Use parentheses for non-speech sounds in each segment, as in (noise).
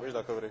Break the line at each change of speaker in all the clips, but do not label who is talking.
Wiesz, dacă vrei.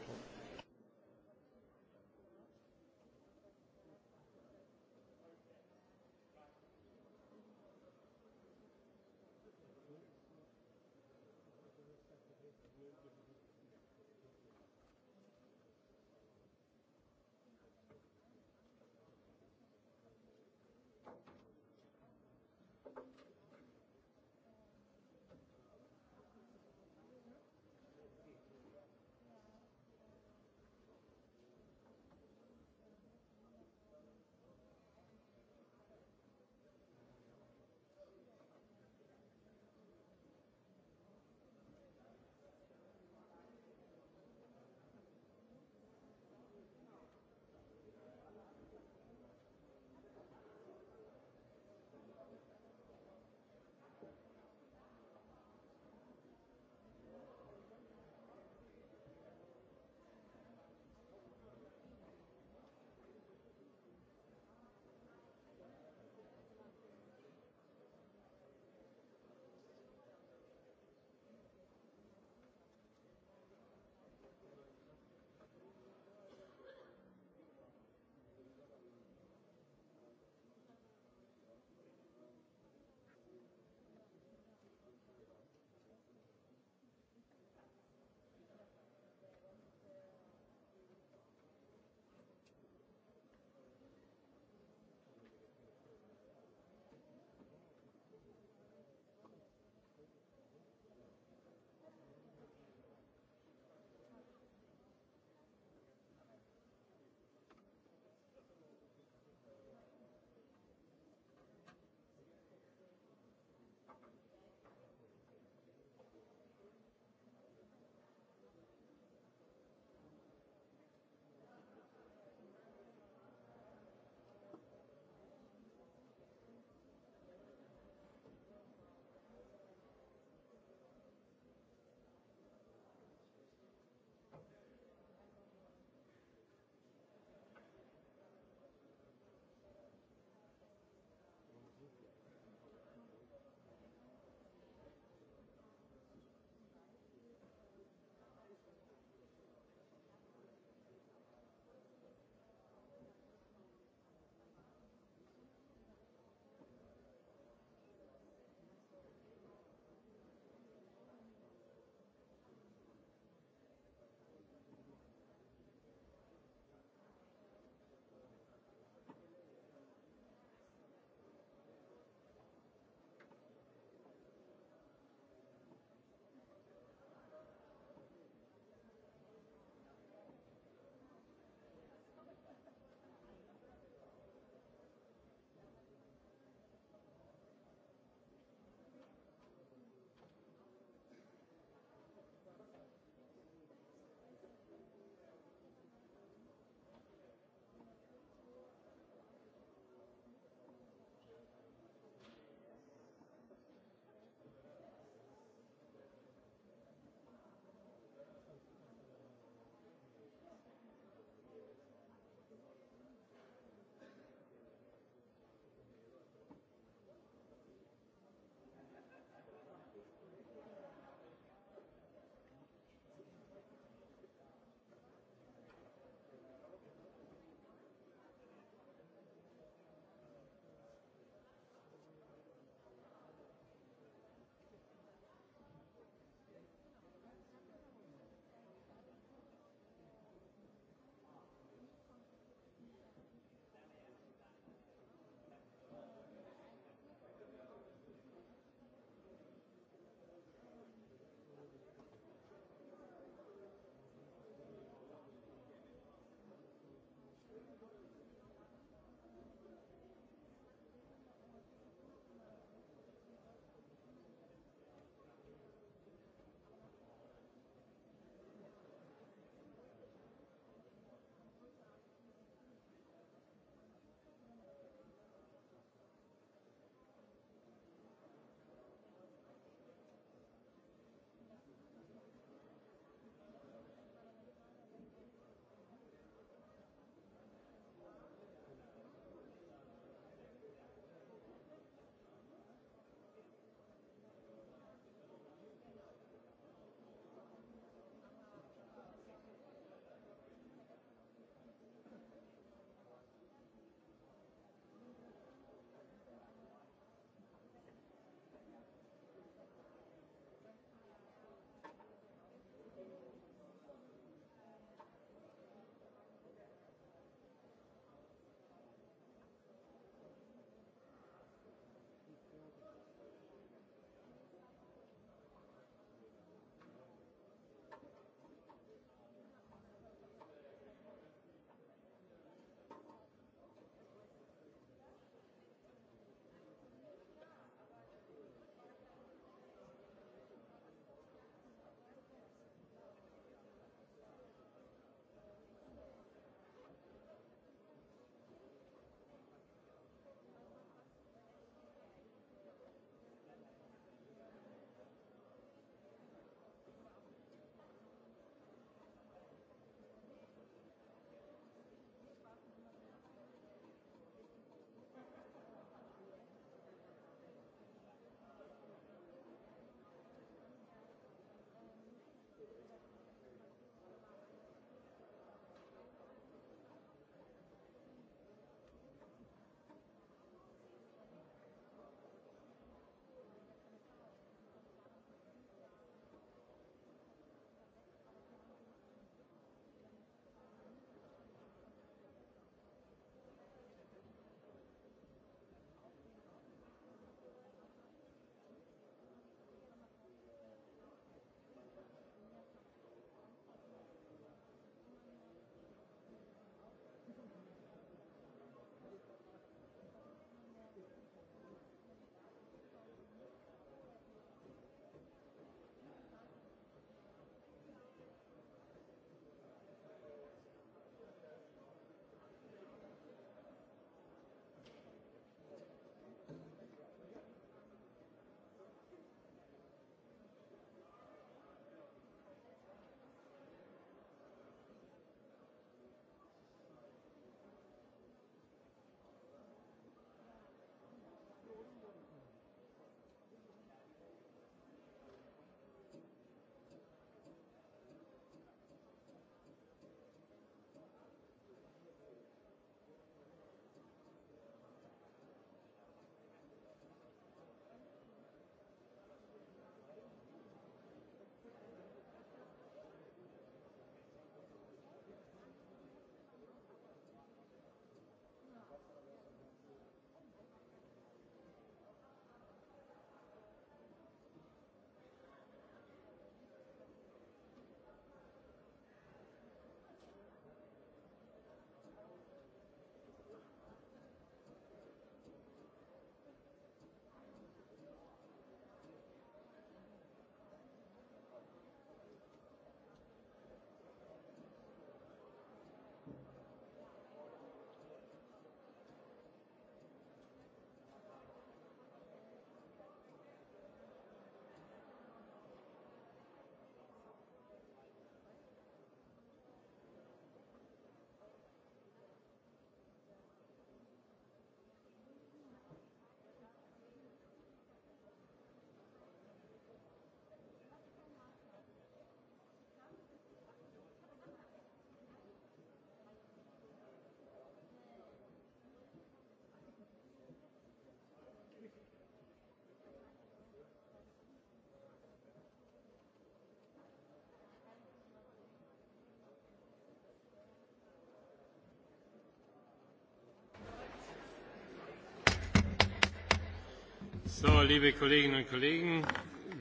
So, liebe Kolleginnen und Kollegen,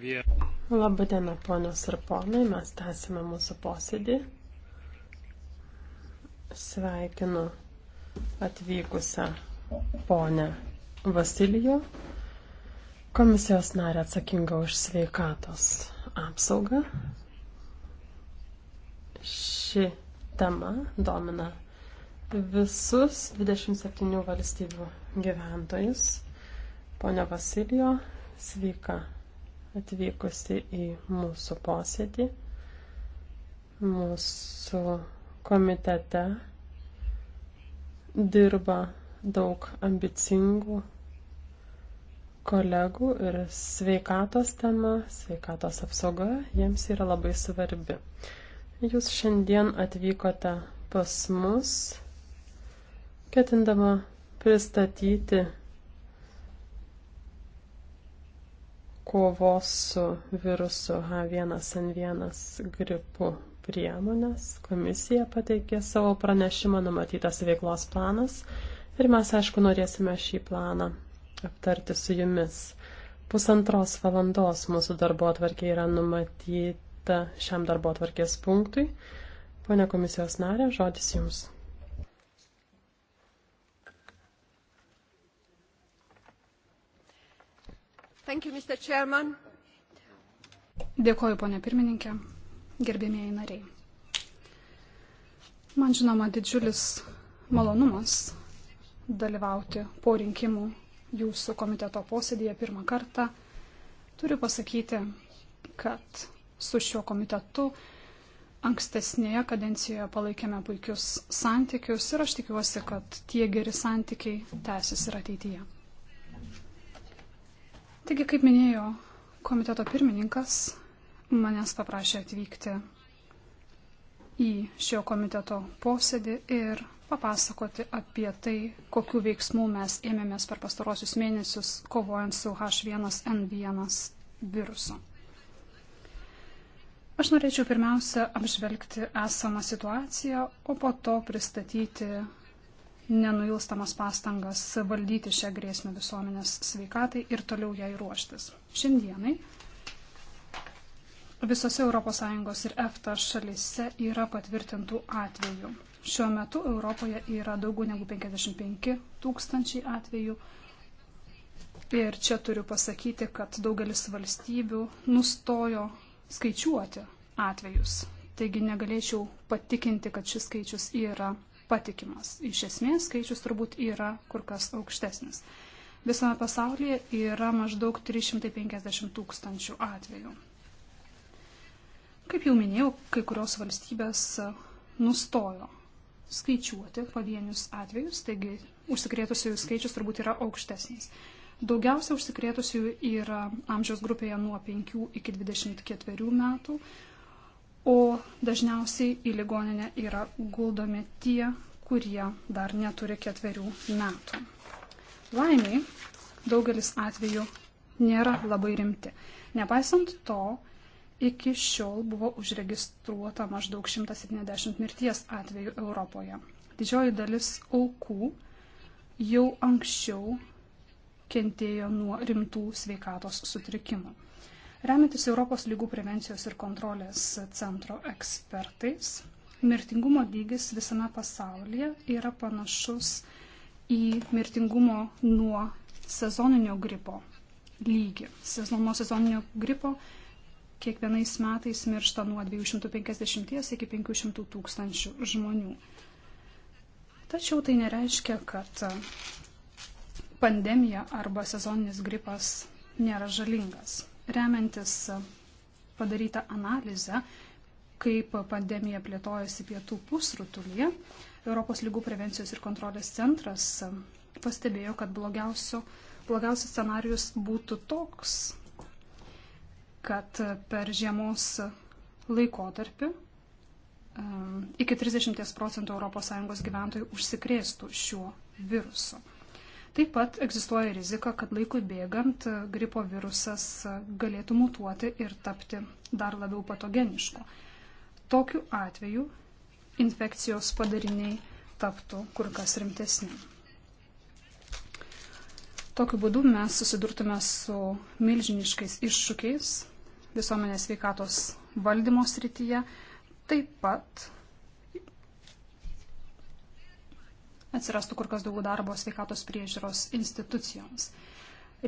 wir...
Labadiena, ponios ir ponai, mes tęsime mūsų posėdį. Sveikinu atvykusią ponę Vasilijų, komisijos narę atsakingą už sveikatos apsaugą. Ši tema domina visus 27 valstybių gyventojus. Pone Vasilijo, sveika atvykusi į mūsų posėdį. Mūsų komitete dirba daug ambicingų kolegų ir sveikatos tema, sveikatos apsauga jiems yra labai svarbi. Jūs šiandien atvykote pas mus, ketindama pristatyti kovos su virusu H1N1 gripu priemonės. Komisija pateikė savo pranešimą numatytas veiklos planas ir mes, aišku, norėsime šį planą aptarti su jumis. Pusantros valandos mūsų darbo atvarkė yra numatyta šiam darbo atvarkės punktui. Pone komisijos narė, žodis jums.
You, Dėkuoju, ponė pirmininkė, gerbėmėjai nariai. Man žinoma didžiulis malonumas dalyvauti po rinkimų jūsų komiteto posėdėje pirmą kartą. Turiu pasakyti, kad su šiuo komitetu ankstesnėje kadencijoje palaikėme puikius santykius ir aš tikiuosi, kad tie geri santykiai tęsis ir ateityje. Taigi, kaip minėjo komiteto pirmininkas, manęs paprašė atvykti į šio komiteto posėdį ir papasakoti apie tai, kokiu veiksmu mes ėmėmės per pastarosius mėnesius kovojant su H1N1 virusu. Aš norėčiau pirmiausia apžvelgti esamą situaciją, o po to pristatyti nenujaustamas pastangas valdyti šią grėsmę visuomenės sveikatai ir toliau jai ruoštis. Šiandienai visose ES ir EFTA šalise yra patvirtintų atvejų. Šiuo metu Europoje yra daugiau negu 55 tūkstančiai atvejų. Ir čia turiu pasakyti, kad daugelis valstybių nustojo skaičiuoti atvejus. Taigi negalėčiau patikinti, kad šis skaičius yra patikimas. Iš esmės skaičius turbūt yra kur kas aukštesnis. Visame pasaulyje yra maždaug 350 tūkstančių atvejų. Kaip jau minėjau, kai kurios valstybės nustojo skaičiuoti pavienius atvejus, taigi užsikrėtusiųjų skaičius turbūt yra aukštesnis. Daugiausia užsikrėtusiųjų yra amžiaus grupėje nuo 5 iki 24 metų, o dažniausiai į ligoninę yra guldomi tie, kurie dar neturi ketverių metų. Laimiai, daugelis atvejų nėra labai rimti. Nepaisant to, iki šiol buvo užregistruota maždaug 170 mirties atvejų Europoje. Didžioji dalis aukų jau anksčiau kentėjo nuo rimtų sveikatos sutrikimų. Remiantis Europos lygų prevencijos ir kontrolės centro ekspertais, mirtingumo lygis visame pasaulyje yra panašus į mirtingumo nuo sezoninio gripo lygį. Nuo sezoninio gripo kiekvienais metais miršta nuo 250 iki 500 tūkstančių žmonių. Tačiau tai nereiškia, kad pandemija arba sezoninis gripas nėra žalingas. Remiantis padarytą analizę, kaip pandemija plėtojasi pietų pusrutulyje, Europos lygų prevencijos ir kontrolės centras pastebėjo, kad blogiausias scenarius būtų toks, kad per žiemos laikotarpį iki 30 procentų ES gyventojų užsikrėstų šiuo virusu. Taip pat egzistuoja rizika, kad laikui bėgant e, gripo virusas e, galėtų mutuoti ir tapti dar labiau patogenišku. Tokiu atveju infekcijos padariniai taptų kur kas rimtesni. Tokiu būdu mes susidurtume su milžiniškais iššūkiais visuomenės veikatos valdymo srityje, taip pat atsirastų kur kas daugiau darbo sveikatos priežiūros institucijoms.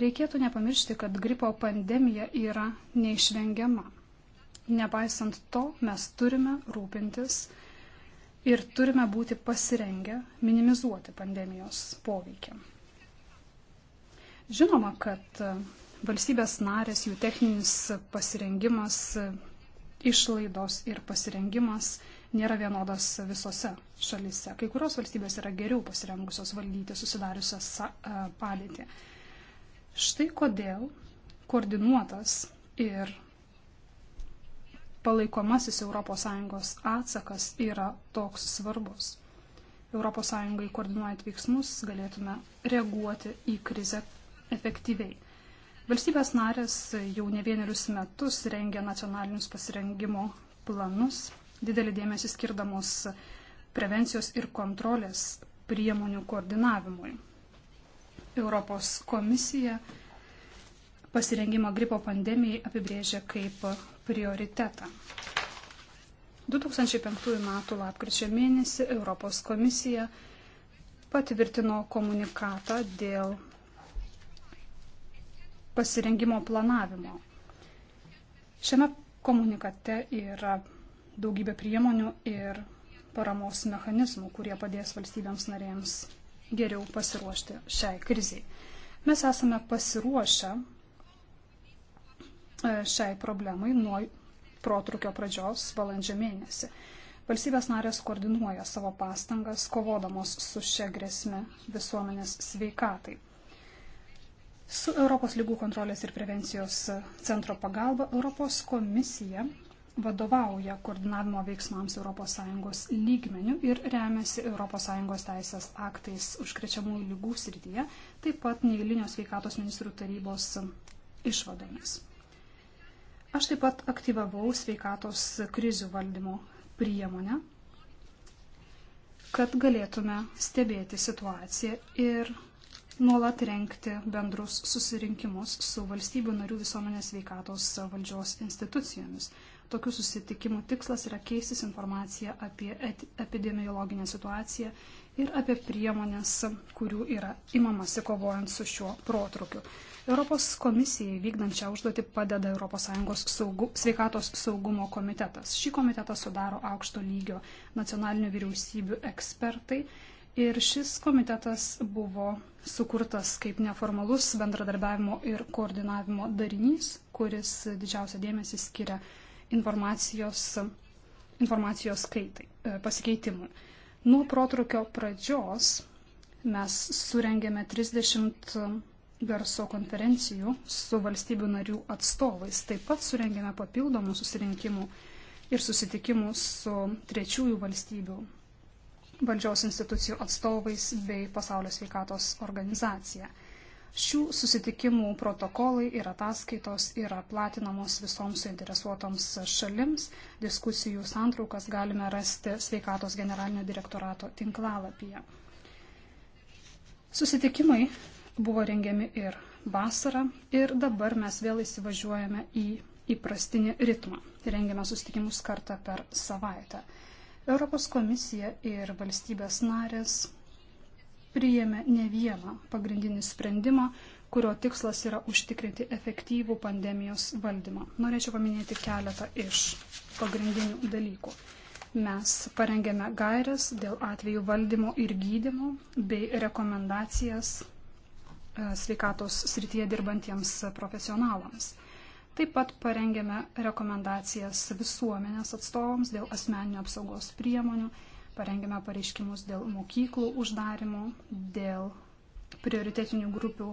Reikėtų nepamiršti, kad gripo pandemija yra neišvengiama. Nepaisant to, mes turime rūpintis ir turime būti pasirengę minimizuoti pandemijos poveikį. Žinoma, kad valstybės narės, jų techninis pasirengimas, išlaidos ir pasirengimas nėra vienodas visose šalyse. Kai kurios valstybės yra geriau pasirengusios valdyti susidariusią e, padėtį. Štai kodėl koordinuotas ir palaikomasis ES atsakas yra toks svarbus. ES koordinuojant veiksmus galėtume reaguoti į krizę efektyviai. Valstybės narės jau ne vienerius metus rengia nacionalinius pasirengimo planus didelį dėmesį skirdamos prevencijos ir kontrolės priemonių koordinavimui. Europos komisija pasirengimą gripo pandemijai apibrėžia kaip prioritetą. 2005 m. lapkričio mėnesį Europos komisija patvirtino komunikatą dėl pasirengimo planavimo. Šiame komunikate yra daugybę priemonių ir paramos mechanizmų, kurie padės valstybėms narėms geriau pasiruošti šiai kriziai. Mes esame pasiruošę e, šiai problemai nuo protrukio pradžios valandžio mėnesį. Valstybės narės koordinuoja savo pastangas, kovodamos su šia grėsme visuomenės sveikatai. Su Europos lygų kontrolės ir prevencijos centro pagalba Europos komisija vadovauja koordinavimo veiksmams ES lygmenių ir remiasi ES teisės aktais užkrečiamųjų lygų srityje, taip pat neįlinio sveikatos ministrų tarybos išvadomis. Aš taip pat aktyvavau sveikatos krizių valdymo priemonę, kad galėtume stebėti situaciją ir nuolat renkti bendrus susirinkimus su valstybių narių visuomenės sveikatos valdžios institucijomis – Tokių susitikimų tikslas yra keistis informaciją apie epidemiologinę situaciją ir apie priemonės, kurių yra imamasi kovojant su šiuo protrukiu. Europos komisijai vykdančią užduotį padeda ES saugu, sveikatos saugumo komitetas. Šį komitetą sudaro aukšto lygio nacionalinių vyriausybių ekspertai. Ir šis komitetas buvo sukurtas kaip neformalus bendradarbiavimo ir koordinavimo darinys, kuris didžiausią dėmesį skiria informacijos, informacijos skaitai, e, pasikeitimui. Nuo protrukio pradžios mes surengėme 30 garso konferencijų su valstybių narių atstovais. Taip pat surengėme papildomų susirinkimų ir susitikimų su trečiųjų valstybių valdžios institucijų atstovais bei Pasaulio sveikatos organizacija. Šių susitikimų protokolai ir ataskaitos yra platinamos visoms suinteresuotoms šalims. Diskusijų santraukas galime rasti sveikatos generalinio direktorato tinklalapyje. Susitikimai buvo rengiami ir vasarą ir dabar mes vėl įsivažiuojame į įprastinį ritmą. Rengiame susitikimus kartą per savaitę. Europos komisija ir valstybės narės priėmė ne vieną pagrindinį sprendimą, kurio tikslas yra užtikrinti efektyvų pandemijos valdymą. Norėčiau paminėti keletą iš pagrindinių dalykų. Mes parengėme gairias dėl atvejų valdymo ir gydimo bei rekomendacijas e, sveikatos srityje dirbantiems profesionalams. Taip pat parengėme rekomendacijas visuomenės atstovams dėl asmeninių apsaugos priemonių parengėme pareiškimus dėl mokyklų uždarimų, dėl prioritetinių grupių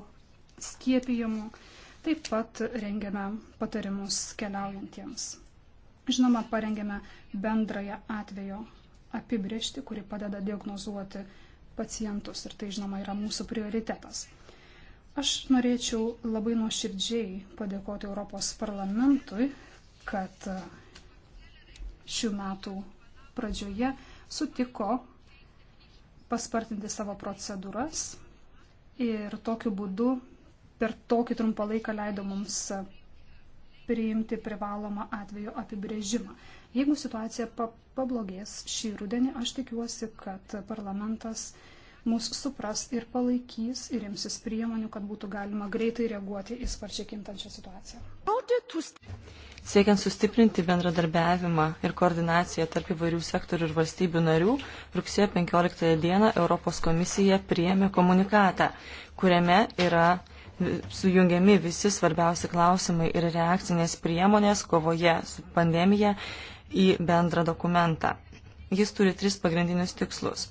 skiepijimų, taip pat rengėme patarimus keliaujantiems. Žinoma, parengėme bendrąją atvejo apibriežti, kuri padeda diagnozuoti pacientus ir tai, žinoma, yra mūsų prioritetas. Aš norėčiau labai nuoširdžiai padėkoti Europos parlamentui, kad šių metų pradžioje sutiko paspartinti savo procedūras ir tokiu būdu per tokį trumpą laiką leido mums priimti privalomą atveju apibrėžimą. Jeigu situacija pablogės šį rudenį, aš tikiuosi, kad parlamentas mus supras ir palaikys ir imsis priemonių, kad būtų galima greitai reaguoti į sparčiai kintančią situaciją.
Siekiant sustiprinti bendradarbiavimą ir koordinaciją tarp įvairių sektorių ir valstybių narių, rugsėjo 15 dieną Europos komisija priėmė komunikatą, kuriame yra sujungiami visi svarbiausi klausimai ir reakcinės priemonės kovoje su pandemija į bendrą dokumentą. Jis turi tris pagrindinius tikslus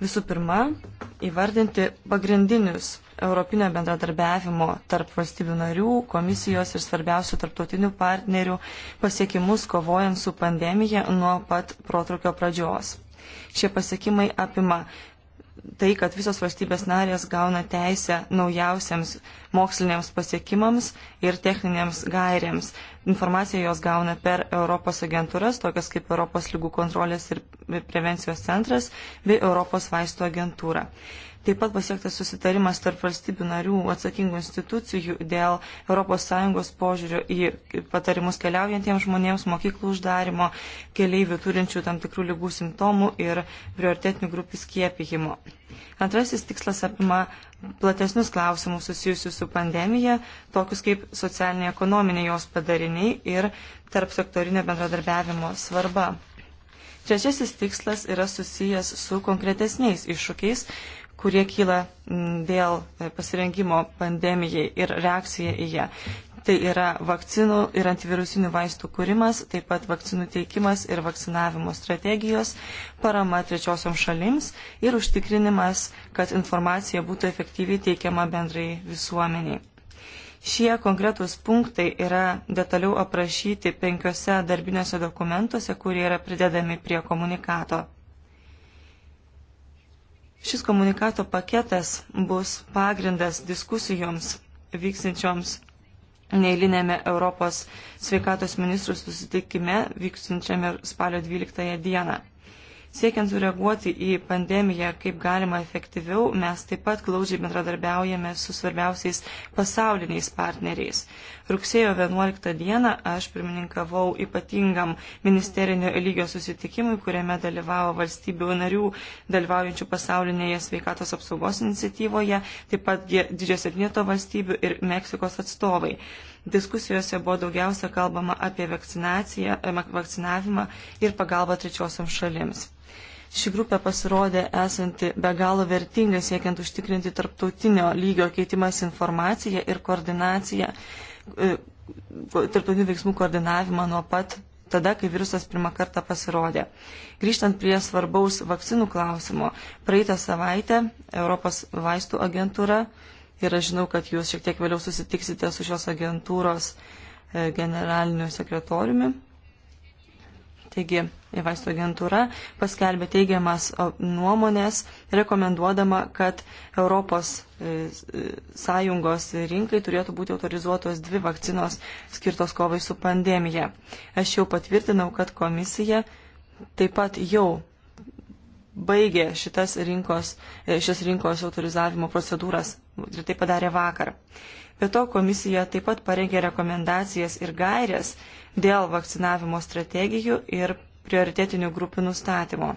Visų pirma, įvardinti pagrindinius Europinio bendradarbiavimo tarp valstybių narių, komisijos ir svarbiausių tarptautinių partnerių pasiekimus kovojant su pandemija nuo pat protrukio pradžios. Šie pasiekimai apima tai, kad visos valstybės narės gauna teisę naujausiams moksliniams pasiekimams ir techniniams gairiams. Informaciją jos gauna per Europos agentūras, tokias kaip Europos lygų kontrolės ir prevencijos centras bei Europos vaisto agentūra. Taip pat pasiektas susitarimas tarp valstybių narių atsakingų institucijų dėl ES požiūrio į patarimus keliaujantiems žmonėms, mokyklų uždarimo, keleivių turinčių tam tikrų lygų simptomų ir prioritetinių grupių skiepijimo. Antrasis tikslas apima platesnius klausimus susijusius su pandemija, tokius kaip socialiniai ekonominiai jos padariniai ir tarp sektorinio bendradarbiavimo svarba. Trečiasis tikslas yra susijęs su konkretesniais iššūkiais, kurie kyla mm, dėl e, pasirengimo pandemijai ir reakcija į ją. Tai yra vakcinų ir antivirusinių vaistų kūrimas, taip pat vakcinų teikimas ir vakcinavimo strategijos, parama trečiosiom šalims ir užtikrinimas, kad informacija būtų efektyviai teikiama bendrai visuomeniai. Šie konkretūs punktai yra detaliau aprašyti penkiose darbinėse dokumentuose, kurie yra pridedami prie komunikato. Šis komunikato paketas bus pagrindas diskusijoms vyksinčioms neįlinėme Europos sveikatos ministrų susitikime vyksinčiame spalio 12 dieną. Siekiant sureaguoti į pandemiją kaip galima efektyviau, mes taip pat glaudžiai bendradarbiaujame su svarbiausiais pasauliniais partneriais. Rugsėjo 11 dieną aš pirmininkavau ypatingam ministerinio lygio susitikimui, kuriame dalyvavo valstybių narių dalyvaujančių pasaulinėje sveikatos apsaugos iniciatyvoje, taip pat Didžiojo septyneto valstybių ir Meksikos atstovai. Diskusijose buvo daugiausia kalbama apie vakcinaciją, e, vakcinavimą ir pagalbą trečiosiam šalims. Ši grupė pasirodė esanti be galo vertinga siekiant užtikrinti tarptautinio lygio keitimas informaciją ir koordinaciją, e, tarptautinių veiksmų koordinavimą nuo pat tada, kai virusas pirmą kartą pasirodė. Grįžtant prie svarbaus vakcinų klausimo, praeitą savaitę Europos vaistų agentūra ir aš žinau, kad jūs šiek tiek vėliau susitiksite su šios agentūros e, generaliniu sekretoriumi, Taigi, vaistų agentūra paskelbė teigiamas nuomonės, rekomenduodama, kad Europos e, e, sąjungos rinkai turėtų būti autorizuotos dvi vakcinos skirtos kovai su pandemija. Aš jau patvirtinau, kad komisija taip pat jau baigė šitas rinkos, e, šias rinkos autorizavimo procedūras ir tai padarė vakar. Be to, komisija taip pat parengė rekomendacijas ir gairias dėl vakcinavimo strategijų ir prioritetinių grupių nustatymo.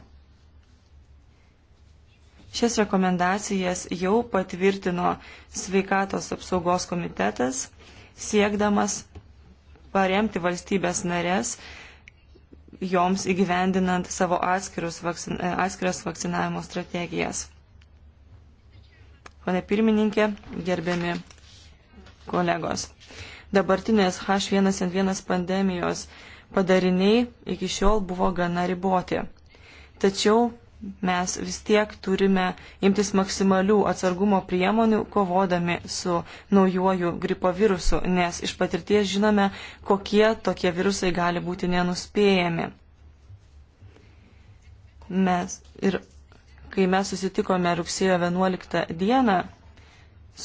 Šias rekomendacijas jau patvirtino sveikatos apsaugos komitetas, siekdamas paremti valstybės narės joms įgyvendinant savo vakcin, e, atskiras vakcinavimo strategijas. Pone pirmininkė, gerbiami kolegos. Dabartinės H1N1 pandemijos padariniai iki šiol buvo gana riboti. Tačiau mes vis tiek turime imtis maksimalių atsargumo priemonių kovodami su naujuoju gripo virusu, nes iš patirties žinome, kokie tokie virusai gali būti nenuspėjami. Mes ir kai mes susitikome rugsėjo 11 dieną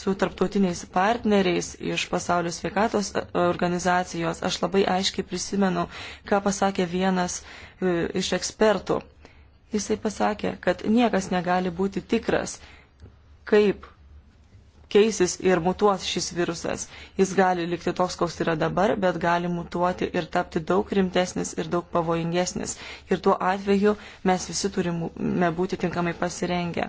su tarptautiniais partneriais iš pasaulio sveikatos organizacijos, aš labai aiškiai prisimenu, ką pasakė vienas e, iš ekspertų Jisai pasakė, kad niekas negali būti tikras, kaip keisis ir mutuos šis virusas. Jis gali likti toks, koks yra dabar, bet gali mutuoti ir tapti daug rimtesnis ir daug pavojingesnis. Ir tuo atveju mes visi turime būti tinkamai pasirengę.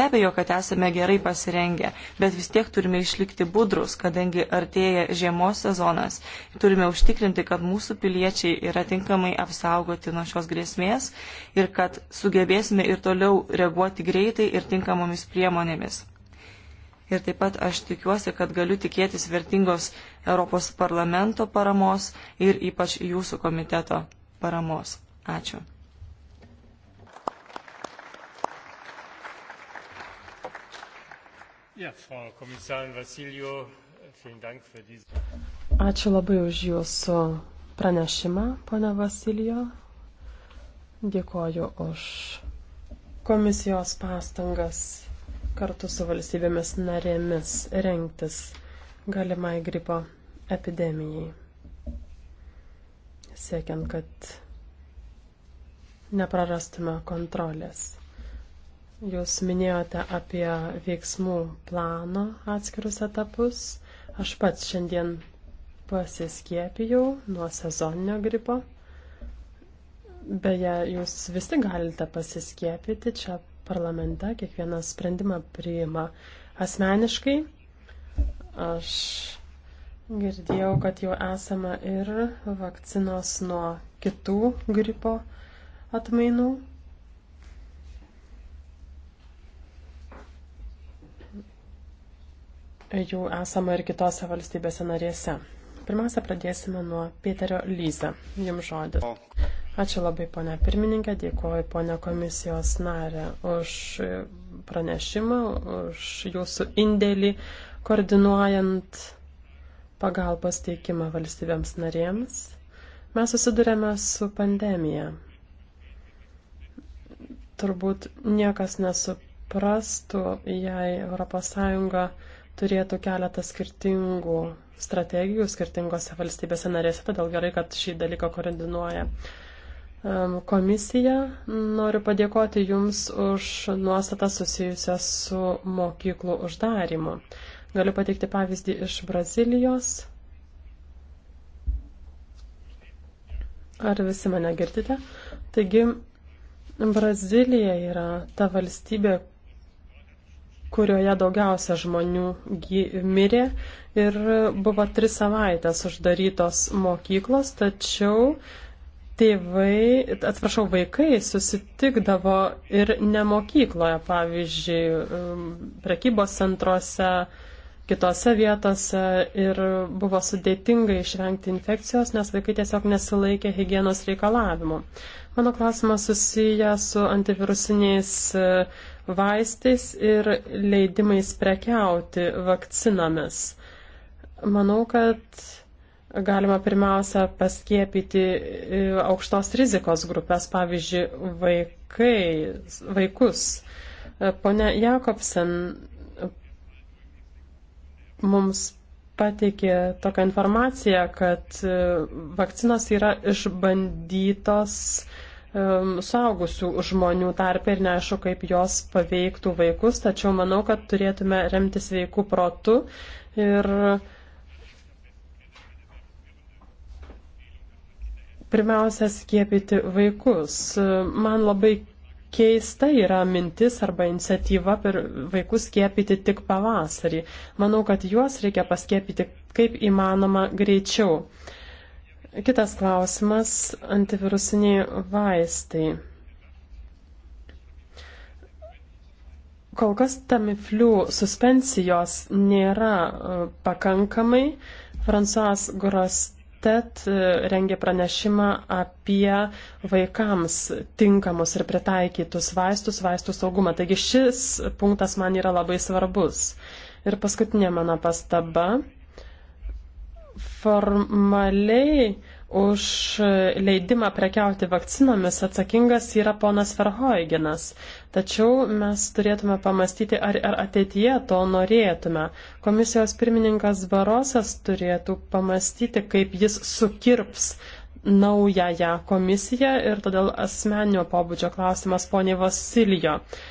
Be abejo, kad esame gerai pasirengę, bet vis tiek turime išlikti budrus, kadangi artėja žiemos sezonas. Turime užtikrinti, kad mūsų piliečiai yra tinkamai apsaugoti nuo šios grėsmės ir kad sugebėsime ir toliau reaguoti greitai ir tinkamomis priemonėmis ir taip pat aš tikiuosi, kad galiu tikėtis vertingos Europos parlamento paramos ir ypač jūsų komiteto paramos. Ačiū.
Ja, Frau Kommissarin Vasilio, vielen Dank für diese.
Ačiū labai už jūsų pranešimą, ponia Vasilijo. Dėkoju už komisijos pastangas kartu su valstybėmis narėmis rengtis galimai gripo epidemijai. Siekiant, kad neprarastume kontrolės. Jūs minėjote apie veiksmų plano atskirus etapus. Aš pats šiandien pasiskėpijau nuo sezoninio gripo. Beje, jūs visi galite pasiskėpyti, čia parlamente kiekvieną sprendimą priima asmeniškai. Aš girdėjau, kad jau esame ir vakcinos nuo kitų gripo atmainų. Jau esama ir kitose valstybėse narėse. Pirmiausia, pradėsime nuo Pėterio Lyza. Jums žodis. Ačiū labai, ponia pirmininkė, dėkuoju, ponia komisijos narė, už pranešimą, už jūsų indėlį, koordinuojant pagalbos teikimą valstybėms narėms. Mes susidurėme su pandemija. Turbūt niekas nesuprastų, jei ES turėtų keletą skirtingų strategijų skirtingose valstybėse narėse, todėl gerai, kad šį dalyką koordinuoja komisija. Noriu padėkoti Jums už nuostatą susijusią su mokyklų uždarimu. Galiu pateikti pavyzdį iš Brazilijos. Ar visi mane girdite? Taigi, Brazilija yra ta valstybė, kurioje daugiausia žmonių mirė ir buvo tris savaitės uždarytos mokyklos, tačiau tėvai, atsiprašau, vaikai susitikdavo ir ne mokykloje, pavyzdžiui, um, prekybos centruose, kitose vietose ir buvo sudėtinga išvengti infekcijos, nes vaikai tiesiog nesilaikė hygienos reikalavimų. Mano klausimas susiję su antivirusiniais uh, vaistais ir leidimais prekiauti vakcinomis. Manau, kad galima pirmiausia paskiepyti e, aukštos rizikos grupės, pavyzdžiui, vaikai, vaikus. E, pone Jakobsen mums pateikė tokią informaciją, kad e, vakcinos yra išbandytos uh, Um, saugusių žmonių tarpe ir neaišku, kaip jos paveiktų vaikus, tačiau manau, kad turėtume remti sveikų protų ir pirmiausia skiepyti vaikus. Man labai keista yra mintis arba iniciatyva per vaikus skiepyti tik pavasarį. Manau, kad juos reikia paskiepyti kaip įmanoma greičiau. Uh, Kitas klausimas - antivirusiniai vaistai. Kol kas tamiflių suspensijos nėra e, pakankamai. Fransuas Grostet e, rengė pranešimą apie vaikams tinkamus ir pritaikytus vaistus, vaistų saugumą. Taigi šis punktas man yra labai svarbus. Ir paskutinė mano pastaba Formaliai už leidimą prekiauti vakcinomis atsakingas yra ponas Verhoigenas. Tačiau mes turėtume pamastyti, ar, ar ateityje to norėtume. Komisijos pirmininkas Barosas turėtų pamastyti, kaip jis sukirps naująją komisiją ir todėl asmenio pobūdžio klausimas poniai Vasilijo. Uh,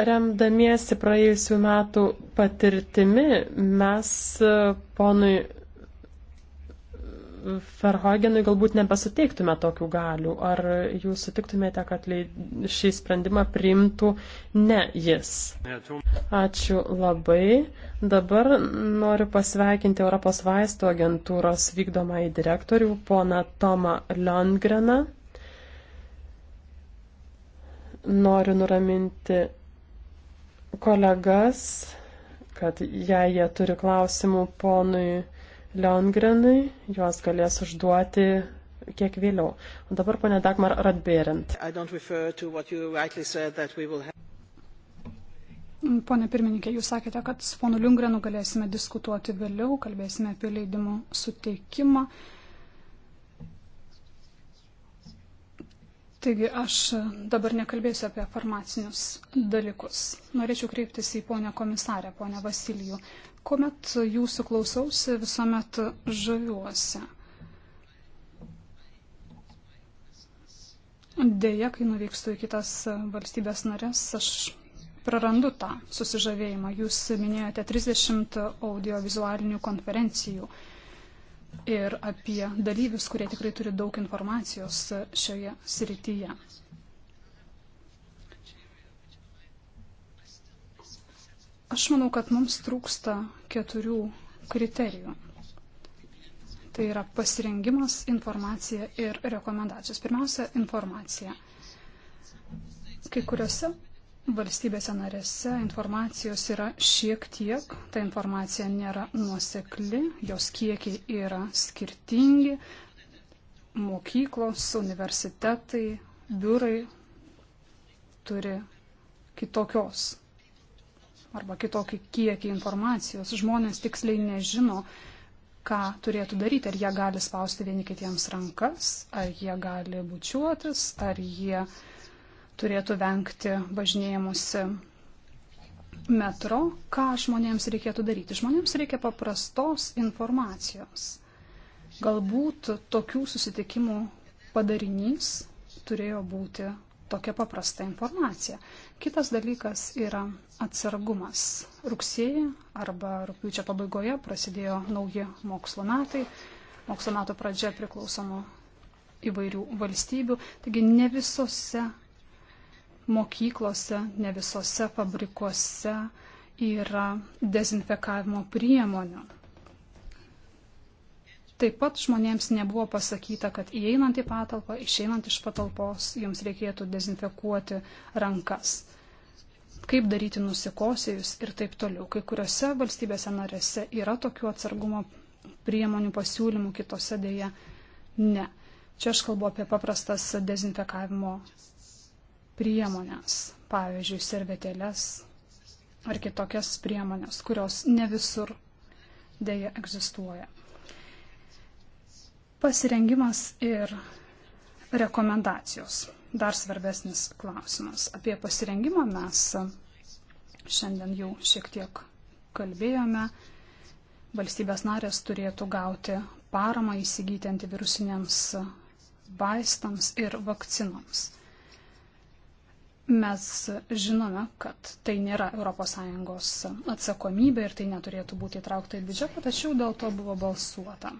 Remdamiesi praėjusių metų patirtimi, mes e, ponui Ferhogenui galbūt nebesuteiktume tokių galių. Ar jūs sutiktumėte, kad šį sprendimą priimtų ne jis? Ačiū labai. Dabar noriu pasveikinti Europos vaisto agentūros vykdomąjį direktorių, poną Tomą Lundgreną. Noriu nuraminti kolegas, kad jei jie turi klausimų ponui Leongrenui, juos galės užduoti kiek vėliau. O dabar ponė Dagmar Radbėrint. Have...
Pone pirmininkė, jūs sakėte, kad su ponu Liungrenu galėsime diskutuoti vėliau, kalbėsime apie leidimų suteikimą. Taigi aš dabar nekalbėsiu apie farmacinius dalykus. Norėčiau kreiptis į ponę komisarę, ponę Vasilijų. Komet jūsų klausausi, visuomet žaviuosi. Deja, kai nuvykstu į kitas valstybės narės, aš prarandu tą susižavėjimą. Jūs minėjote 30 audiovizualinių konferencijų ir apie dalyvius, kurie tikrai turi daug informacijos šioje srityje. Aš manau, kad mums trūksta keturių kriterijų. Tai yra pasirengimas, informacija ir rekomendacijos. Pirmiausia, informacija. Kai kuriuose valstybėse narėse informacijos yra šiek tiek, ta informacija nėra nuosekli, jos kiekiai yra skirtingi, mokyklos, universitetai, biurai turi kitokios arba kitokį kiekį informacijos. Žmonės tiksliai nežino, ką turėtų daryti, ar jie gali spausti vieni kitiems rankas, ar jie gali bučiuotis, ar jie uh, turėtų vengti važinėjimuose metro, ką žmonėms reikėtų daryti. Žmonėms reikia paprastos informacijos. Galbūt tokių susitikimų padarinys turėjo būti tokia paprasta informacija. Kitas dalykas yra atsargumas. Rugsėjį arba rūpiučio pabaigoje prasidėjo nauji mokslo metai. Mokslo metų pradžia priklauso nuo įvairių valstybių. Taigi ne visose mokyklose, ne visose fabrikuose yra dezinfekavimo priemonių. Taip pat žmonėms nebuvo pasakyta, kad įeinant į patalpą, išeinant iš patalpos, jums reikėtų dezinfekuoti rankas. Kaip daryti nusikosėjus ir taip toliau. Kai kuriuose valstybėse narėse yra tokių atsargumo priemonių pasiūlymų, kitose dėja ne. Čia aš kalbu apie paprastas dezinfekavimo priemonės, pavyzdžiui, servetėlės ar kitokias priemonės, kurios ne visur dėja egzistuoja. Pasirengimas ir rekomendacijos. Dar svarbesnis klausimas. Apie pasirengimą mes šiandien jau šiek tiek kalbėjome. Valstybės narės turėtų gauti paramą įsigyti antivirusiniams vaistams ir vakcinoms. Mes žinome, kad tai nėra ES atsakomybė ir tai neturėtų būti įtraukta į biudžetą, tačiau dėl to buvo balsuota.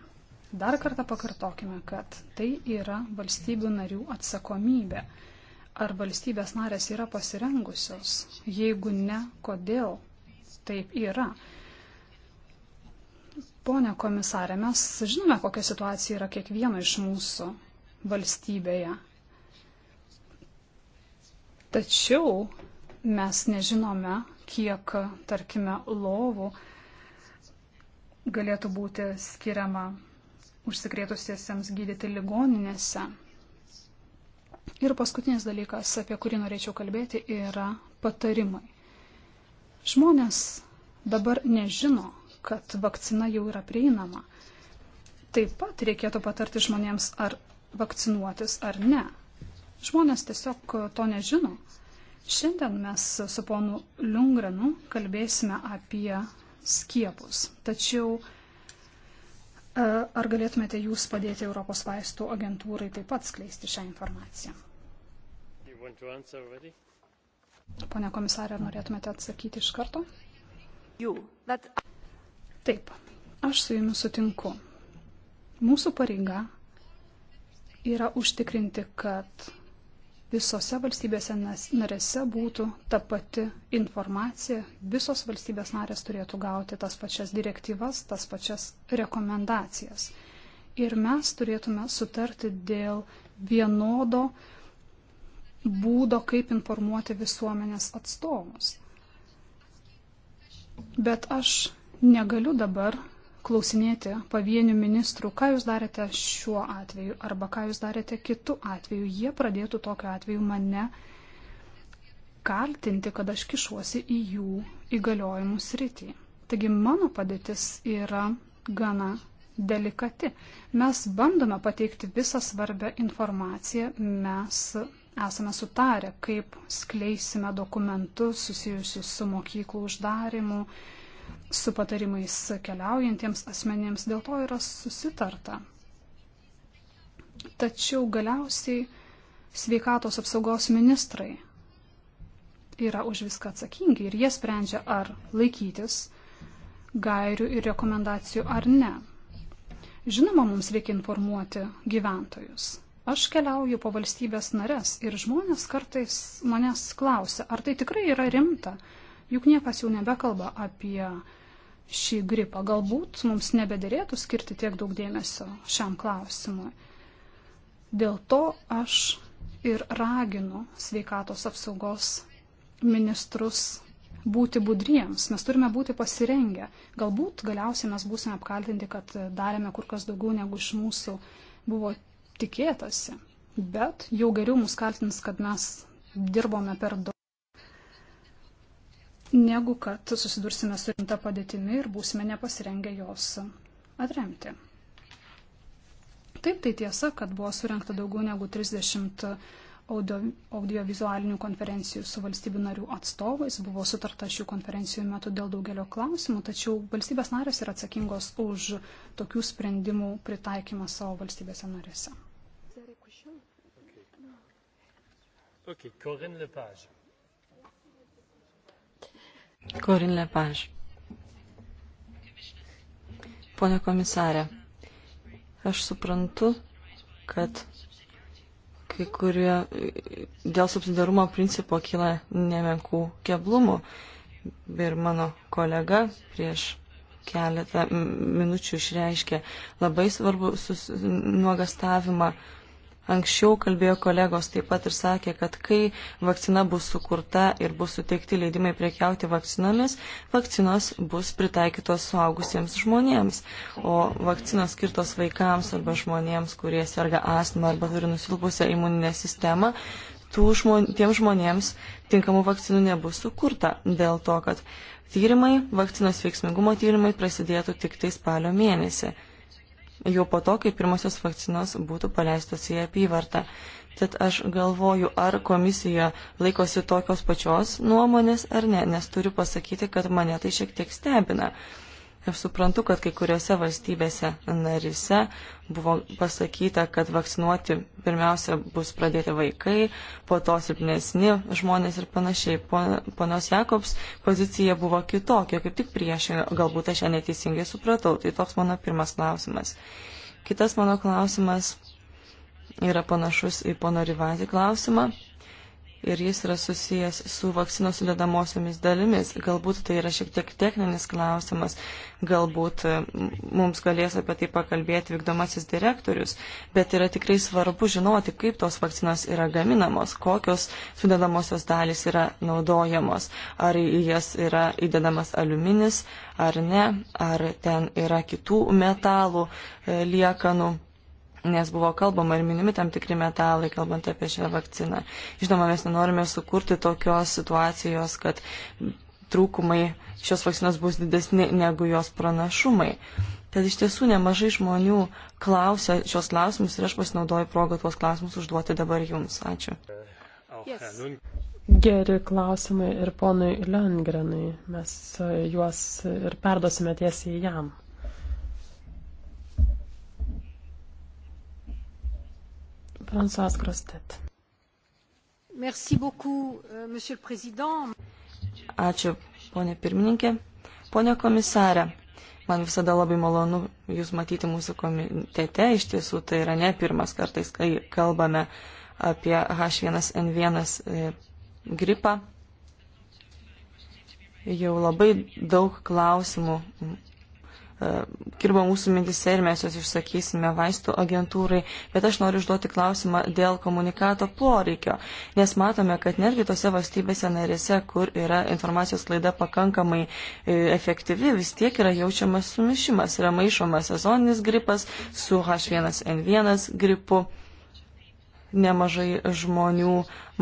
Dar kartą pakartokime, kad tai yra valstybių narių atsakomybė. Ar valstybės narės yra pasirengusios? Jeigu ne, kodėl taip yra? Pone komisarė, mes žinome, kokia situacija yra kiekvieno iš mūsų valstybėje Tačiau mes nežinome, kiek, tarkime, lovų galėtų būti skiriama užsikrėtusiesiems gydyti ligoninėse. Ir paskutinis dalykas, apie kurį norėčiau kalbėti, yra patarimai. Žmonės dabar nežino, kad vakcina jau yra prieinama. Taip pat reikėtų patarti žmonėms, ar vakcinuotis ar ne. Žmonės tiesiog e, to nežino. Šiandien mes su ponu Liungrenu kalbėsime apie skiepus. Tačiau e, ar galėtumėte jūs padėti Europos vaistų agentūrai taip pat skleisti šią informaciją? Pone komisarė, norėtumėte atsakyti iš karto? Taip, aš su jumis sutinku. Mūsų pareiga yra užtikrinti, kad visose valstybėse narėse būtų ta pati informacija, visos valstybės narės turėtų gauti tas pačias direktyvas, tas pačias rekomendacijas. Ir mes turėtume sutarti dėl vienodo būdo, kaip informuoti visuomenės atstovus. Bet aš negaliu dabar klausinėti pavienių ministrų, ką jūs darėte šiuo atveju arba ką jūs darėte kitu atveju. Jie pradėtų tokiu atveju mane kaltinti, kad aš kišuosi į jų įgaliojimų sritį. Taigi mano padėtis yra gana delikati. Mes bandome pateikti visą svarbę informaciją, mes esame sutarę, kaip skleisime dokumentus susijusius su mokyklų uždarimu, su patarimais keliaujantiems asmenėms, dėl to yra susitarta. Tačiau galiausiai sveikatos apsaugos ministrai yra už viską atsakingi ir jie sprendžia, ar laikytis gairių ir rekomendacijų ar ne. Žinoma, mums reikia informuoti gyventojus. Aš keliauju po valstybės nares ir žmonės kartais manęs klausia, ar tai tikrai yra rimta, juk niekas jau nebekalba apie šį gripą. Galbūt mums nebederėtų skirti tiek daug dėmesio šiam klausimui. Dėl to aš ir raginu sveikatos apsaugos ministrus būti budriems, mes turime būti pasirengę. Galbūt galiausiai mes būsime apkaltinti, kad darėme kur kas daugiau negu iš mūsų buvo tikėtasi. Bet jau geriau mus kaltins, kad mes dirbome per daug negu kad susidursime su rimta padėtimi ir būsime nepasirengę jos atremti. Taip, tai tiesa, kad buvo surinkta daugiau negu 30 audio, audiovizualinių konferencijų su valstybių narių atstovais. Buvo sutarta šių konferencijų metu dėl daugelio klausimų, tačiau valstybės narės yra atsakingos už tokių sprendimų pritaikymą savo valstybėse narėse.
Okay, Corinne Lepage.
Korin Lepaž. Pone komisarė, aš suprantu, kad kai kurie dėl subsidarumo principo kyla nemenkų keblumų. Ir mano kolega prieš keletą minučių išreiškė labai svarbu nuogastavimą Anksčiau kalbėjo kolegos taip pat ir sakė, kad kai vakcina bus sukurta ir bus suteikti leidimai priekiauti vakcinomis, vakcinos bus pritaikytos suaugusiems žmonėms, o vakcinos skirtos vaikams arba žmonėms, kurie serga astmą arba turi nusilpusią imuninę sistemą, žmon, tiem žmonėms tinkamų vakcinų nebus sukurta dėl to, kad tyrimai, vakcinos veiksmingumo tyrimai prasidėtų tik tai spalio mėnesį jau po to, kai pirmosios vakcinos būtų paleistos į apyvartą. Tad aš galvoju, ar komisija laikosi tokios pačios nuomonės ar ne, nes turiu pasakyti, kad mane tai šiek tiek stebina. Uh, Ir suprantu, kad kai kuriuose valstybėse narise buvo pasakyta, kad vakcinuoti pirmiausia bus pradėti vaikai, po to silpnesni žmonės ir panašiai. Ponios Jakobs pozicija buvo kitokia, kaip tik priešinga, galbūt aš ją neteisingai supratau. Tai toks mano pirmas klausimas. Kitas mano klausimas yra panašus į pono Rivazį klausimą ir jis yra susijęs su vakcinos sudėdamosiomis dalimis. Galbūt tai yra šiek tiek techninis klausimas, galbūt e, mums galės apie tai pakalbėti vykdomasis direktorius, bet yra tikrai svarbu žinoti, kaip tos vakcinos yra gaminamos, kokios sudėdamosios dalys yra naudojamos, ar į jas yra įdedamas aliuminis ar ne, ar ten yra kitų metalų e, liekanų nes buvo kalbama ir minimi tam tikri metalai, kalbant apie šią vakciną. Žinoma, mes nenorime sukurti tokios situacijos, kad trūkumai šios vakcinos bus didesni negu jos pranašumai. Tad iš tiesų nemažai žmonių klausia šios klausimus ir aš pasinaudoju progą tuos klausimus užduoti dabar jums. Ačiū. Yes. Geri klausimai
ir ponui Lengrenui. Mes juos ir perduosime tiesiai jam.
François Grostet.
Merci beaucoup, euh, monsieur le président.
Ačiū, ponė pirmininkė. Pone komisarė, man visada labai malonu Jūs matyti mūsų komitete. Iš tiesų, tai yra ne pirmas kartais, kai kalbame apie H1N1 e, gripą. Jau labai daug klausimų E, kirba mūsų mintise ir mes juos išsakysime vaistų agentūrai, bet aš noriu užduoti klausimą dėl komunikato poreikio, nes matome, kad netgi tose valstybėse narėse, kur yra informacijos klaida pakankamai e, efektyvi, vis tiek yra jaučiamas sumišimas, yra maišomas sezoninis gripas su H1N1 gripu. Nemažai žmonių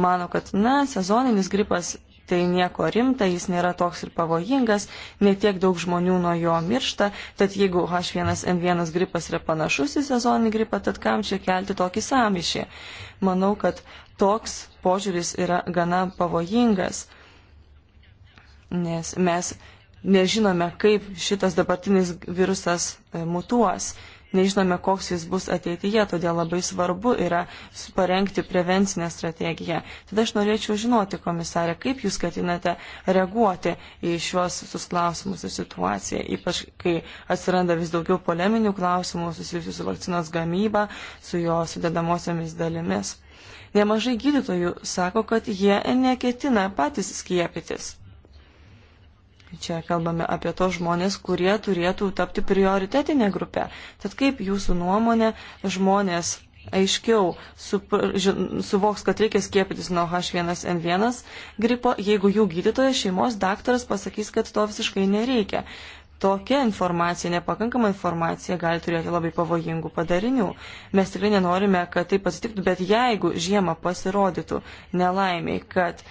mano, kad, na, sezoninis gripas tai nieko rimta, jis nėra toks ir pavojingas, netiek daug žmonių nuo jo miršta, tad jeigu H1N1 gripas yra panašus į sezoninį gripą, tad kam čia kelti tokį samišį? Manau, kad toks požiūris yra gana pavojingas, nes mes nežinome, kaip šitas dabartinis virusas e, mutuos nežinome, koks jis bus ateityje, todėl labai svarbu yra parengti prevencinę strategiją. Tada aš norėčiau žinoti, komisarė, kaip jūs ketinate reaguoti į šios visus klausimus ir situaciją, ypač kai atsiranda vis daugiau poleminių klausimų susijusių su vakcinos gamyba, su jos sudedamosiamis dalimis. Nemažai gydytojų sako, kad jie neketina patys skiepytis. Čia kalbame apie tos žmonės, kurie turėtų tapti prioritetinė grupė. Tad kaip jūsų nuomonė žmonės aiškiau sup, žin, suvoks, kad reikia skiepytis nuo H1N1 gripo, jeigu jų gydytojas šeimos daktaras pasakys, kad to visiškai nereikia. Tokia informacija, nepakankama informacija gali turėti labai pavojingų padarinių. Mes tikrai nenorime, kad tai pasitiktų, bet jeigu žiemą pasirodytų nelaimiai, kad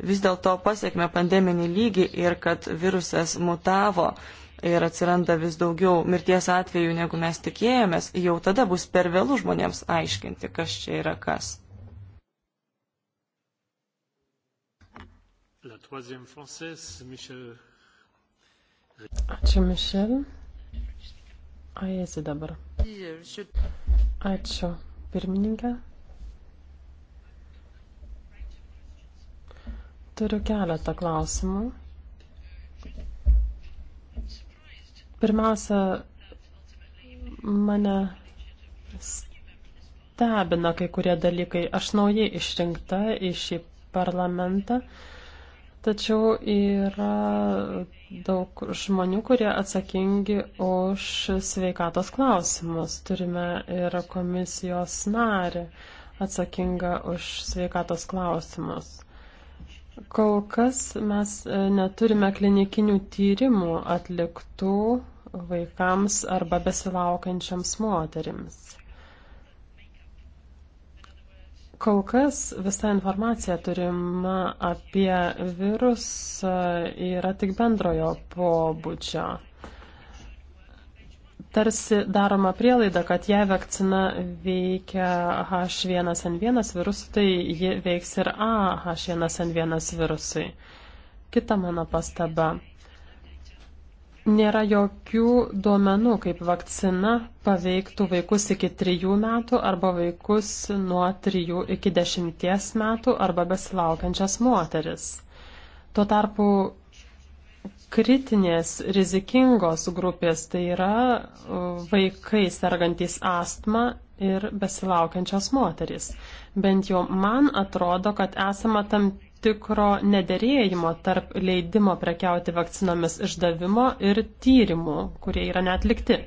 vis dėlto pasiekme pandeminį lygį ir kad virusas mutavo ir atsiranda vis daugiau mirties atvejų, negu mes tikėjomės, jau tada bus per vėlų žmonėms aiškinti, kas čia yra kas.
Française, Michel...
Ačiū, Mišel. O jėzi dabar. Ačiū, pirmininkė. Turiu keletą klausimų. Pirmiausia, mane stebina kai kurie dalykai. Aš naujai išrinkta į šį parlamentą, tačiau yra daug žmonių, kurie atsakingi už sveikatos klausimus. Turime ir komisijos narį atsakingą už sveikatos klausimus. Kol kas mes e, neturime klinikinių tyrimų atliktų vaikams arba besilaukiančiams moterims. Kol kas visa informacija turima apie virusą yra tik bendrojo pobūdžio tarsi daroma prielaida, kad jei vakcina veikia H1N1 virusui, tai ji veiks ir AH1N1 virusui. Kita mano pastaba. Nėra jokių duomenų, kaip vakcina paveiktų vaikus iki 3 metų arba vaikus nuo 3 iki 10 metų arba besilaukiančias moteris. Tuo tarpu kritinės rizikingos grupės, tai yra vaikai sergantys astma ir besilaukiančios moterys. Bent jau man atrodo, kad esama tam tikro nederėjimo tarp leidimo prekiauti vakcinomis išdavimo ir tyrimų, kurie yra netlikti.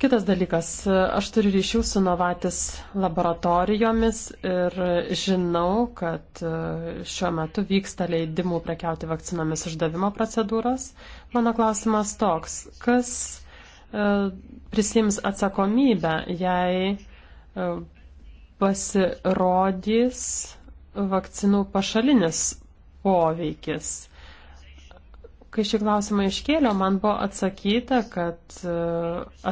Kitas dalykas, aš turiu ryšių su Novatis laboratorijomis ir žinau, kad e, šiuo metu vyksta leidimų prekiauti vakcinomis išdavimo procedūros. Mano klausimas toks, kas e, prisims atsakomybę, jei e, pasirodys vakcinų pašalinis poveikis? Kai šį klausimą iškėliau, man buvo atsakyta, kad e,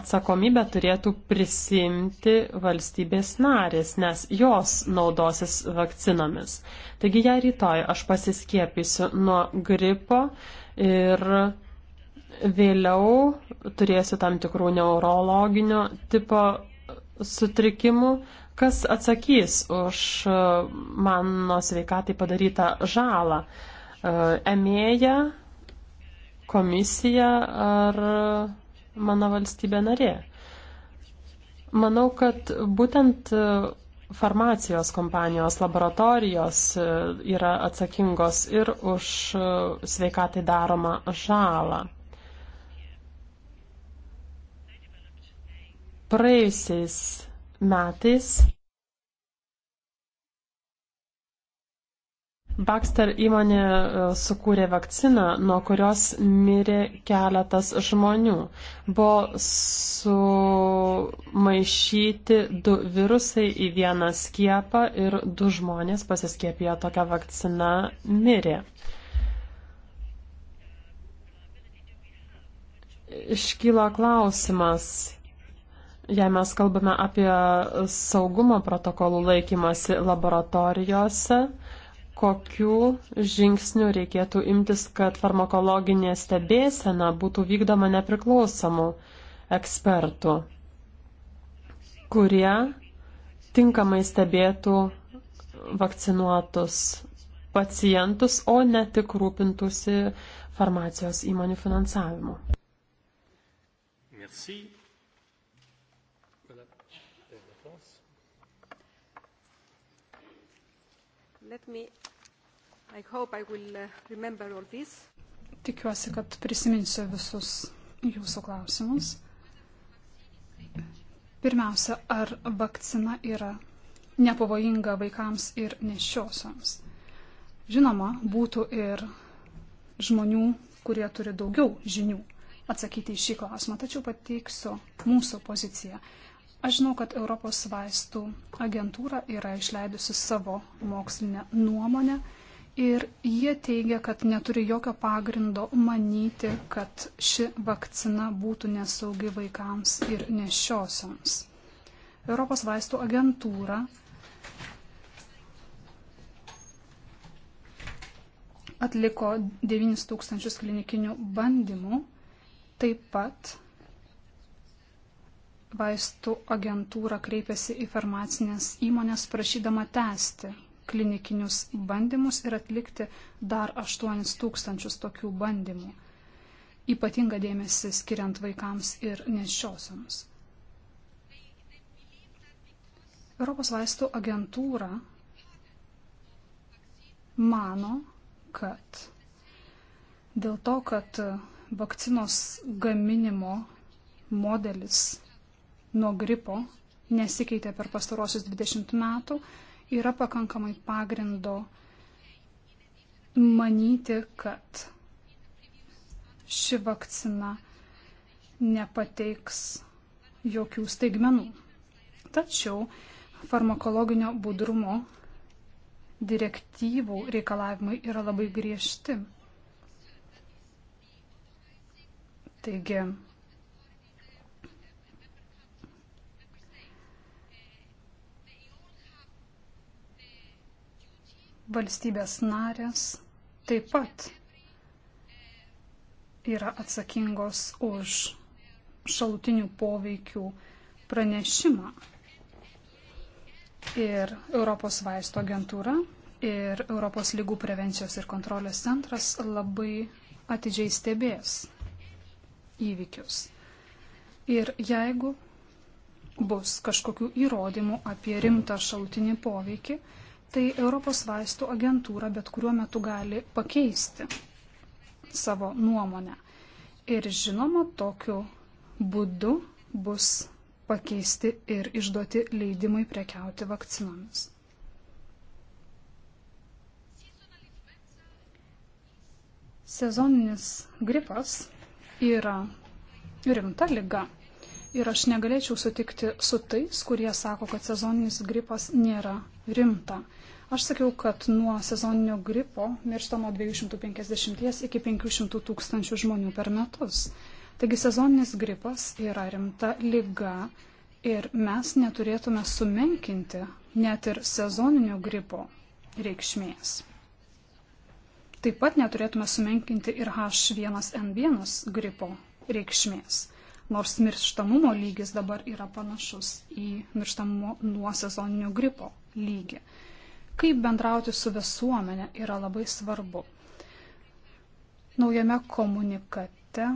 atsakomybę turėtų prisimti valstybės narės, nes jos naudosis vakcinomis. Taigi ją rytoj aš pasiskiepysiu nuo gripo ir vėliau turėsiu tam tikrų neurologinio tipo sutrikimų, kas atsakys už e, mano sveikatai padarytą žalą. E, emėja komisija ar mano valstybė narė. Manau, kad būtent farmacijos kompanijos laboratorijos yra atsakingos ir už sveikatai daromą žalą. Praėjusiais metais Baxter įmonė e, sukūrė vakciną, nuo kurios mirė keletas žmonių. Buvo sumaišyti du virusai į vieną skiepą ir du žmonės pasiskiepijo tokią vakciną mirė. Iškyla klausimas, jei mes kalbame apie saugumo protokolų laikymasi laboratorijose, kokių žingsnių reikėtų imtis, kad farmakologinė stebėsena būtų vykdoma nepriklausomų ekspertų, kurie tinkamai stebėtų vakcinuotus pacientus, o ne tik rūpintųsi farmacijos įmonių finansavimu.
Merci.
Let me I hope I will uh, remember all this. Tikiuosi, kad prisiminsiu visus jūsų klausimus. Pirmiausia, ar vakcina yra nepavojinga vaikams ir nešiosioms? Žinoma, būtų ir žmonių, kurie turi daugiau žinių atsakyti į šį klausimą, tačiau pateiksiu mūsų poziciją. Aš žinau, kad Europos vaistų agentūra yra išleidusi savo mokslinę nuomonę Ir jie teigia, kad neturi jokio pagrindo manyti, kad ši vakcina būtų nesaugi vaikams ir nešiosioms. Europos vaistų agentūra atliko 9000 klinikinių bandymų. Taip pat vaistų agentūra kreipėsi į farmacinės įmonės prašydama tęsti klinikinius bandymus ir atlikti dar 8 tūkstančius tokių bandymų, ypatinga dėmesį skiriant vaikams ir nešiosioms. Europos vaistų agentūra mano, kad dėl to, kad vakcinos gaminimo modelis nuo gripo nesikeitė per pastarosius 20 metų, yra pakankamai pagrindo manyti, kad ši vakcina nepateiks jokių staigmenų. Tačiau farmakologinio budrumo direktyvų reikalavimai yra labai griežti. Taigi, valstybės narės taip pat yra atsakingos už šalutinių poveikių pranešimą. Ir Europos vaisto agentūra, ir Europos lygų prevencijos ir kontrolės centras labai atidžiai stebės įvykius. Ir jeigu bus kažkokių įrodymų apie rimtą šalutinį poveikį, tai Europos vaistų agentūra bet kuriuo metu gali pakeisti savo nuomonę. Ir žinoma, tokiu būdu bus pakeisti ir išduoti leidimai prekiauti vakcinomis. Sezoninis gripas yra rimta lyga. Ir aš negalėčiau sutikti su tais, kurie sako, kad sezoninis gripas nėra rimta. Aš sakiau, kad nuo sezoninio gripo miršta nuo 250 iki 500 tūkstančių žmonių per metus. Taigi sezoninis gripas yra rimta lyga ir mes neturėtume sumenkinti net ir sezoninio gripo reikšmės. Taip pat neturėtume sumenkinti ir H1N1 gripo reikšmės nors mirštamumo lygis dabar yra panašus į mirštamumo nuo sezoninio gripo lygį kaip bendrauti su visuomenė yra labai svarbu. Naujame komunikate,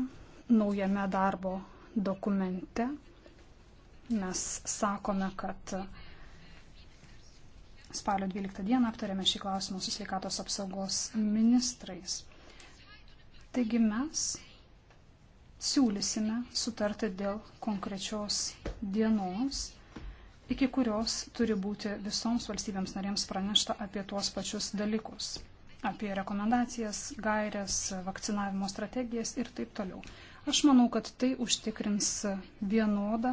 naujame darbo dokumente mes sakome, kad spalio 12 dieną aptarėme šį klausimą su sveikatos apsaugos ministrais. Taigi mes siūlysime sutarti dėl konkrečios dienos iki kurios turi būti visoms valstybėms narėms pranešta apie tuos pačius dalykus - apie rekomendacijas, gairias, vakcinavimo strategijas ir taip toliau. Aš manau, kad tai užtikrins vienodą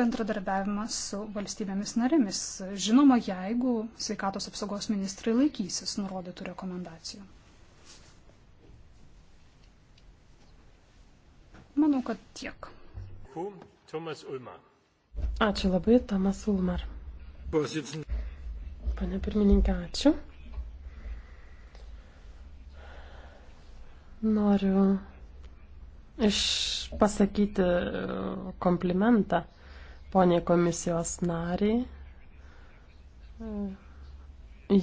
bendradarbiavimą su valstybėmis narėmis. Žinoma, jeigu sveikatos apsaugos ministrai laikysis nurodytų rekomendacijų. Manau,
kad tiek.
Tomas Ulma.
Ačiū labai, Tomas Ulmar.
Pane
pirmininkė, ačiū. Noriu iš pasakyti komplimentą ponė komisijos nariai.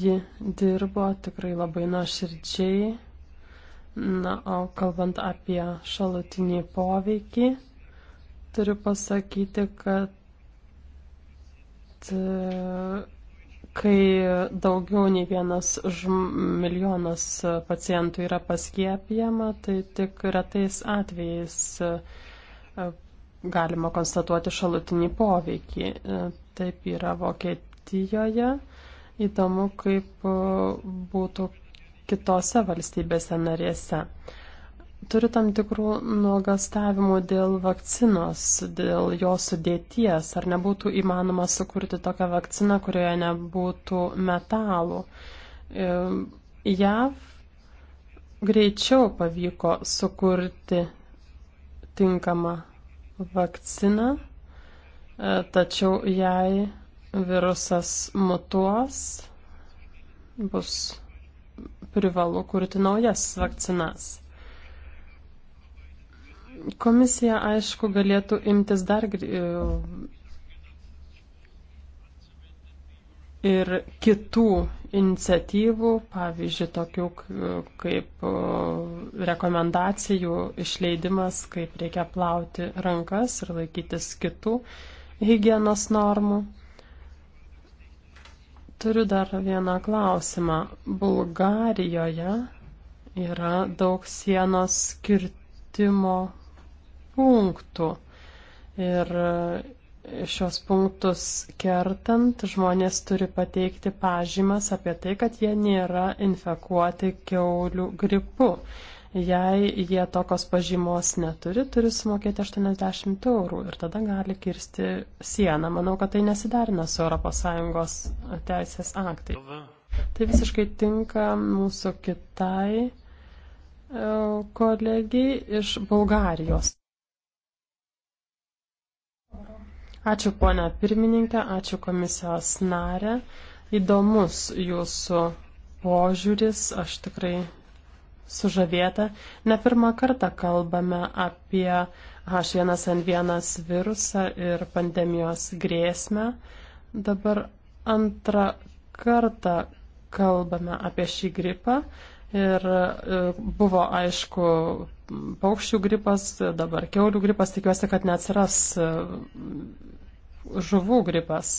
Ji dirbo tikrai labai nuoširdžiai. Na, o kalbant apie šalutinį poveikį, turiu pasakyti, kad E, kai daugiau nei vienas milijonas pacientų yra paskiepijama, tai tik retais atvejais e, galima konstatuoti šalutinį poveikį. E, taip yra Vokietijoje. Įdomu, kaip būtų kitose valstybėse narėse. Turiu tam tikrų nuogastavimų dėl vakcinos, dėl jos sudėties. Ar nebūtų įmanoma sukurti tokią vakciną, kurioje nebūtų metalų? JAV greičiau pavyko sukurti tinkamą vakciną, e, tačiau jei virusas mutuos, bus privalu kurti naujas vakcinas. Komisija, aišku, galėtų imtis dar e, ir kitų iniciatyvų, pavyzdžiui, tokių kaip e, rekomendacijų išleidimas, kaip reikia plauti rankas ir laikytis kitų hygienos normų. Turiu dar vieną klausimą. Bulgarijoje yra daug sienos skirtimo punktų. Ir šios punktus kertant, žmonės turi pateikti pažymas apie tai, kad jie nėra infekuoti keulių gripu. Jei jie tokios pažymos neturi, turi sumokėti 80 eurų ir tada gali kirsti sieną. Manau, kad tai nesiderina su ES teisės aktai. Tai visiškai tinka mūsų kitai e, kolegijai iš Bulgarijos. Ačiū ponia pirmininkė, ačiū komisijos narė. Įdomus jūsų požiūris, aš tikrai sužavėta. Ne pirmą kartą kalbame apie H1N1 virusą ir pandemijos grėsmę. Dabar antrą kartą kalbame apie šį gripą ir e, buvo aišku paukščių gripas, dabar keulių gripas, tikiuosi, kad neatsiras e, žuvų gripas.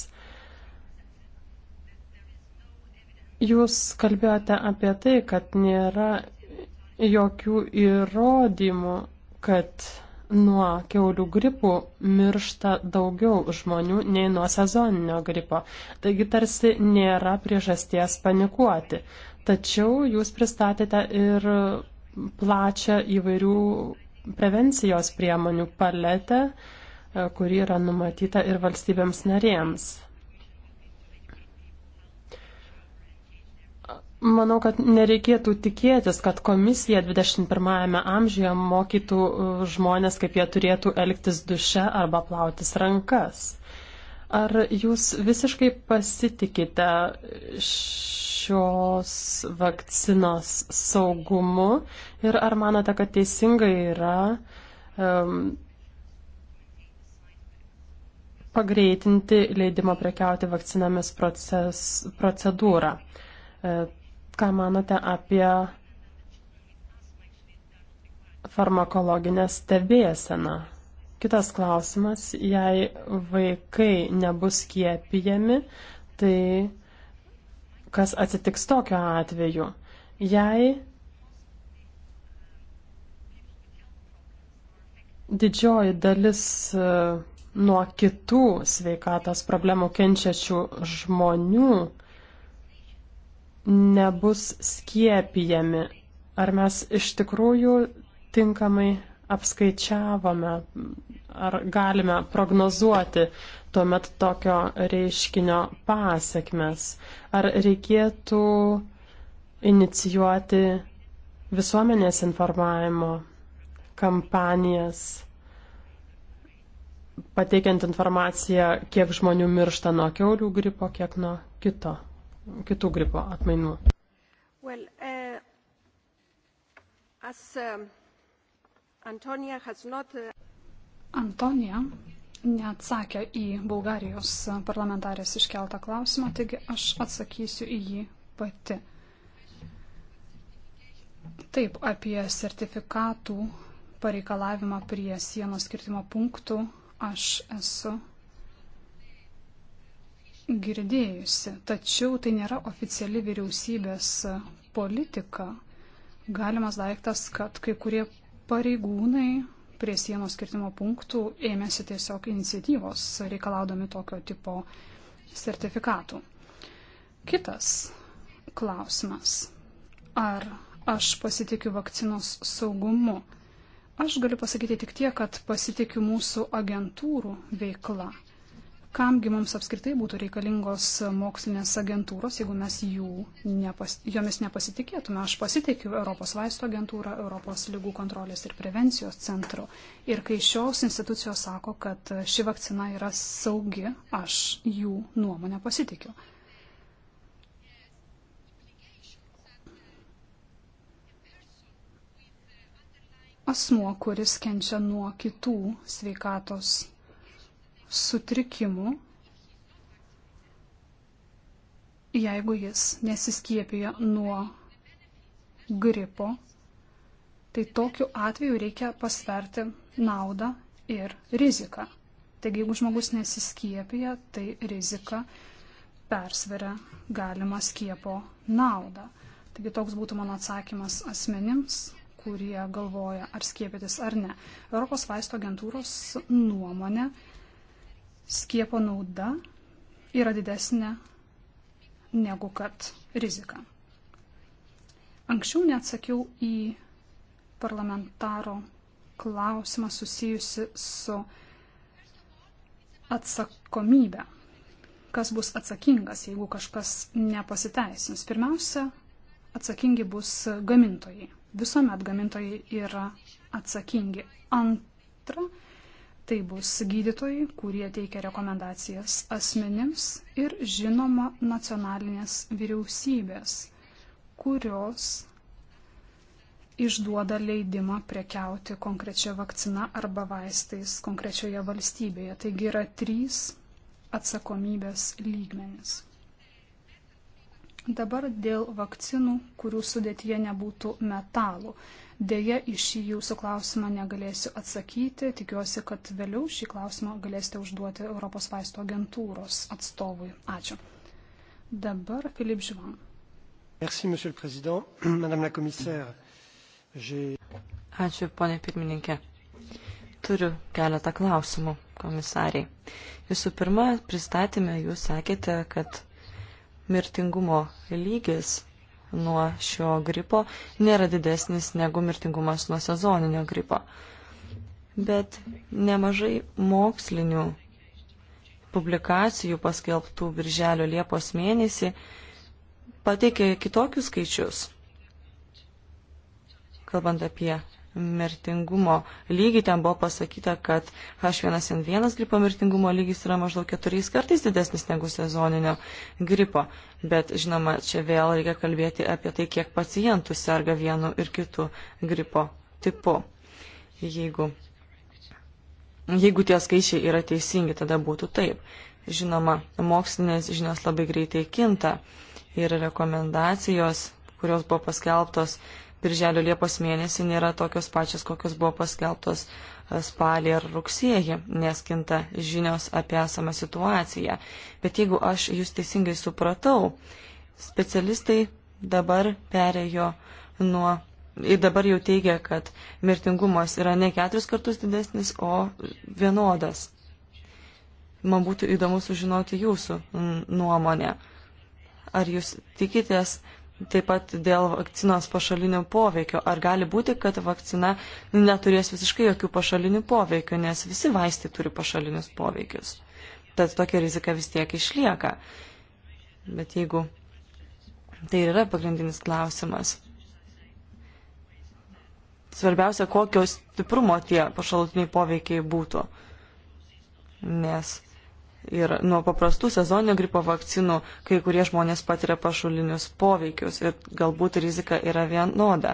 Jūs kalbėjote apie tai, kad nėra jokių įrodymų, kad nuo keulių gripų miršta daugiau žmonių nei nuo sezoninio gripo. Taigi tarsi nėra priežasties panikuoti. Tačiau jūs pristatėte ir plačią įvairių prevencijos priemonių paletę, uh, kuri yra numatyta ir valstybėms narėms. Manau, kad nereikėtų tikėtis, kad komisija 21-ame amžiuje mokytų uh, žmonės, kaip jie turėtų elgtis duše arba plautis rankas. Ar jūs visiškai pasitikite šios vakcinos saugumu ir ar manote, kad teisingai yra um, pagreitinti leidimo prekiauti vakcinomis proces, procedūrą. E, ką manote apie farmakologinę stebėseną? Kitas klausimas, jei vaikai nebus skiepijami, tai kas atsitiks tokiu atveju? Jei didžioji dalis nuo kitų sveikatos problemų kenčiačių žmonių nebus skiepijami. Ar mes iš tikrųjų tinkamai apskaičiavome, ar galime prognozuoti tuomet tokio reiškinio pasiekmes, ar reikėtų inicijuoti visuomenės informavimo kampanijas pateikiant informaciją, kiek žmonių miršta nuo keulių gripo, kiek nuo kito, kitų gripo atmainų.
Well, uh, as, um, Antonija not... Uh, Antonija neatsakė į Bulgarijos parlamentarės iškeltą klausimą, taigi aš atsakysiu į jį pati. Taip, apie sertifikatų pareikalavimą prie sienos skirtimo punktų aš esu girdėjusi, tačiau tai nėra oficiali vyriausybės politika. Galimas daiktas, kad kai kurie pareigūnai prie sienos skirtimo punktų ėmėsi tiesiog iniciatyvos reikalaudami tokio tipo sertifikatų. Kitas klausimas. Ar aš pasitikiu vakcinos saugumu? Aš galiu pasakyti tik tiek, kad pasitikiu mūsų agentūrų veikla. Kamgi mums apskritai būtų reikalingos mokslinės agentūros, jeigu mes jų nepas, jomis nepasitikėtume. Aš pasitikiu Europos vaisto agentūrą, Europos lygų kontrolės ir prevencijos centru. Ir kai šios institucijos sako, kad ši vakcina yra saugi, aš jų nuomonę pasitikiu. asmuo, kuris kenčia nuo kitų sveikatos sutrikimų, jeigu jis nesiskiepija nuo gripo, tai tokiu atveju reikia pasverti naudą ir riziką. Taigi, jeigu žmogus nesiskiepija, tai rizika persveria galimą skiepo naudą. Taigi toks būtų mano atsakymas asmenims, kurie galvoja, ar skiepytis ar ne. Europos vaisto agentūros nuomonė skiepo nauda yra didesnė negu kad rizika. Anksčiau neatsakiau į parlamentaro klausimą susijusi su atsakomybė. Kas bus atsakingas, jeigu kažkas nepasiteisins? Pirmiausia, atsakingi bus gamintojai visuomet gamintojai yra atsakingi. Antra, tai bus gydytojai, kurie teikia rekomendacijas asmenims ir žinoma nacionalinės vyriausybės, kurios išduoda leidimą prekiauti konkrečią vakciną arba vaistais konkrečioje valstybėje. Taigi yra trys atsakomybės lygmenis. Dabar dėl vakcinų, kurių sudėtyje nebūtų metalų. Deja, iš jūsų klausimą negalėsiu atsakyti. Tikiuosi, kad vėliau šį klausimą galėsite užduoti Europos vaisto agentūros atstovui. Ačiū. Dabar Filip Žyvan.
Merci, monsieur le président. (clears throat) Madame la commissaire, j'ai. Ačiū, ponė pirmininkė. Turiu keletą klausimų komisariai. Visų pirma, pristatymę jūs sakėte, kad mirtingumo lygis nuo šio gripo nėra didesnis negu mirtingumas nuo sezoninio gripo. Bet nemažai mokslinių publikacijų paskelbtų Birželio Liepos mėnesį pateikė kitokius skaičius, kalbant apie mirtingumo lygį, ten buvo pasakyta, kad H1N1 gripo mirtingumo lygis yra maždaug keturiais kartais didesnis negu sezoninio gripo. Bet, žinoma, čia vėl reikia kalbėti apie tai, kiek pacientų serga vienu ir kitu gripo tipu. Jeigu, jeigu tie skaičiai yra teisingi, tada būtų taip. Žinoma, mokslinės žinios labai greitai kinta ir rekomendacijos, kurios buvo paskelbtos Birželio Liepos mėnesį nėra tokios pačios, kokios buvo paskelbtos e, spalį ar rugsėjį, nes kinta žinios apie esamą situaciją. Bet jeigu aš jūs teisingai supratau, specialistai dabar perėjo nuo. Ir dabar jau teigia, kad mirtingumas yra ne keturis kartus didesnis, o vienodas. Man būtų įdomu sužinoti jūsų nuomonę. Ar jūs tikitės taip pat dėl vakcinos pašalinio poveikio. Ar gali būti, kad vakcina neturės visiškai jokių pašalinių poveikio, nes visi vaistai turi pašalinius poveikius. Tad tokia rizika vis tiek išlieka. Bet jeigu tai yra pagrindinis klausimas. Svarbiausia, kokios stiprumo tie pašalutiniai poveikiai būtų. Nes Ir nuo paprastų sezoninio gripo vakcinų kai kurie žmonės patiria pašulinius poveikius ir galbūt rizika yra vienoda.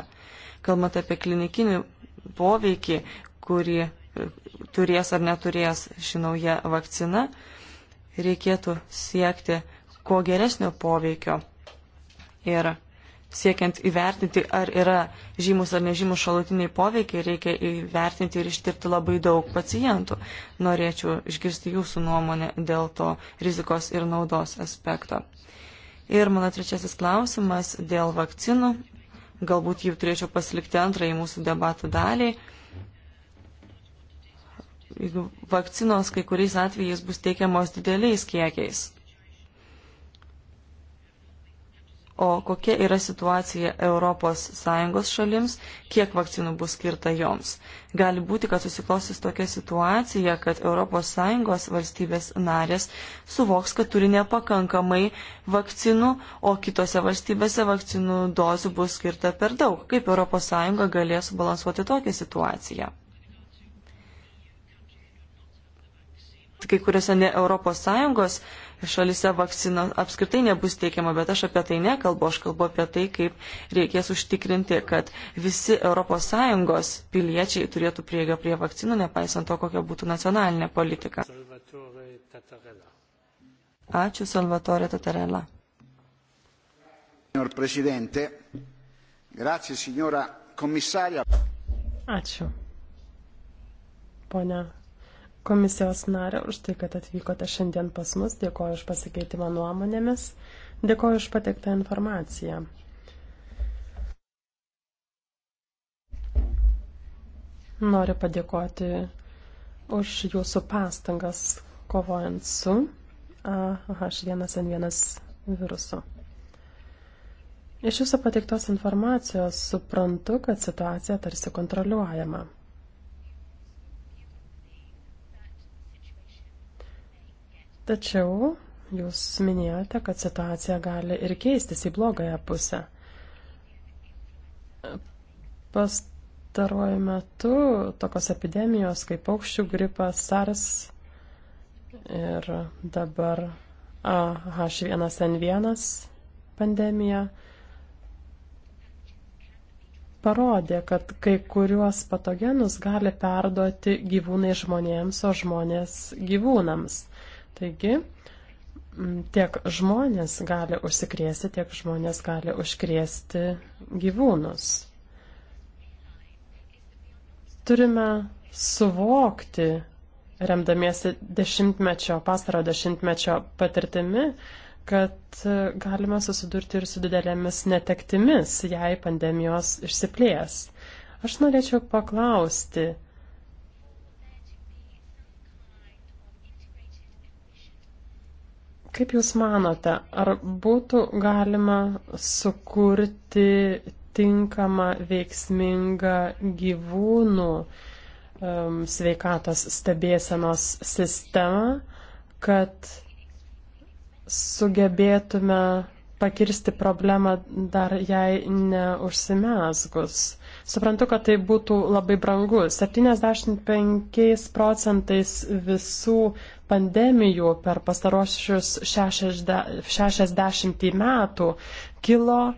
Kalbant apie klinikinį poveikį, kurį e, turės ar neturės ši nauja vakcina, reikėtų siekti kuo geresnio poveikio. Ir siekiant įvertinti, ar yra žymus ar nežymus šalutiniai poveikiai, reikia įvertinti ir ištirti labai daug pacientų. Norėčiau išgirsti jūsų nuomonę dėl to rizikos ir naudos aspekto. Ir mano trečiasis klausimas dėl vakcinų. Galbūt jau turėčiau pasilikti antrąjį mūsų debatų dalį. Vakcinos kai kuriais atvejais bus teikiamos dideliais kiekiais o kokia yra situacija ES šalims, kiek vakcinų bus skirta joms. Gali būti, kad susiklostys tokia situacija, kad ES valstybės narės suvoks, kad turi nepakankamai vakcinų, o kitose valstybėse vakcinų dozių bus skirta per daug. Kaip ES galės subalansuoti tokią situaciją? Kai kuriuose ne ES šalise vakcina apskritai nebus teikiama, bet aš apie tai nekalbu, aš kalbu apie tai, kaip reikės užtikrinti, kad visi ES piliečiai turėtų prieigą prie vakcinų, nepaisant to, kokia būtų nacionalinė politika. Ačiū, Salvatore Tatarella.
Signor Presidente, grazie signora Komisarė.
Ačiū. Pone komisijos narę už tai, kad atvykote šiandien pas mus. Dėkoju už pasikeitimą nuomonėmis. Dėkoju už pateiktą informaciją. Noriu padėkoti už jūsų pastangas kovojant su H1N1 virusu. Iš jūsų pateiktos informacijos suprantu, kad situacija tarsi kontroliuojama. Tačiau jūs minėjote, kad situacija gali ir keistis į blogąją pusę. Pastaruoju metu tokios epidemijos kaip paukščių gripas, SARS ir dabar H1N1 pandemija parodė, kad kai kuriuos patogenus gali perduoti gyvūnai žmonėms, o žmonės gyvūnams. Taigi, tiek žmonės gali užsikrėsti, tiek žmonės gali užkrėsti gyvūnus. Turime suvokti, remdamiesi dešimtmečio, pastaro dešimtmečio patirtimi, kad e, galime susidurti ir su didelėmis netektimis, jei pandemijos išsiplės. Aš norėčiau paklausti, Kaip Jūs manote, ar būtų galima sukurti tinkamą, veiksmingą gyvūnų um, sveikatos stebėsenos sistemą, kad sugebėtume pakirsti problemą dar jai neužsimesgus? Suprantu, kad tai būtų labai brangu. 75 procentais visų pandemijų per pastaruosius 60 metų kilo e,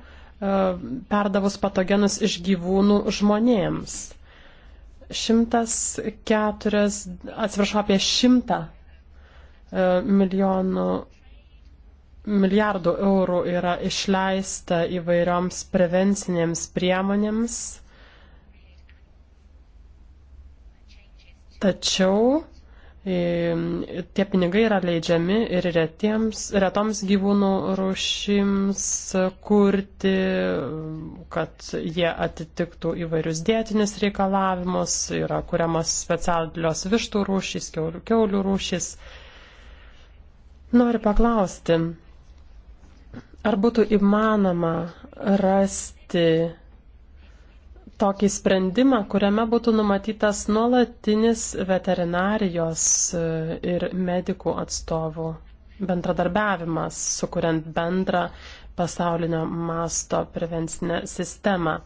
perdavus patogenus iš gyvūnų žmonėms. 104, atsiprašau, apie 100 e, milijonų, milijardų eurų yra išleista įvairioms prevencinėms priemonėms. Tačiau tie pinigai yra leidžiami ir retiems, retoms gyvūnų rušims kurti, kad jie atitiktų įvairius dėtinius reikalavimus, yra kuriamas specialios vištų rūšys, keulių, keulių rūšys. Noriu paklausti, ar būtų įmanoma rasti tokį sprendimą, kuriame būtų numatytas nuolatinis veterinarijos e, ir medikų atstovų bendradarbiavimas, sukuriant bendrą pasaulinio masto prevencinę sistemą.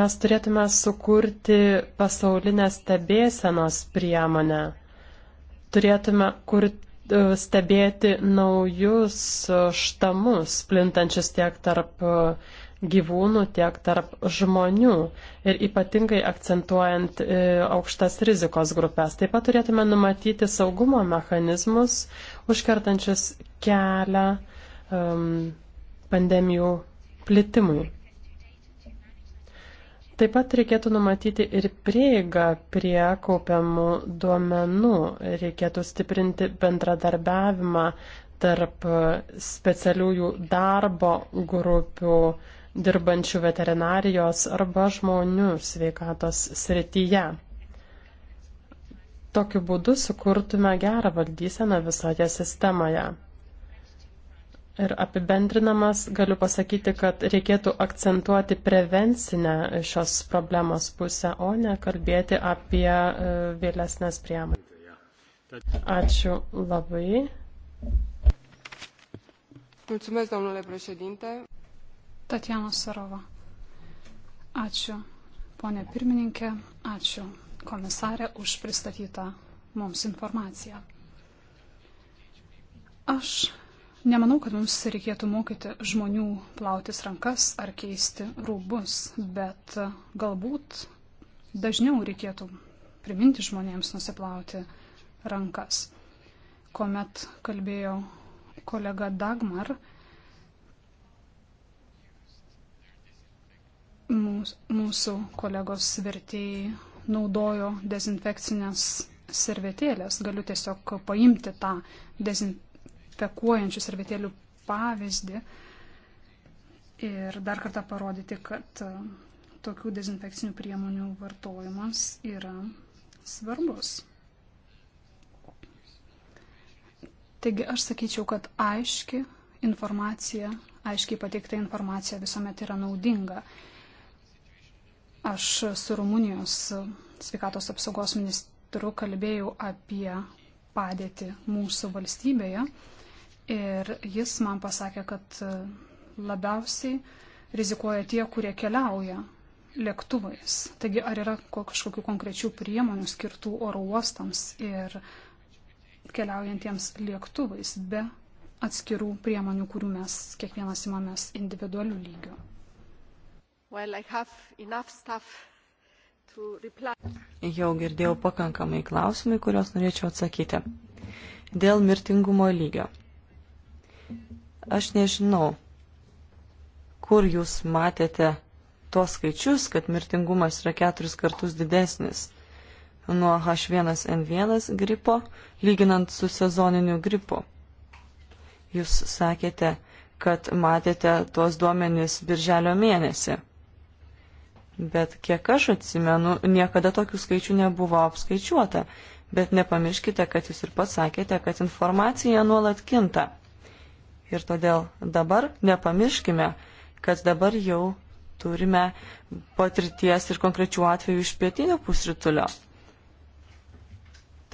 Mes turėtume sukurti pasaulinę stebėsenos priemonę. Turėtume kurti e, stebėti naujus e, štamus, plintančius tiek tarp uh, gyvūnų, tiek tarp žmonių ir ypatingai akcentuojant e, aukštas rizikos grupės. Taip pat turėtume numatyti saugumo mechanizmus, užkertančius kelią um, pandemijų plitimui. Taip pat reikėtų numatyti ir prieigą prie kaupiamų duomenų. Reikėtų stiprinti bendradarbiavimą tarp specialiųjų darbo grupių, dirbančių veterinarijos arba žmonių sveikatos srityje. Tokiu būdu sukurtume gerą valdyseną visoje sistemoje. Ir apibendrinamas galiu pasakyti, kad reikėtų akcentuoti prevencinę šios problemos pusę, o ne kalbėti apie e, vėlesnės priemonės. Ačiū labai. Mulțumesc, domnule președinte.
Tatjana Sarova. Ačiū, ponė pirmininkė, ačiū komisarė už pristatytą mums informaciją. Aš Nemanau, kad mums reikėtų mokyti žmonių plautis rankas ar keisti rūbus, bet galbūt dažniau reikėtų priminti žmonėms nusiplauti rankas. Komet kalbėjo kolega Dagmar, Mūsų kolegos vertėjai naudojo dezinfekcinės servetėlės. Galiu tiesiog paimti tą dezinfekuojančių servetėlių pavyzdį ir dar kartą parodyti, kad e, tokių dezinfekcinių priemonių vartojimas yra svarbus. Taigi aš sakyčiau, kad aiški informacija, aiškiai pateikta informacija visuomet yra naudinga. Aš su Rumunijos sveikatos apsaugos ministru kalbėjau apie padėtį mūsų valstybėje ir jis man pasakė, kad labiausiai rizikuoja tie, kurie keliauja lėktuvais. Taigi, ar yra kažkokių konkrečių priemonių skirtų oro uostams ir keliaujantiems lėktuvais be atskirų priemonių, kurių mes kiekvienas imamės individualių lygių?
Well, Jau girdėjau pakankamai klausimai, kuriuos norėčiau atsakyti. Dėl mirtingumo lygio. Aš nežinau, kur jūs matėte tuos skaičius, kad mirtingumas yra keturis kartus didesnis nuo H1N1 gripo, lyginant su sezoniniu gripu. Jūs sakėte, kad matėte tuos duomenys birželio mėnesį Bet kiek aš atsimenu, niekada tokių skaičių nebuvo apskaičiuota. Bet nepamirškite, kad jūs ir pats sakėte, kad informacija nuolat kinta. Ir todėl dabar nepamirškime, kad dabar jau turime patirties ir konkrečių atvejų iš pietinių pusrytulio.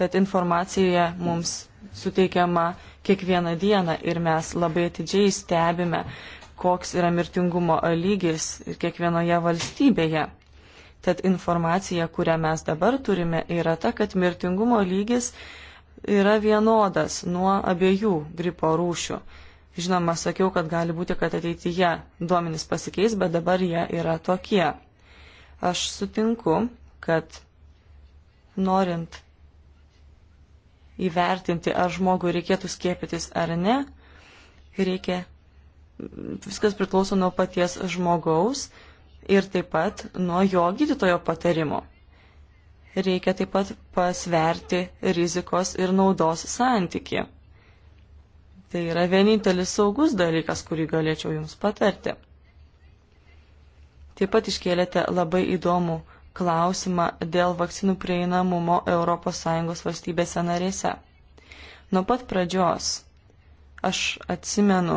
Tad informacija mums suteikiama kiekvieną dieną ir mes labai atidžiai stebime, koks yra mirtingumo lygis kiekvienoje valstybėje. Tad informacija, kurią mes dabar turime, yra ta, kad mirtingumo lygis yra vienodas nuo abiejų gripo rūšių. Žinoma, sakiau, kad gali būti, kad ateityje duomenys pasikeis, bet dabar jie yra tokie. Aš sutinku, kad norint įvertinti, ar žmogui reikėtų skiepytis ar ne, reikia. Viskas priklauso nuo paties žmogaus ir taip pat nuo jo gydytojo patarimo. Reikia taip pat pasverti rizikos ir naudos santyki. Tai yra vienintelis saugus dalykas, kurį galėčiau Jums patarti. Taip pat iškėlėte labai įdomų klausimą dėl vakcinų prieinamumo ES valstybėse narėse. Nuo pat pradžios aš atsimenu,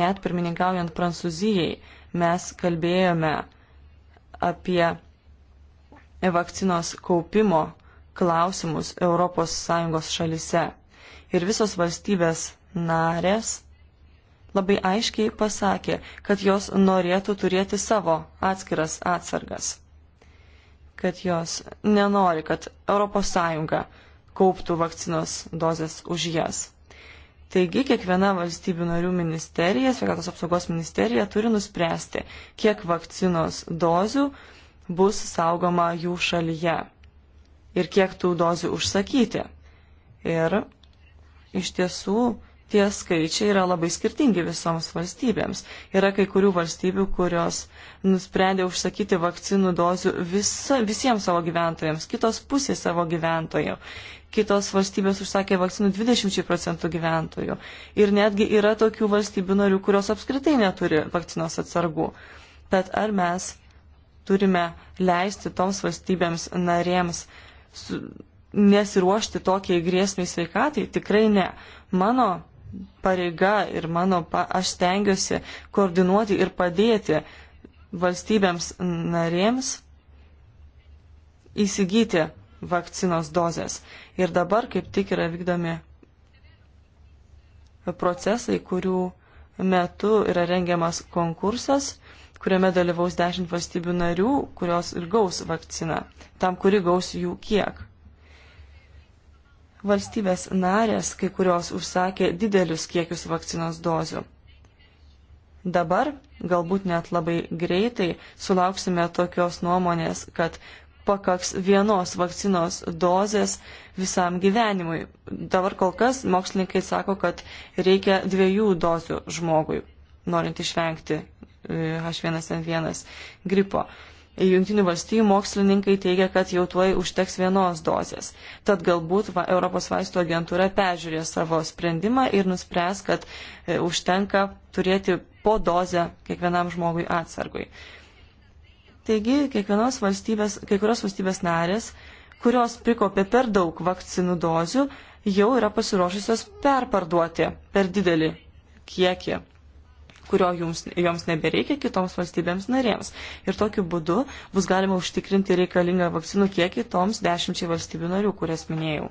net pirmininkaujant Prancūzijai, mes kalbėjome apie vakcinos kaupimo klausimus ES šalise. Ir visos valstybės narės labai aiškiai pasakė, kad jos norėtų turėti savo atskiras atsargas. Kad jos nenori, kad ES kauptų vakcinos dozes už jas. Taigi kiekviena valstybių narių ministerija, sveikatos apsaugos ministerija turi nuspręsti, kiek vakcinos dozių bus saugoma jų šalyje ir kiek tų dozių užsakyti. Ir iš tiesų tie skaičiai yra labai skirtingi visoms valstybėms. Yra kai kurių valstybių, kurios nusprendė užsakyti vakcinų dozių visa, visiems savo gyventojams, kitos pusė savo gyventojų. Kitos valstybės užsakė vakcinų 20 procentų gyventojų. Ir netgi yra tokių valstybių narių, kurios apskritai neturi vakcinos atsargų. Tad ar mes turime leisti toms valstybėms narėms su, nesiruošti tokiai grėsmiai sveikatai? Tikrai ne. Mano pareiga ir mano, pa, aš stengiuosi koordinuoti ir padėti valstybėms narėms įsigyti vakcinos dozes. Ir dabar kaip tik yra vykdomi procesai, kurių metu yra rengiamas konkursas, kuriame dalyvaus dešimt valstybių narių, kurios ir gaus vakciną, tam, kuri gaus jų kiek. Valstybės narės, kai kurios užsakė didelius kiekius vakcinos dozių. Dabar, galbūt net labai greitai, sulauksime tokios nuomonės, kad pakaks vienos vakcinos dozės visam gyvenimui. Dabar kol kas mokslininkai sako, kad reikia dviejų dozių žmogui, norint išvengti e, H1N1 gripo. Junktinių valstybių mokslininkai teigia, kad jau tuoj užteks vienos dozės. Tad galbūt va, Europos vaistų agentūra peržiūrės savo sprendimą ir nuspręs, kad e, užtenka turėti po dozę kiekvienam žmogui atsargui. Taigi, valstybės, kai kurios valstybės narės, kurios prikopė per daug vakcinų dozių, jau yra pasiruošusios perparduoti per didelį kiekį kurio jums, joms nebereikia kitoms valstybėms narėms. Ir tokiu būdu bus galima užtikrinti reikalingą vakcinų kiekį toms dešimčiai valstybių narių, kurias minėjau.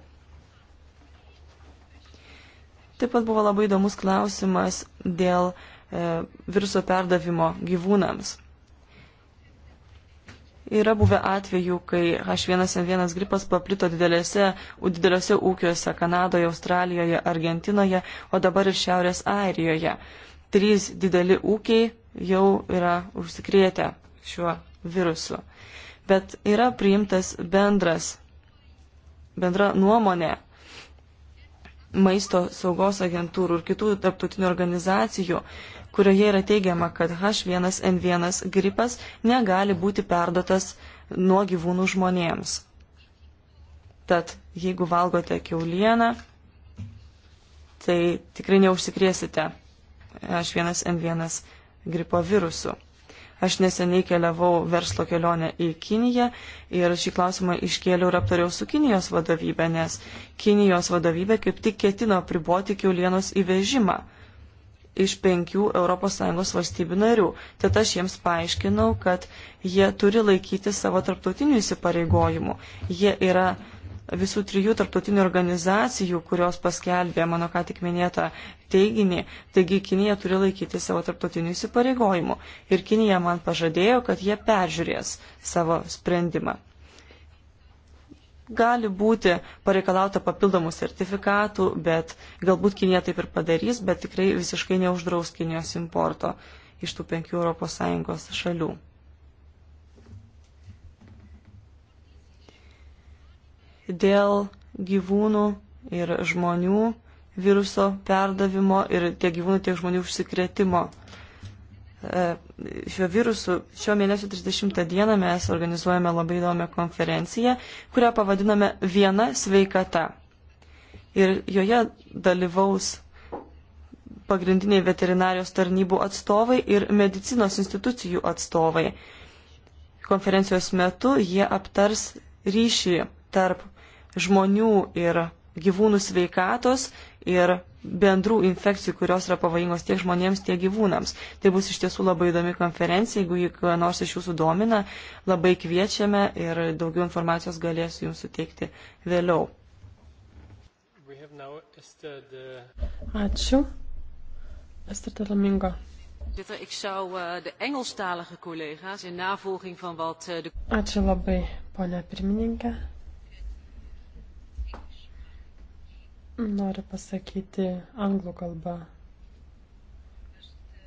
Taip pat buvo labai įdomus klausimas dėl e, viruso perdavimo gyvūnams. Yra buvę atvejų, kai H1N1 gripas paplito didelėse, dideliuose ūkiuose Kanadoje, Australijoje, Argentinoje, o dabar ir Šiaurės Airijoje trys dideli ūkiai jau yra užsikrėtę šiuo virusu. Bet yra priimtas bendras, bendra nuomonė maisto saugos agentūrų ir kitų tarptautinių organizacijų, kurioje yra teigiama, kad H1N1 gripas negali būti perdotas nuo gyvūnų žmonėms. Tad jeigu valgote keulieną, tai tikrai neužsikrėsite H1N1 gripo virusu. Aš neseniai keliavau verslo kelionę į Kiniją ir šį klausimą iškėliau ir aptariau su Kinijos vadovybė, nes Kinijos vadovybė kaip tik ketino priboti kiaulienos įvežimą iš penkių ES valstybių narių. Tad aš jiems paaiškinau, kad jie turi laikyti savo tarptautinių įsipareigojimų. Jie yra visų trijų tarptautinių organizacijų, kurios paskelbė mano ką tik minėtą teiginį, taigi Kinija turi laikyti savo tarptautinių įsipareigojimų. Ir Kinija man pažadėjo, kad jie peržiūrės savo sprendimą. Gali būti pareikalauta papildomų sertifikatų, bet galbūt Kinija taip ir padarys, bet tikrai visiškai neuždraus Kinijos importo iš tų penkių ES šalių. dėl gyvūnų ir žmonių viruso perdavimo ir tiek gyvūnų, tiek žmonių užsikrėtimo. E, šiuo virusu šio mėnesio 30 dieną mes organizuojame labai įdomią konferenciją, kurią pavadiname Viena sveikata. Ir joje dalyvaus pagrindiniai veterinarijos tarnybų atstovai ir medicinos institucijų atstovai. Konferencijos metu jie aptars ryšį tarp žmonių ir gyvūnų sveikatos ir bendrų infekcijų, kurios yra pavojingos tiek žmonėms, tiek gyvūnams. Tai bus iš tiesų labai įdomi konferencija, jeigu jį nors iš jūsų domina, labai kviečiame ir daugiau informacijos galėsiu jums suteikti vėliau. Ačiū.
Esther Talamingo.
Ik zou eh, de Engelstalige collega's in navolging van wat eh, de.
Ačiū labai, ponia pirmininkė. Noriu pasakyti anglų kalbą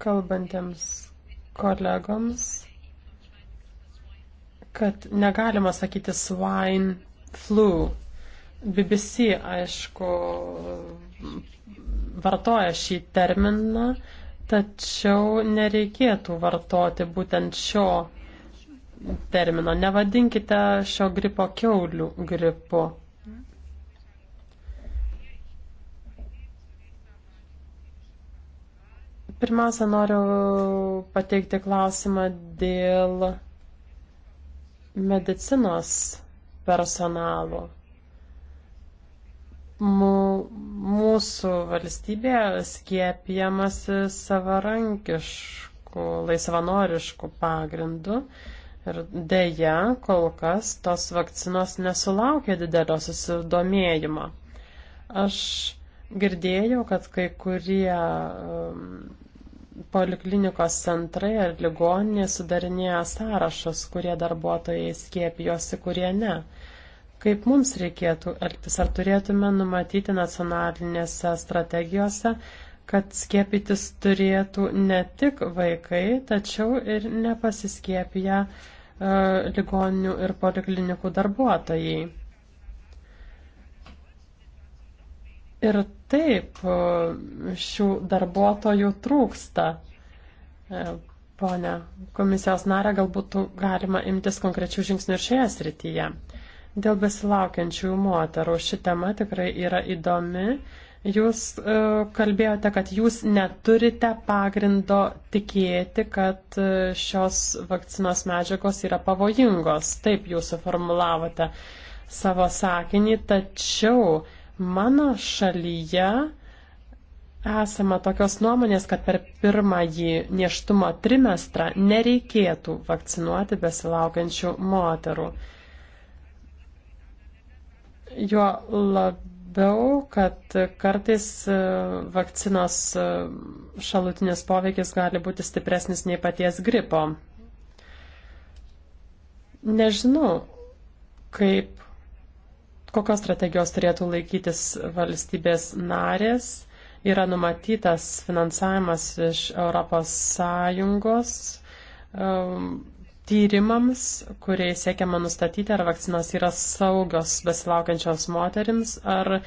kalbantiems kolegoms, kad negalima sakyti swine flu. BBC, aišku, vartoja šį terminą, tačiau nereikėtų vartoti būtent šio termino. Nevadinkite šio gripo keulių gripu. Pirmiausia, noriu pateikti klausimą dėl medicinos personalo. Mūsų valstybėje skiepijamasi savarankiškų, laisvanoriškų pagrindų ir dėja kol kas tos vakcinos nesulaukia didelio susidomėjimo. Aš girdėjau, kad kai kurie um, poliklinikos centrai ar ligoninė sudarinėja sąrašus, kurie darbuotojai skiepijosi, kurie ne. Kaip mums reikėtų elgtis, ar turėtume numatyti nacionalinėse strategijose, kad skiepytis turėtų ne tik vaikai, tačiau ir nepasiskiepiję e, ligoninių ir poliklinikų darbuotojai. ir taip e, šių darbuotojų trūksta. E, pone komisijos narė, galbūt galima imtis konkrečių žingsnių ir šioje srityje. Dėl besilaukiančiųjų moterų ši tema tikrai yra įdomi. Jūs e, kalbėjote, kad jūs neturite pagrindo tikėti, kad šios vakcinos medžiagos yra pavojingos. Taip jūs suformulavote savo sakinį, tačiau Mano šalyje esama tokios nuomonės, kad per pirmąjį neštumo trimestrą nereikėtų vakcinuoti besilaukiančių moterų. Jo labiau, kad kartais e, vakcinos e, šalutinis poveikis gali būti stipresnis nei paties gripo. Nežinau, kaip Kokios strategijos turėtų laikytis valstybės narės? Yra numatytas finansavimas iš ES um, tyrimams, kuriais siekiama nustatyti, ar vakcinos yra saugios besilaukiančios moterims, ar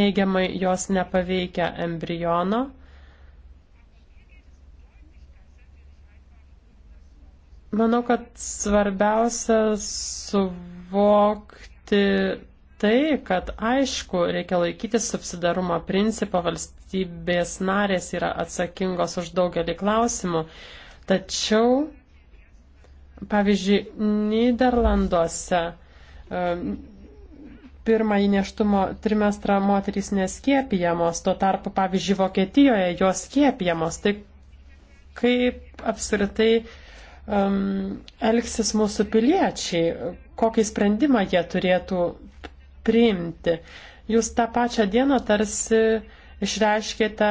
neigiamai jos nepaveikia embriono. Manau, kad svarbiausia suvokti tai, kad aišku, reikia laikytis subsidarumo principo, valstybės narės yra atsakingos už daugelį klausimų, tačiau, pavyzdžiui, Niderlanduose pirmąjį neštumo trimestrą moterys neskiepijamos, tuo tarpu, pavyzdžiui, Vokietijoje jos skiepijamos. Tai kaip apskritai um, elgsis mūsų piliečiai, kokį sprendimą jie turėtų priimti. Jūs tą pačią dieną tarsi išreiškėte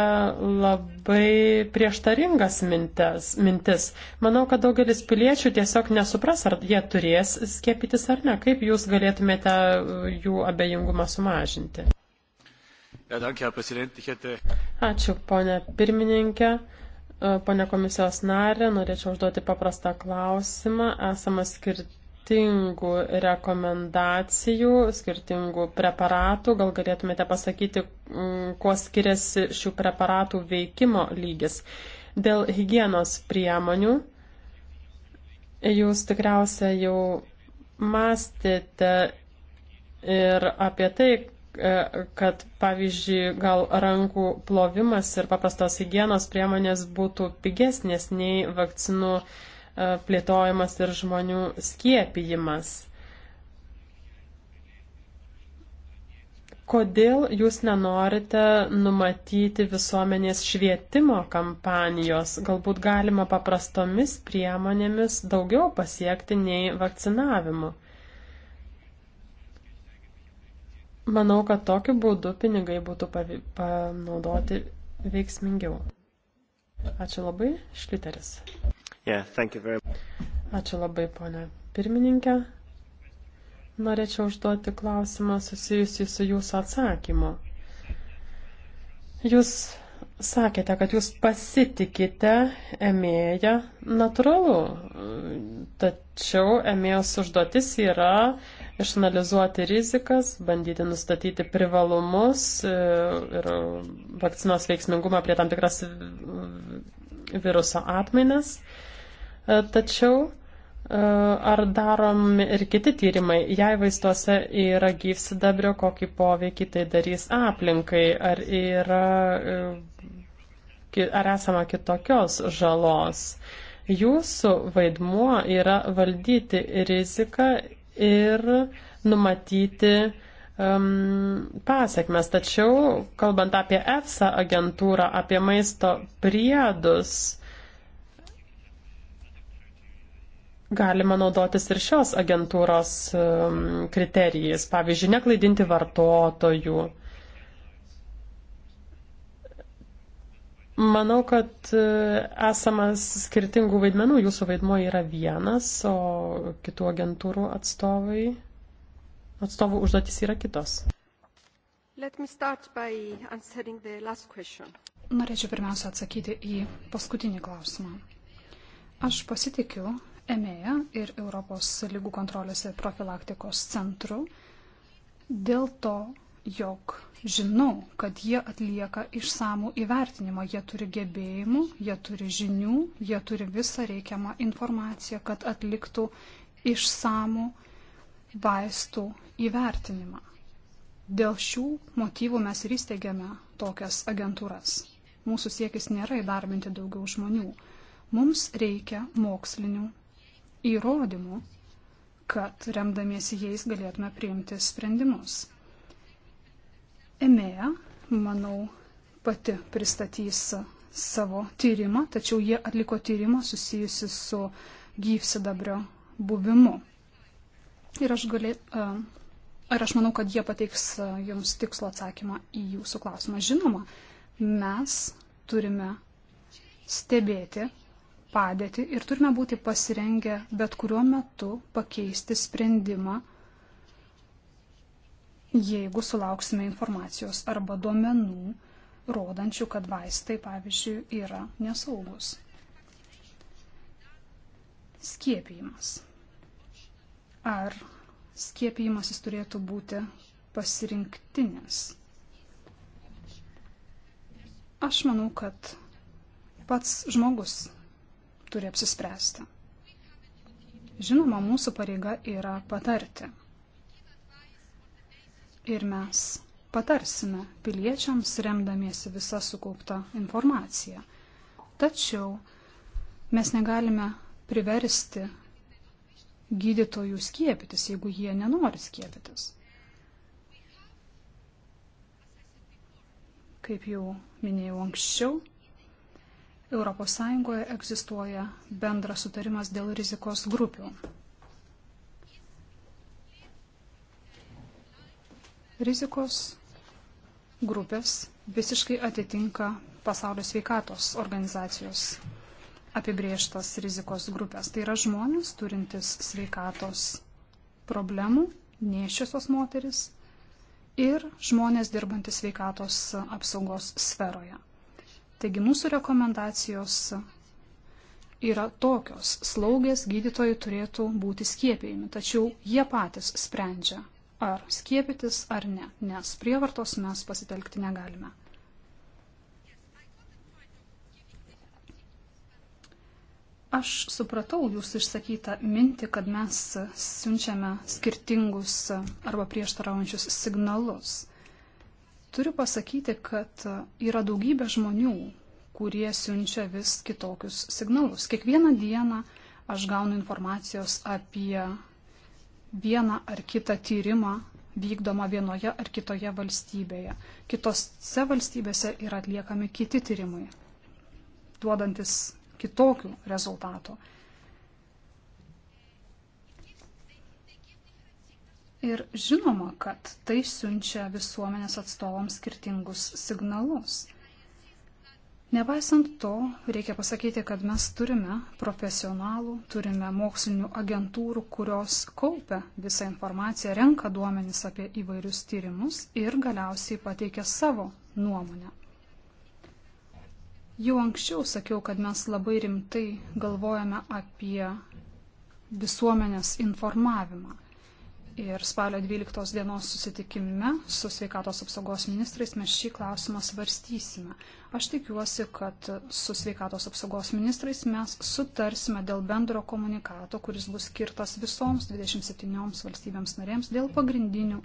labai prieštaringas mintes, mintis. Manau, kad daugelis piliečių tiesiog nesupras, ar jie turės skiepytis ar ne. Kaip jūs galėtumėte uh, jų abejingumą sumažinti?
Ačiū,
ponė pirmininkė. Uh, Pone komisijos narė, norėčiau užduoti paprastą klausimą. Esama skirti skirtingų rekomendacijų, skirtingų preparatų. Gal galėtumėte pasakyti, mm, kuo skiriasi šių preparatų veikimo lygis. Dėl hygienos priemonių jūs tikriausiai jau mąstėte ir apie tai, e, kad, pavyzdžiui, gal rankų plovimas ir paprastos hygienos priemonės būtų pigesnės nei vakcinų uh, E, plėtojimas ir žmonių skiepijimas. Kodėl jūs nenorite numatyti visuomenės švietimo kampanijos? Galbūt galima paprastomis priemonėmis daugiau pasiekti nei vakcinavimu. Manau, kad tokiu būdu pinigai būtų panaudoti veiksmingiau. Ačiū labai, Šliteris. Yeah, Ačiū labai, ponė pirmininkė. Norėčiau užduoti klausimą susijusį su jūsų atsakymu. Jūs sakėte, kad jūs pasitikite emėją natūralu, tačiau emėjos užduotis yra uh, išanalizuoti rizikas, bandyti nustatyti privalumus e, ir vakcinos veiksmingumą prie tam tikras viruso atmainas. E, tačiau e, ar daromi ir kiti tyrimai, jei vaistuose yra gyvsidabrio, kokį poveikį tai darys aplinkai, ar, yra, ar esama kitokios žalos. Jūsų vaidmuo yra valdyti riziką ir numatyti um, pasiekmes. Tačiau, kalbant apie EFSA agentūrą, apie maisto priedus, galima naudotis ir šios agentūros um, kriterijais. Pavyzdžiui, neklaidinti vartotojų. Uh, Manau, kad e, esamas skirtingų vaidmenų, jūsų vaidmuo yra vienas, o kitų agentūrų atstovai, atstovų užduotis yra kitos.
Norėčiau pirmiausia atsakyti į paskutinį klausimą. Aš pasitikiu EMEA ir Europos lygų kontrolės ir profilaktikos centru dėl to, jog žinau, kad jie atlieka išsamų įvertinimą. Jie turi gebėjimų, jie turi žinių, jie turi visą reikiamą informaciją, kad atliktų išsamų vaistų įvertinimą. Dėl šių motyvų mes ir įsteigėme tokias agentūras. Mūsų siekis nėra įdarbinti daugiau žmonių. Mums reikia mokslinių įrodymų, kad remdamiesi jais galėtume priimti sprendimus. EMEA, manau, pati pristatys savo tyrimą, tačiau jie atliko tyrimą susijusi su gyvsidabrio buvimu. Ir aš galė, ar aš manau, kad jie pateiks jums tikslo atsakymą į jūsų klausimą. Žinoma, mes turime stebėti padėtį ir turime būti pasirengę bet kuriuo metu pakeisti sprendimą jeigu sulauksime informacijos arba duomenų, rodančių, kad vaistai, pavyzdžiui, yra nesaugus. Skiepijimas. Ar skiepijimas jis turėtų būti pasirinktinis? Aš manau, kad pats žmogus turi apsispręsti. Žinoma, mūsų pareiga yra patarti. Ir mes patarsime piliečiams, remdamiesi visą sukauptą informaciją. Tačiau mes negalime priversti gydytojų skiepytis, jeigu jie nenori skiepytis. Kaip jau minėjau anksčiau, ES egzistuoja bendras sutarimas dėl rizikos grupių. Rizikos grupės visiškai atitinka pasaulio sveikatos organizacijos apibrieštas rizikos grupės. Tai yra žmonės turintis sveikatos problemų, nėščiosios moteris ir žmonės dirbantis sveikatos apsaugos sferoje. Taigi mūsų rekomendacijos yra tokios. Slaugės gydytojai turėtų būti skiepėjami, tačiau jie patys sprendžia, ar skiepytis ar ne, nes prievartos mes pasitelkti negalime. Aš supratau jūsų išsakytą mintį, kad mes siunčiame skirtingus arba prieštaraujančius signalus. Turiu pasakyti, kad yra daugybė žmonių, kurie siunčia vis kitokius signalus. Kiekvieną dieną aš gaunu informacijos apie vieną ar kitą tyrimą vykdomą vienoje ar kitoje valstybėje. Kitose valstybėse yra atliekami kiti tyrimai, duodantis kitokių rezultatų. Ir žinoma, kad tai siunčia visuomenės atstovams skirtingus signalus. Nepaisant to, reikia pasakyti, kad mes turime profesionalų, turime mokslinių agentūrų, kurios kaupia visą informaciją, renka duomenys apie įvairius tyrimus ir galiausiai pateikia savo nuomonę. Jau anksčiau sakiau, kad mes labai rimtai galvojame apie visuomenės informavimą. Ir spalio 12 dienos susitikime su sveikatos apsaugos ministrais mes šį klausimą svarstysime. Aš tikiuosi, kad su sveikatos apsaugos ministrais mes sutarsime dėl bendro komunikato, kuris bus skirtas visoms 27 valstybėms narėms dėl pagrindinių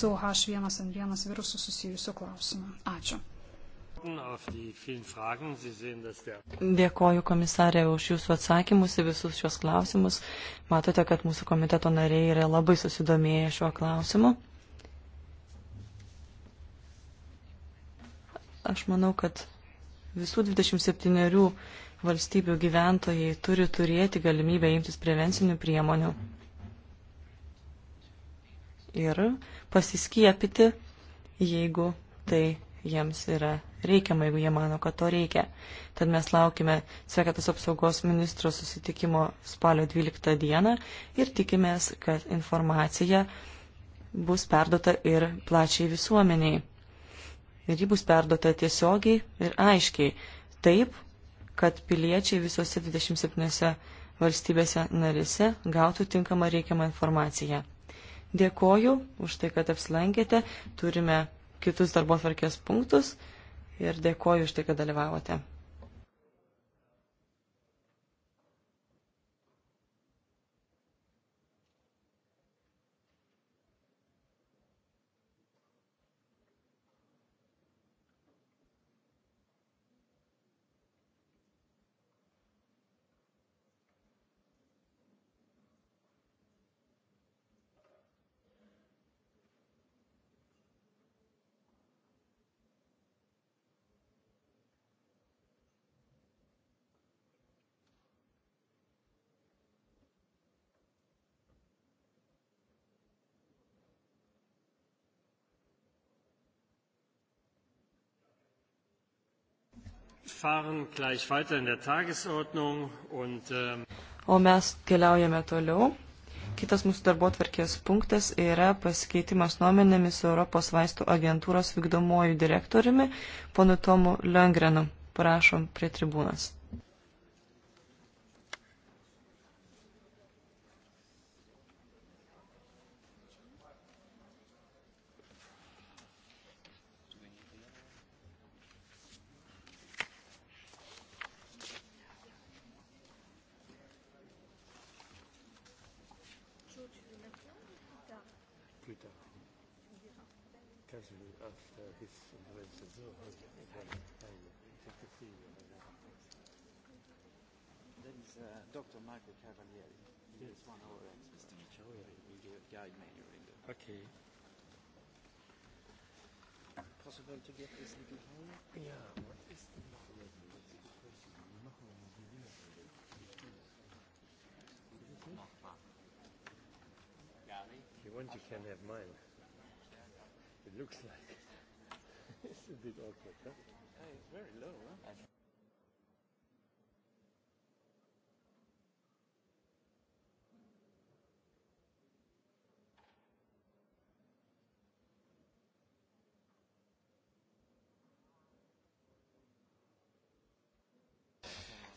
su H1N1 virusu susijusių klausimų. Ačiū.
Dėkoju komisarė už Jūsų atsakymus į visus šios klausimus. Matote, kad mūsų komiteto nariai yra labai susidomėję šiuo klausimu. Aš manau, kad visų 27 valstybių gyventojai turi turėti galimybę imtis prevencinių priemonių ir pasiskiepyti, jeigu tai jiems yra reikiama, jeigu jie mano, kad to reikia. Tad mes laukime sveikatos apsaugos ministro susitikimo spalio 12 dieną ir tikimės, kad informacija bus perdota ir plačiai visuomeniai. Ir ji bus perdota tiesiogiai ir aiškiai, taip, kad piliečiai visose 27 valstybėse narėse gautų tinkamą reikiamą informaciją. Dėkoju už tai, kad apsilankėte. Turime kitus darbo tvarkės punktus ir dėkoju už tai, kad dalyvavote.
fahren gleich weiter in der Tagesordnung und ähm
O mes keliaujame toliau. Kitas mūsų darbo tvarkės punktas yra pasikeitimas nuomenėmis Europos vaistų agentūros vykdomuoju direktoriumi, ponu Tomu Lengrenu. Prašom prie tribūnas.
hand you can have mine. It looks like (laughs) it's a bit awkward, huh? Uh, it's very low, huh?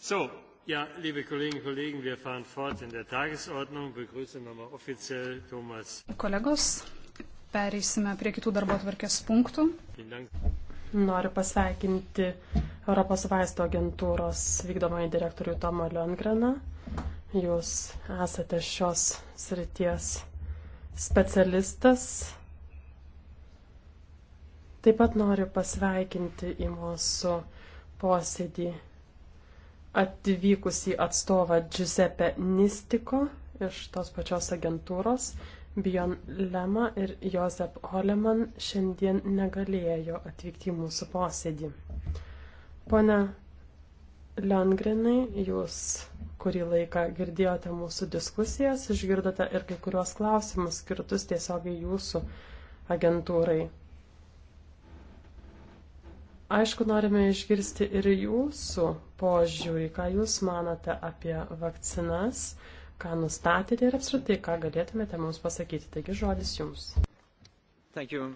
So, Ja, liebe Kolleginnen und Kollegen, wir fahren fort in der Tagesordnung. Begrüße nochmal offiziell Thomas.
Kolegos, pereisime prie kitų darbo atvarkės punktų. Noriu pasveikinti Europos vaisto
agentūros vykdomąjį direktorių Tomą Liongreną. Jūs esate šios srities specialistas. Taip pat noriu pasveikinti į mūsų posėdį atvykusį atstovą Giuseppe Nistiko iš tos pačios agentūros. Bion Lema ir Josep Holeman šiandien negalėjo atvykti į mūsų posėdį. Pone Lengrinai, jūs kurį laiką girdėjote mūsų diskusijas, išgirdote ir kai kuriuos klausimus skirtus tiesiogiai jūsų agentūrai. Aišku, norime išgirsti ir jūsų požiūrį, ką jūs manote apie vakcinas, ką nustatėte ir apskritai, ką galėtumėte mums pasakyti. Taigi žodis jums. Thank you,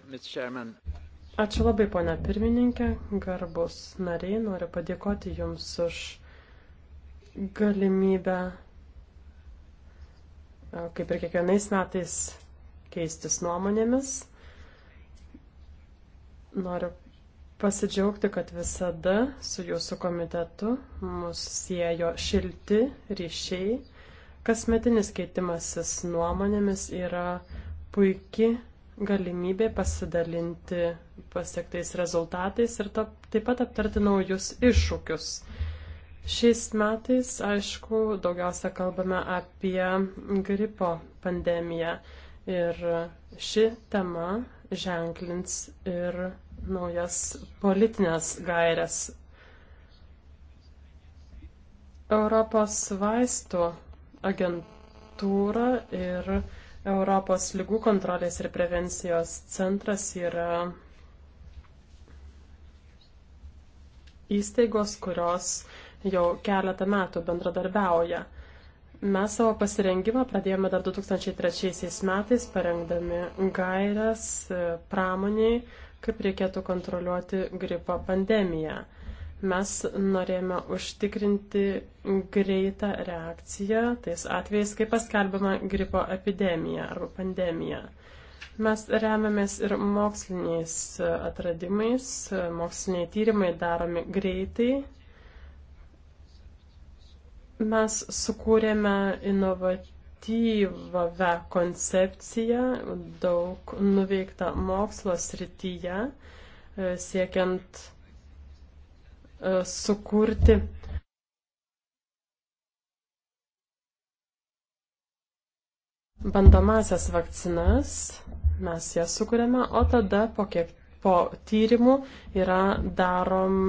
Ačiū labai, ponia pirmininkė, garbus nariai, noriu padėkoti jums už galimybę, kaip ir kiekvienais metais, keistis nuomonėmis. Noriu pasidžiaugti, kad visada su jūsų komitetu mus siejo šilti ryšiai. Kasmetinis keitimasis nuomonėmis yra puikia galimybė pasidalinti pasiektais rezultatais ir ta, taip pat aptarti naujus iššūkius. Šiais metais, aišku, daugiausia kalbame apie gripo pandemiją ir ši tema ženklins ir naujas politinės gairias. Europos vaistų agentūra ir Europos lygų kontrolės ir prevencijos centras yra įstaigos, kurios jau keletą metų bendradarbiauja. Mes savo pasirengimą pradėjome dar 2003 metais, parengdami gairias e, pramoniai kaip reikėtų kontroliuoti gripo pandemiją. Mes norėjome užtikrinti greitą reakciją tais atvejais, kai paskelbama gripo epidemija arba pandemija. Mes remiamės ir moksliniais atradimais, moksliniai tyrimai daromi greitai. Mes sukūrėme inovatyvų inovatyvą koncepciją, daug nuveikta mokslo srityje, e, siekiant e, sukurti bandomasias vakcinas, mes jas sukūrėme, o tada po kiek po tyrimų yra darom,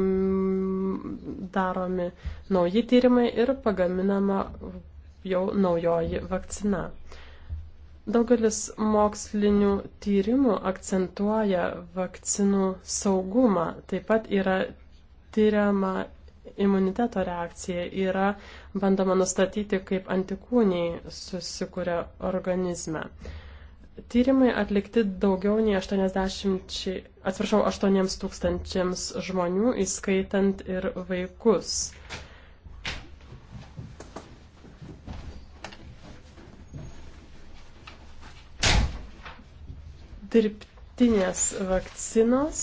daromi nauji tyrimai ir pagaminama jau naujoji vakcina. Daugelis mokslinių tyrimų akcentuoja vakcinų saugumą. Taip pat yra tyriama imuniteto reakcija, yra bandoma nustatyti, kaip antikūniai susikuria organizme. Tyrimai atlikti daugiau nei 80, atsiprašau, 8 tūkstančiams žmonių, įskaitant ir vaikus. dirbtinės vakcinos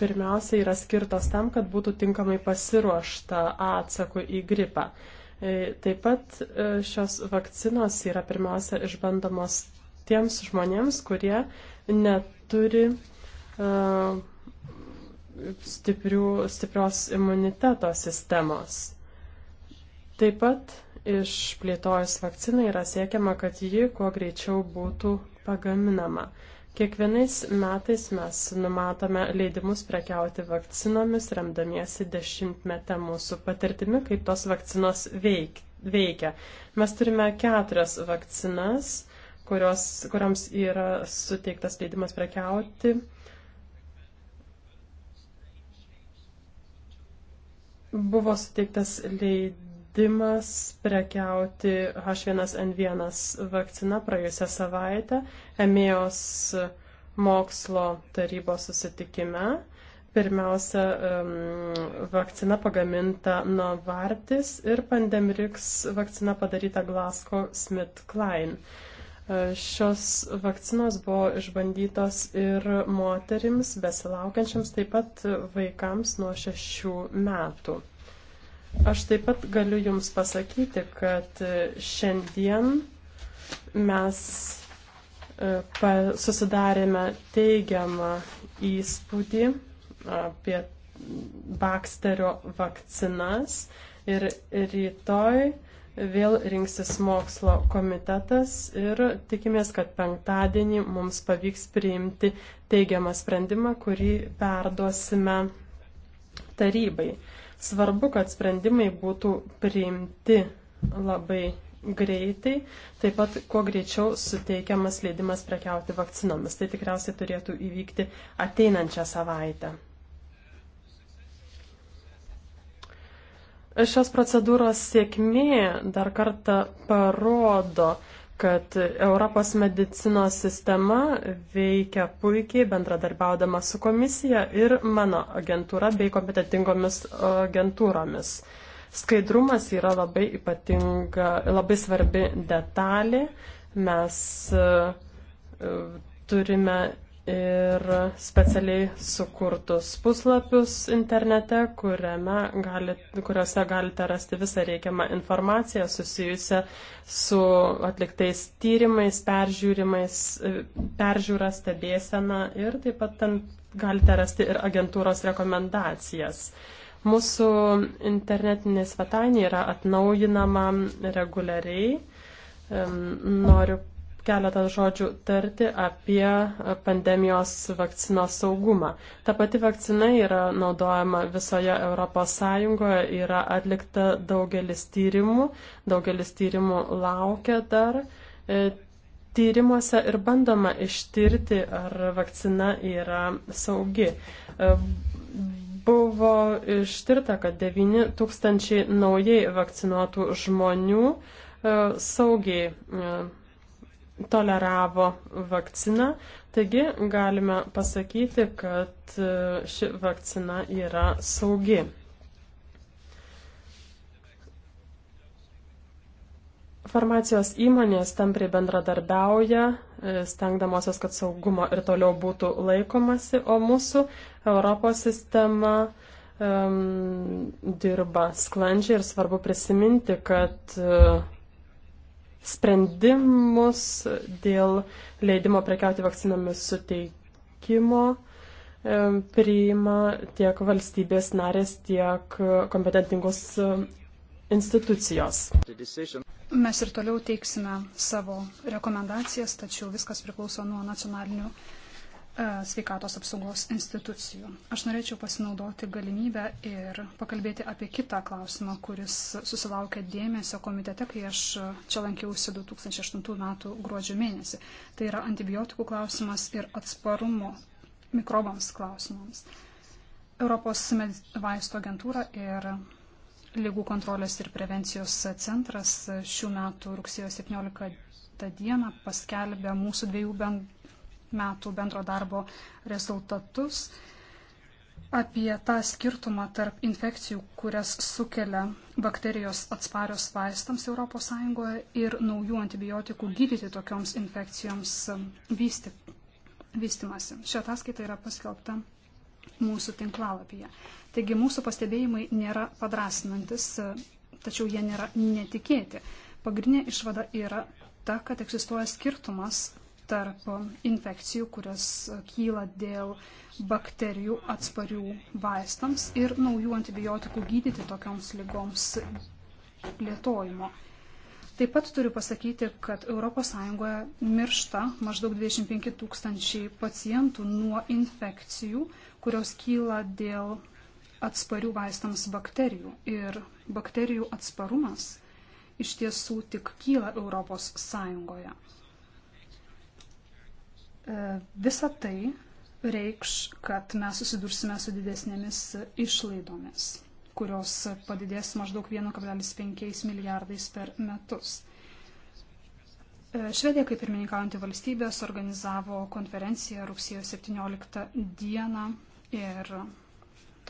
pirmiausia yra skirtos tam, kad būtų tinkamai pasiruošta atsaku į gripą. E, taip pat e, šios vakcinos yra pirmiausia išbandomos tiems žmonėms, kurie neturi e, stiprių, stiprios imuniteto sistemos. Taip pat išplėtojus vakciną yra siekiama, kad ji kuo greičiau būtų pagaminama. Kiekvienais metais mes numatome leidimus prekiauti vakcinomis, remdamiesi dešimtmetę mūsų patirtimi, kaip tos vakcinos veik, veikia. Mes turime keturias vakcinas, kurios, kuriams yra suteiktas leidimas prekiauti. Buvo suteiktas leidimas leidimas prekiauti H1N1 vakcina praėjusią savaitę EMEOS mokslo tarybos susitikime. Pirmiausia, vakcina pagaminta Novartis ir Pandemrix vakcina padaryta Glasgow Smith Klein. E, šios vakcinos buvo išbandytos ir moterims besilaukiančiams, taip pat vaikams nuo šešių metų. Aš taip pat galiu Jums pasakyti, kad šiandien mes e, susidarėme teigiamą įspūdį apie Baksterio vakcinas ir rytoj vėl rinksis mokslo komitetas ir tikimės, kad penktadienį mums pavyks priimti teigiamą sprendimą, kurį perduosime tarybai. Svarbu, kad sprendimai būtų priimti labai greitai, taip pat kuo greičiau suteikiamas leidimas prekiauti vakcinomis. Tai tikriausiai turėtų įvykti ateinančią savaitę. Šios procedūros sėkmė dar kartą parodo, kad Europos medicinos sistema veikia puikiai bendradarbiaudama su komisija ir mano agentūra bei kompetitingomis agentūromis. Skaidrumas yra labai ypatinga, labai svarbi detalė. Mes e, turime ir specialiai sukurtus puslapius internete, gali, kuriuose galite rasti visą reikiamą informaciją susijusią su atliktais tyrimais, peržiūrimais, peržiūra, stebėsena ir taip pat ten galite rasti ir agentūros rekomendacijas. Mūsų internetinė svetainė yra atnaujinama reguliariai. Noriu keletą žodžių tarti apie pandemijos vakcinos saugumą. Ta pati vakcina yra naudojama visoje ES, yra atlikta daugelis tyrimų, daugelis tyrimų laukia dar. E, tyrimuose ir bandoma ištirti, ar vakcina yra saugi e, buvo ištirta, kad 9 tūkstančiai naujai vakcinuotų žmonių e, saugiai toleravo vakciną, taigi galime pasakyti, kad e, ši vakcina yra saugi. Farmacijos įmonės tampriai bendradarbiauja, e, stengdamosios, kad saugumo ir toliau būtų laikomasi, o mūsų Europos sistema um, dirba sklandžiai ir svarbu prisiminti, kad uh, sprendimus dėl leidimo prekiauti vakcinomis suteikimo e, priima tiek valstybės narės, tiek kompetentingos e, institucijos.
Mes ir toliau teiksime savo rekomendacijas, tačiau viskas priklauso nuo nacionalinių E, sveikatos apsaugos institucijų. Aš norėčiau pasinaudoti galimybę ir pakalbėti apie kitą klausimą, kuris susilaukė dėmesio komitete, kai aš čia lankiausi 2008 m. gruodžio mėnesį. Tai yra antibiotikų klausimas ir atsparumo mikrobams klausimams. Europos vaisto agentūra ir lygų kontrolės ir prevencijos centras šių metų rugsėjo 17 dieną paskelbė mūsų dviejų bendrų metų bendro darbo rezultatus, apie tą skirtumą tarp infekcijų, kurias sukelia bakterijos atsparios vaistams ES ir naujų antibiotikų gydyti tokioms infekcijoms um, vysti, vystimasi. Šią ataskaitą yra paskelbta mūsų tinklalapyje. Taigi mūsų pastebėjimai nėra padrasinantis, tačiau jie nėra netikėti. Pagrindinė išvada yra ta, kad egzistuoja skirtumas tarp infekcijų, kurios kyla dėl bakterijų atsparių vaistams ir naujų antibiotikų gydyti tokioms lygoms plėtojimo. Taip pat turiu pasakyti, kad ES miršta maždaug 25 tūkstančiai pacientų nuo infekcijų, kurios kyla dėl atsparių vaistams bakterijų. Ir bakterijų atsparumas iš tiesų tik kyla ES. E, visa tai reikš, kad mes susidursime su didesnėmis išlaidomis, kurios padidės maždaug 1,5 milijardais per metus. E, Švedija, kaip pirmininkaujantį valstybę, organizavo konferenciją rugsėjo 17 dieną ir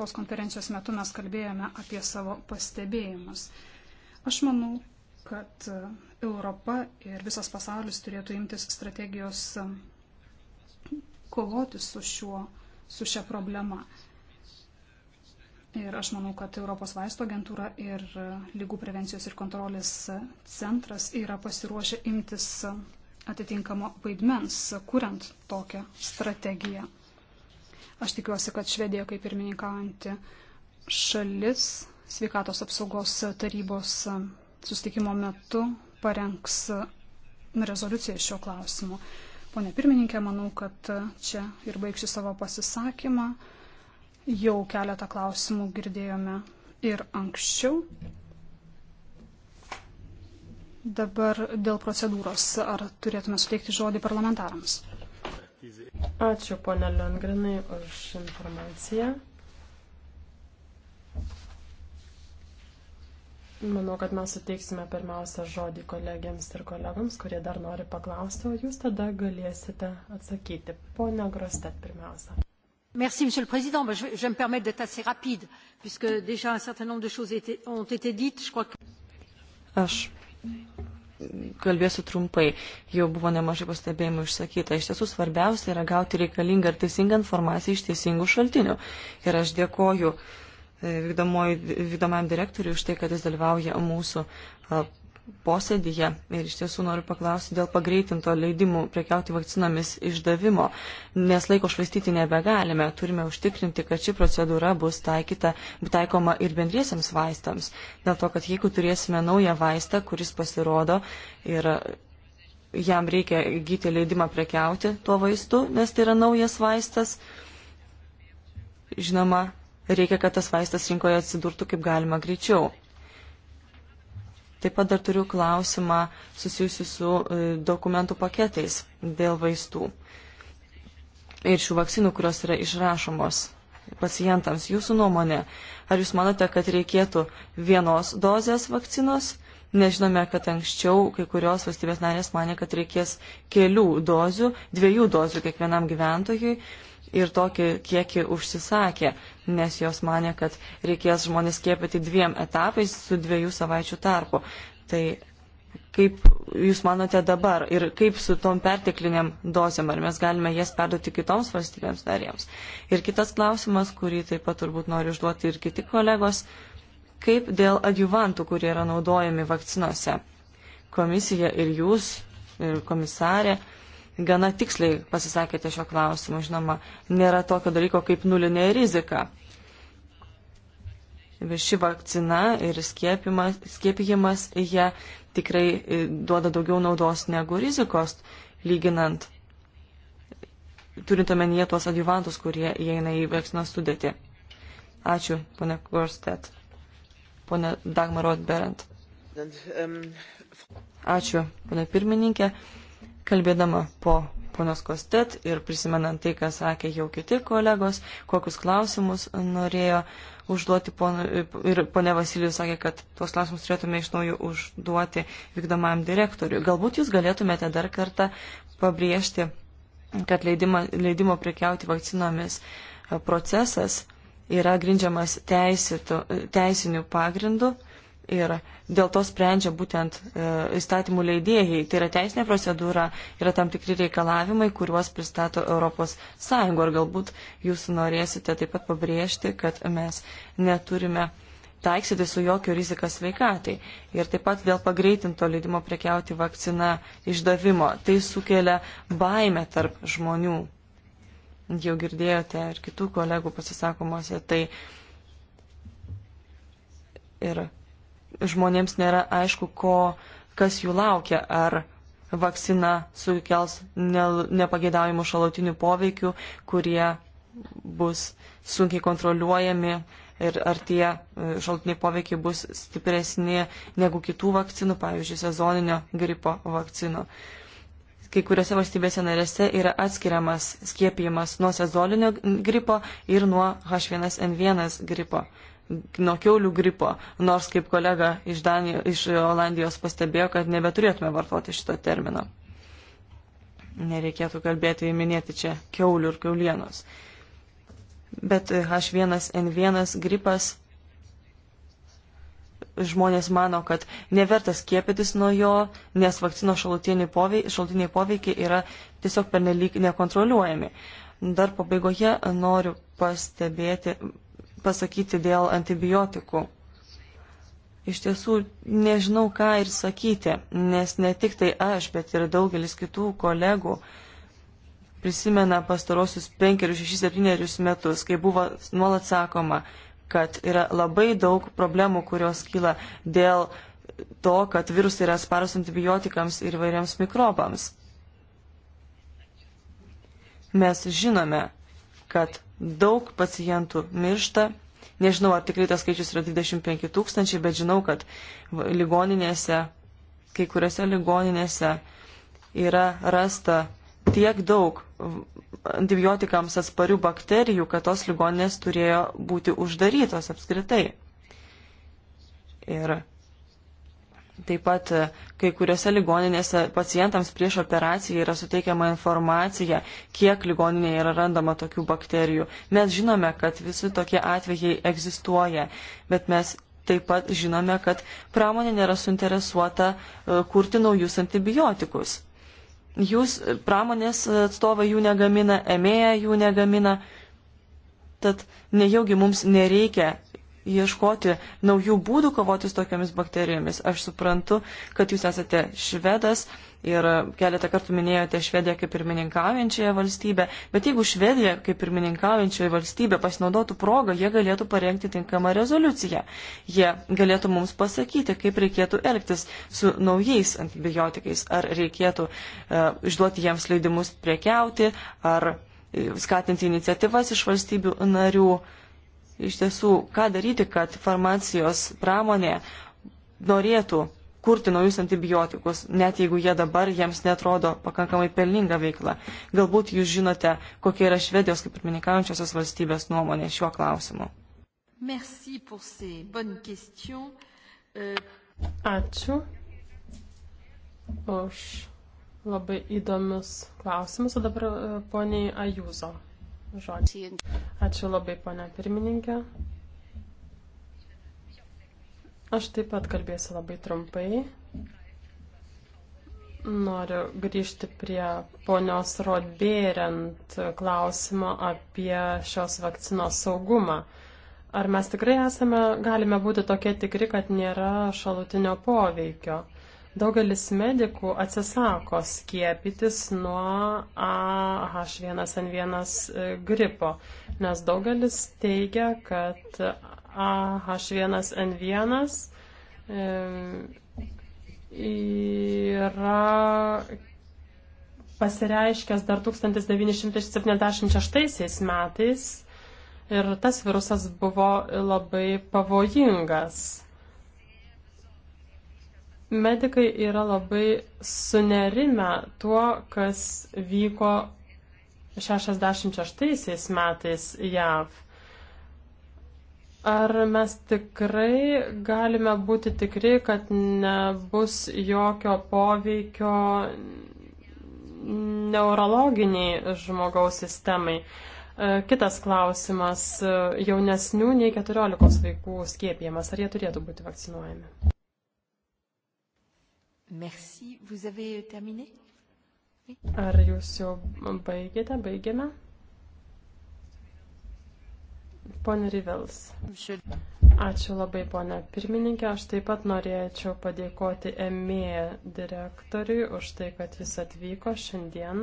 tos konferencijos metu mes kalbėjome apie savo pastebėjimus. Aš manau, kad Europa ir visas pasaulis turėtų imtis strategijos kovoti su, šiuo, su šia problema. Ir aš manau, kad Europos vaisto agentūra ir e, lygų prevencijos ir kontrolės centras yra pasiruošę imtis atitinkamo vaidmens, kuriant tokią strategiją. Aš tikiuosi, kad Švedija kaip pirmininkaujanti šalis sveikatos apsaugos tarybos sustikimo metu parengs rezoliuciją šio klausimu. Pone pirmininkė, manau, kad čia ir baigsiu savo pasisakymą. Jau keletą klausimų girdėjome ir anksčiau. Dabar dėl procedūros. Ar turėtume suteikti žodį parlamentarams? Ačiū, ponė Lengrinai, už informaciją.
Manau, kad mes suteiksime pirmiausia žodį kolegiams ir kolegams, kurie dar nori paklausti, o jūs tada galėsite atsakyti. Pone Grostet pirmiausia.
Merci, Monsieur le Président. Je vais, je vais me permettre d'être assez rapide, puisque déjà un certain nombre de choses été, ont été dites. Je crois que...
Aš kalbėsiu trumpai. Jau buvo nemažai pastebėjimų išsakyta. Iš tiesų svarbiausia yra gauti reikalingą ir teisingą informaciją iš teisingų šaltinių. Ir aš dėkoju uh, vykdomajam direktoriui už tai, kad jis dalyvauja mūsų posėdyje. Ir iš tiesų noriu paklausyti dėl pagreitinto leidimų prekiauti vakcinomis išdavimo, nes laiko švaistyti nebegalime. Turime užtikrinti, kad ši procedūra bus taikyta, taikoma ir bendriesiams vaistams. Dėl to, kad jeigu turėsime naują vaistą, kuris pasirodo ir jam reikia gyti leidimą prekiauti tuo vaistu, nes tai yra naujas vaistas, žinoma, reikia, kad tas vaistas rinkoje atsidurtų kaip galima greičiau. Taip pat dar turiu klausimą susijusiu su e, dokumentų paketais dėl vaistų ir šių vakcinų, kurios yra išrašomos pacientams. Jūsų nuomonė, ar jūs manote, kad reikėtų vienos dozės vakcinos? Nežinome, kad anksčiau kai kurios valstybės narės mane, kad reikės kelių dozių, dviejų dozių kiekvienam gyventojui ir tokį kiekį užsisakė nes jos mane, kad reikės žmonės skiepyti dviem etapais su dviejų savaičių tarpu. Tai kaip Jūs manote dabar ir kaip su tom pertekliniam dozėm, ar mes galime jas perduoti kitoms valstybėms narėms? Ir kitas klausimas, kurį taip pat turbūt noriu užduoti ir kiti kolegos, kaip dėl adjuvantų, kurie yra naudojami vakcinose? Komisija ir Jūs, ir komisarė, gana tiksliai pasisakėte šio klausimu, žinoma, nėra tokio dalyko kaip nulinė rizika ši vakcina ir skiepijimas jie tikrai e, duoda daugiau naudos negu rizikos, lyginant, turint omenyje tuos adjuvantus, kurie įeina į vakcinos sudėtį. Ačiū, pone Korstet. Pone Dagmarot Berent. Ačiū, pone pirmininkė. Kalbėdama po ponios Kostet ir prisimenant tai, ką sakė jau kiti kolegos, kokius klausimus norėjo užduoti, pon, ir ponė Vasilijus sakė, kad tuos klausimus turėtume iš naujo užduoti vykdomam direktoriui. Galbūt jūs galėtumėte dar kartą pabrėžti, kad leidimo, leidimo prekiauti vakcinomis e, procesas yra grindžiamas teisėtų, e, teisinių pagrindų Ir dėl to sprendžia būtent e, įstatymų leidėjai. Tai yra teisinė procedūra, yra tam tikri reikalavimai, kuriuos pristato ES. Ir galbūt jūs norėsite taip pat pabrėžti, kad mes neturime taiksyti su jokio rizika sveikatai. Ir taip pat dėl pagreitinto leidimo prekiauti vakciną išdavimo. Tai sukelia baimę tarp žmonių. Jau girdėjote ir kitų kolegų pasisakomuose. Tai ir žmonėms nėra aišku, ko, kas jų laukia, ar vakcina sukels ne, nepagėdavimų šalutinių poveikių, kurie bus sunkiai kontroliuojami ir ar tie e, šalutiniai poveikiai bus stipresni negu kitų vakcinų, pavyzdžiui, sezoninio gripo vakcinų. Kai kuriuose valstybėse narėse yra atskiriamas skiepijimas nuo sezoninio gripo ir nuo H1N1 gripo nuo keulių gripo, nors kaip kolega iš, Danijo, iš Olandijos pastebėjo, kad nebeturėtume vartoti šito termino. Nereikėtų kalbėti įminėti čia keulių ir keulienos. Bet e, H1N1 gripas žmonės mano, kad neverta skiepytis nuo jo, nes vakcino šalutiniai poveikiai, šalutiniai poveikiai yra tiesiog pernelyg nekontroliuojami. Dar pabaigoje noriu pastebėti, pasakyti dėl antibiotikų. Iš tiesų nežinau, ką ir sakyti, nes ne tik tai aš, bet ir daugelis kitų kolegų prisimena pastarosius penkerius, šešis, septynerius metus, kai buvo nuolat sakoma, kad yra labai daug problemų, kurios kyla dėl to, kad virusai yra sparus antibiotikams ir vairiams mikrobams. Mes žinome, kad daug pacientų miršta. Nežinau, ar tikrai tas skaičius yra 25 tūkstančiai, bet žinau, kad ligoninėse, kai kuriuose ligoninėse yra rasta tiek daug antibiotikams atsparių bakterijų, kad tos ligoninės turėjo būti uždarytos apskritai. Ir Taip pat e, kai kuriuose ligoninėse pacientams prieš operaciją yra suteikiama informacija, kiek ligoninėje yra randama tokių bakterijų. Mes žinome, kad visi tokie atvejai egzistuoja, bet mes taip pat žinome, kad pramonė nėra suinteresuota e, kurti naujus antibiotikus. Jūs e, pramonės atstovai jų negamina, emėja jų negamina. Tad nejaugi mums nereikia ieškoti naujų būdų kovoti su tokiamis bakterijomis. Aš suprantu, kad jūs esate švedas ir keletą kartų minėjote Švediją kaip pirmininkaujančiąją valstybę, bet jeigu Švedija kaip pirmininkaujančioji valstybė pasinaudotų progą, jie galėtų parengti tinkamą rezoliuciją. Jie galėtų mums pasakyti, kaip reikėtų elgtis su naujais antibiotikais, ar reikėtų uh, išduoti jiems leidimus priekiauti, ar e, skatinti iniciatyvas iš valstybių narių. Uh, iš tiesų, ką daryti, kad farmacijos pramonė norėtų kurti naujus antibiotikus, net jeigu jie dabar jiems netrodo pakankamai pelninga veikla. Galbūt jūs žinote, kokia yra Švedijos kaip pirmininkaujančiosios valstybės nuomonė šiuo klausimu.
Euh, Ačiū už labai įdomius klausimus. O dabar e, poniai Ajūzo žodį. Ačiū labai, ponia pirmininkė. Aš taip pat kalbėsiu labai trumpai. Noriu grįžti prie ponios Rodbėrent klausimo apie šios vakcinos saugumą. Ar mes tikrai esame, galime būti tokie tikri, kad nėra šalutinio poveikio? Daugelis medikų atsisako skiepytis nuo AH1N1 gripo, nes daugelis teigia, kad AH1N1 e, yra pasireiškęs dar 1976 metais ir tas virusas buvo labai pavojingas. Medikai yra labai sunerime tuo, kas vyko 66 metais JAV. Ar mes tikrai galime būti tikri, kad nebus jokio poveikio neurologiniai žmogaus sistemai? E, kitas klausimas e, - jaunesnių nei 14 vaikų skiepijamas, ar jie turėtų būti vakcinuojami? Merci.
Vous avez terminé?
Oui. Ar jūs jau baigėte, baigėme? Pone Rivels. Ačiū labai, ponė pirmininkė. Aš taip pat norėčiau padėkoti EMEA direktoriui už tai, kad jis atvyko šiandien.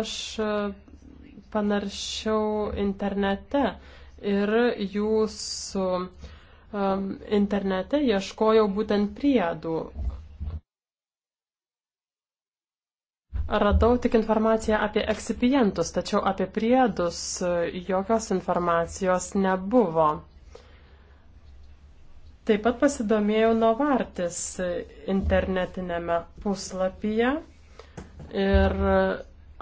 Aš e, panaršiau internete ir jūsų um, internete ieškojau būtent priedų radau tik informaciją apie eksipientus, tačiau apie priedus e, jokios informacijos nebuvo. Taip pat pasidomėjau Novartis e, internetinėme puslapyje ir e,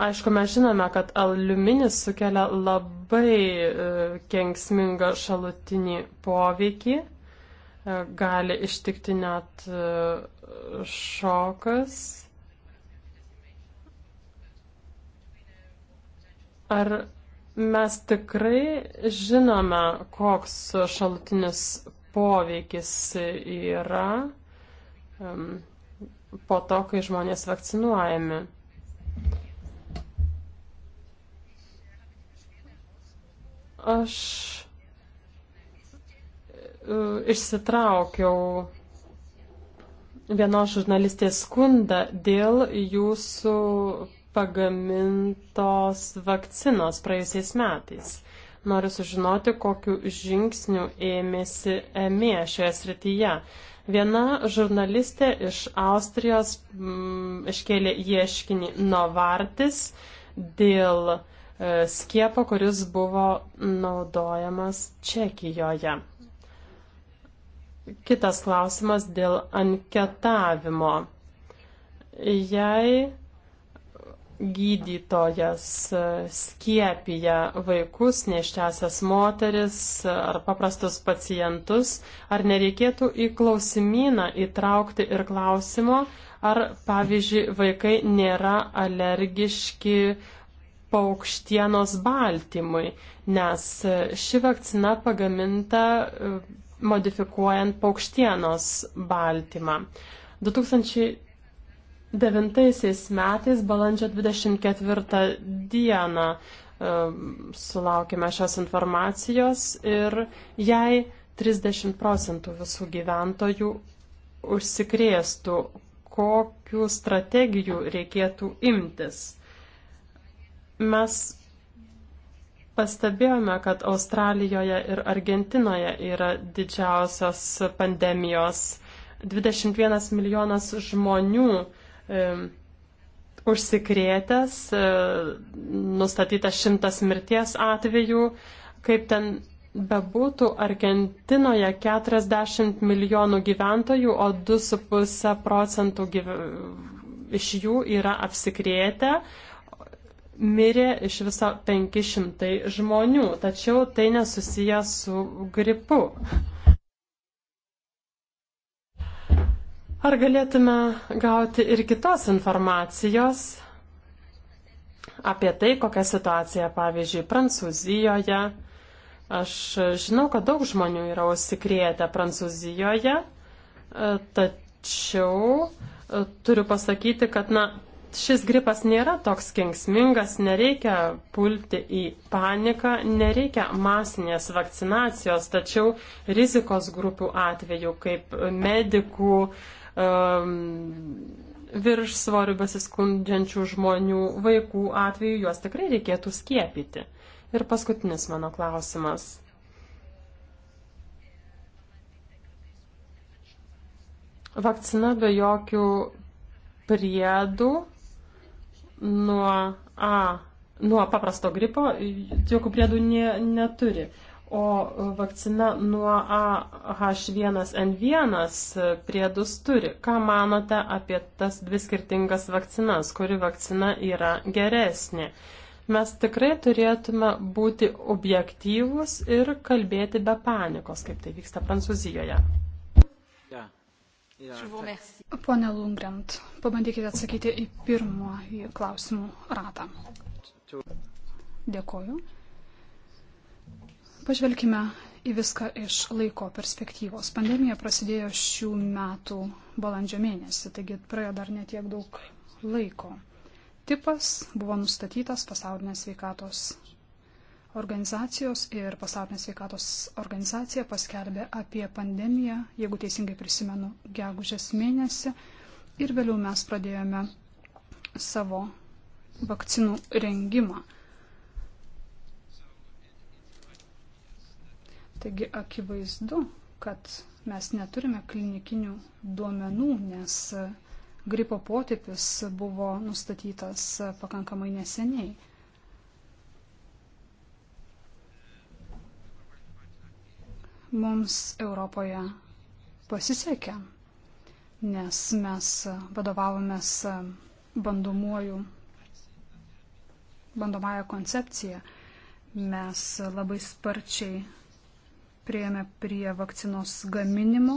aišku, mes žinome, kad aliuminis sukelia labai kenksmingą šalutinį poveikį, gali ištikti net šokas. Ar mes tikrai žinome, koks šalutinis poveikis yra po to, kai žmonės vakcinuojami? Aš e, išsitraukiau vienos žurnalistės skundą dėl jūsų pagamintos vakcinos praėjusiais metais. Noriu sužinoti, kokiu žingsniu ėmėsi EME šioje srityje. Viena žurnalistė iš Austrijos m, mm, iškėlė ieškinį Novartis dėl e, skiepo, kuris buvo naudojamas Čekijoje. Kitas klausimas dėl anketavimo. Jei gydytojas e, skiepija vaikus, neščiasias moteris e, ar paprastus pacientus, ar nereikėtų į klausimyną įtraukti ir klausimo, ar, pavyzdžiui, vaikai nėra alergiški paukštienos baltymui, nes e, ši vakcina pagaminta modifikuojant paukštienos baltymą. 2000 2009 metais balandžio 24 dieną e, sulaukime šios informacijos ir jei 30 procentų visų gyventojų užsikrėstų, kokių strategijų reikėtų imtis. Mes pastebėjome, kad Australijoje ir Argentinoje yra didžiausios pandemijos. 21 milijonas žmonių uh, užsikrėtęs, e, nustatytas šimtas mirties atvejų, kaip ten bebūtų, Argentinoje 40 milijonų gyventojų, o 2,5 procentų gyv... iš jų yra apsikrėtę, mirė iš viso 500 žmonių, tačiau tai nesusiję su gripu. Ar galėtume gauti ir kitos informacijos apie tai, kokia situacija, pavyzdžiui, Prancūzijoje? Aš žinau, kad daug žmonių yra užsikrėtę Prancūzijoje, tačiau e, turiu pasakyti, kad, na, šis gripas nėra toks kengsmingas, nereikia pulti į paniką, nereikia masinės vakcinacijos, tačiau rizikos grupių atveju, kaip medikų, Um, virš svorių besiskundžiančių žmonių vaikų atveju juos tikrai reikėtų skiepyti. Ir paskutinis mano klausimas. Vakcina be jokių priedų nuo A, nuo paprasto gripo jokių priedų ne, neturi o vakcina nuo AH1N1 priedus turi. Ką manote apie tas dvi skirtingas vakcinas, kuri vakcina yra geresnė? Mes tikrai turėtume būti objektyvus ir kalbėti be panikos, kaip tai vyksta Prancūzijoje.
Ja. Ja.
Pone Lungrent, pabandykite atsakyti į pirmąjį klausimų ratą. Dėkoju. Pažvelkime į viską iš laiko perspektyvos. Pandemija prasidėjo šių metų balandžio mėnesį, taigi praėjo dar netiek daug laiko. Tipas buvo nustatytas pasaulinės sveikatos organizacijos ir pasaulinė sveikatos organizacija paskelbė apie pandemiją, jeigu teisingai prisimenu, gegužės mėnesį ir vėliau mes pradėjome savo vakcinų rengimą. Taigi akivaizdu, kad mes neturime klinikinių duomenų, nes gripo potipis buvo nustatytas pakankamai neseniai. Mums Europoje pasisekė, nes mes vadovavomės bandomuoju, bandomąją koncepciją. Mes labai sparčiai prieėmė prie vakcinos gaminimo,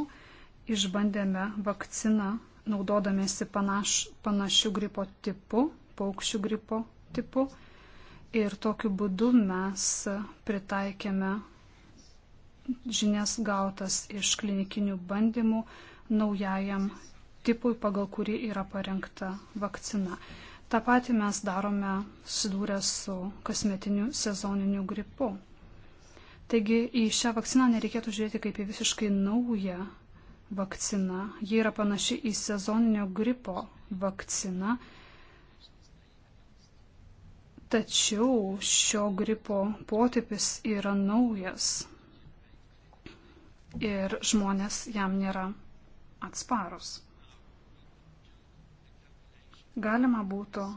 išbandėme vakciną naudodamėsi panaš, panašių gripo tipų, paukščių gripo tipų. Ir tokiu būdu mes pritaikėme žinias gautas iš klinikinių bandymų naujajam tipui, pagal kurį yra parengta vakcina. Ta pati mes darome susidūrę su kasmetiniu sezoniniu gripu. Taigi į šią vakciną nereikėtų žiūrėti kaip į visiškai naują vakciną. Ji yra panaši į sezoninio gripo vakciną. Tačiau šio gripo potipis yra naujas ir žmonės jam nėra atsparus. Galima būtų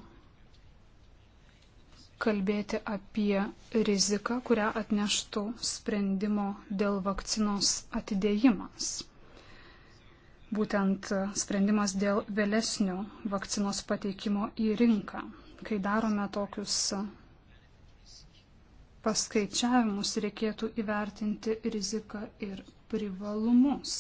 kalbėti apie riziką, kurią atneštų sprendimo dėl vakcinos atidėjimas. Būtent sprendimas dėl vėlesnio vakcinos pateikimo į rinką. Kai darome tokius paskaičiavimus, reikėtų įvertinti riziką ir privalumus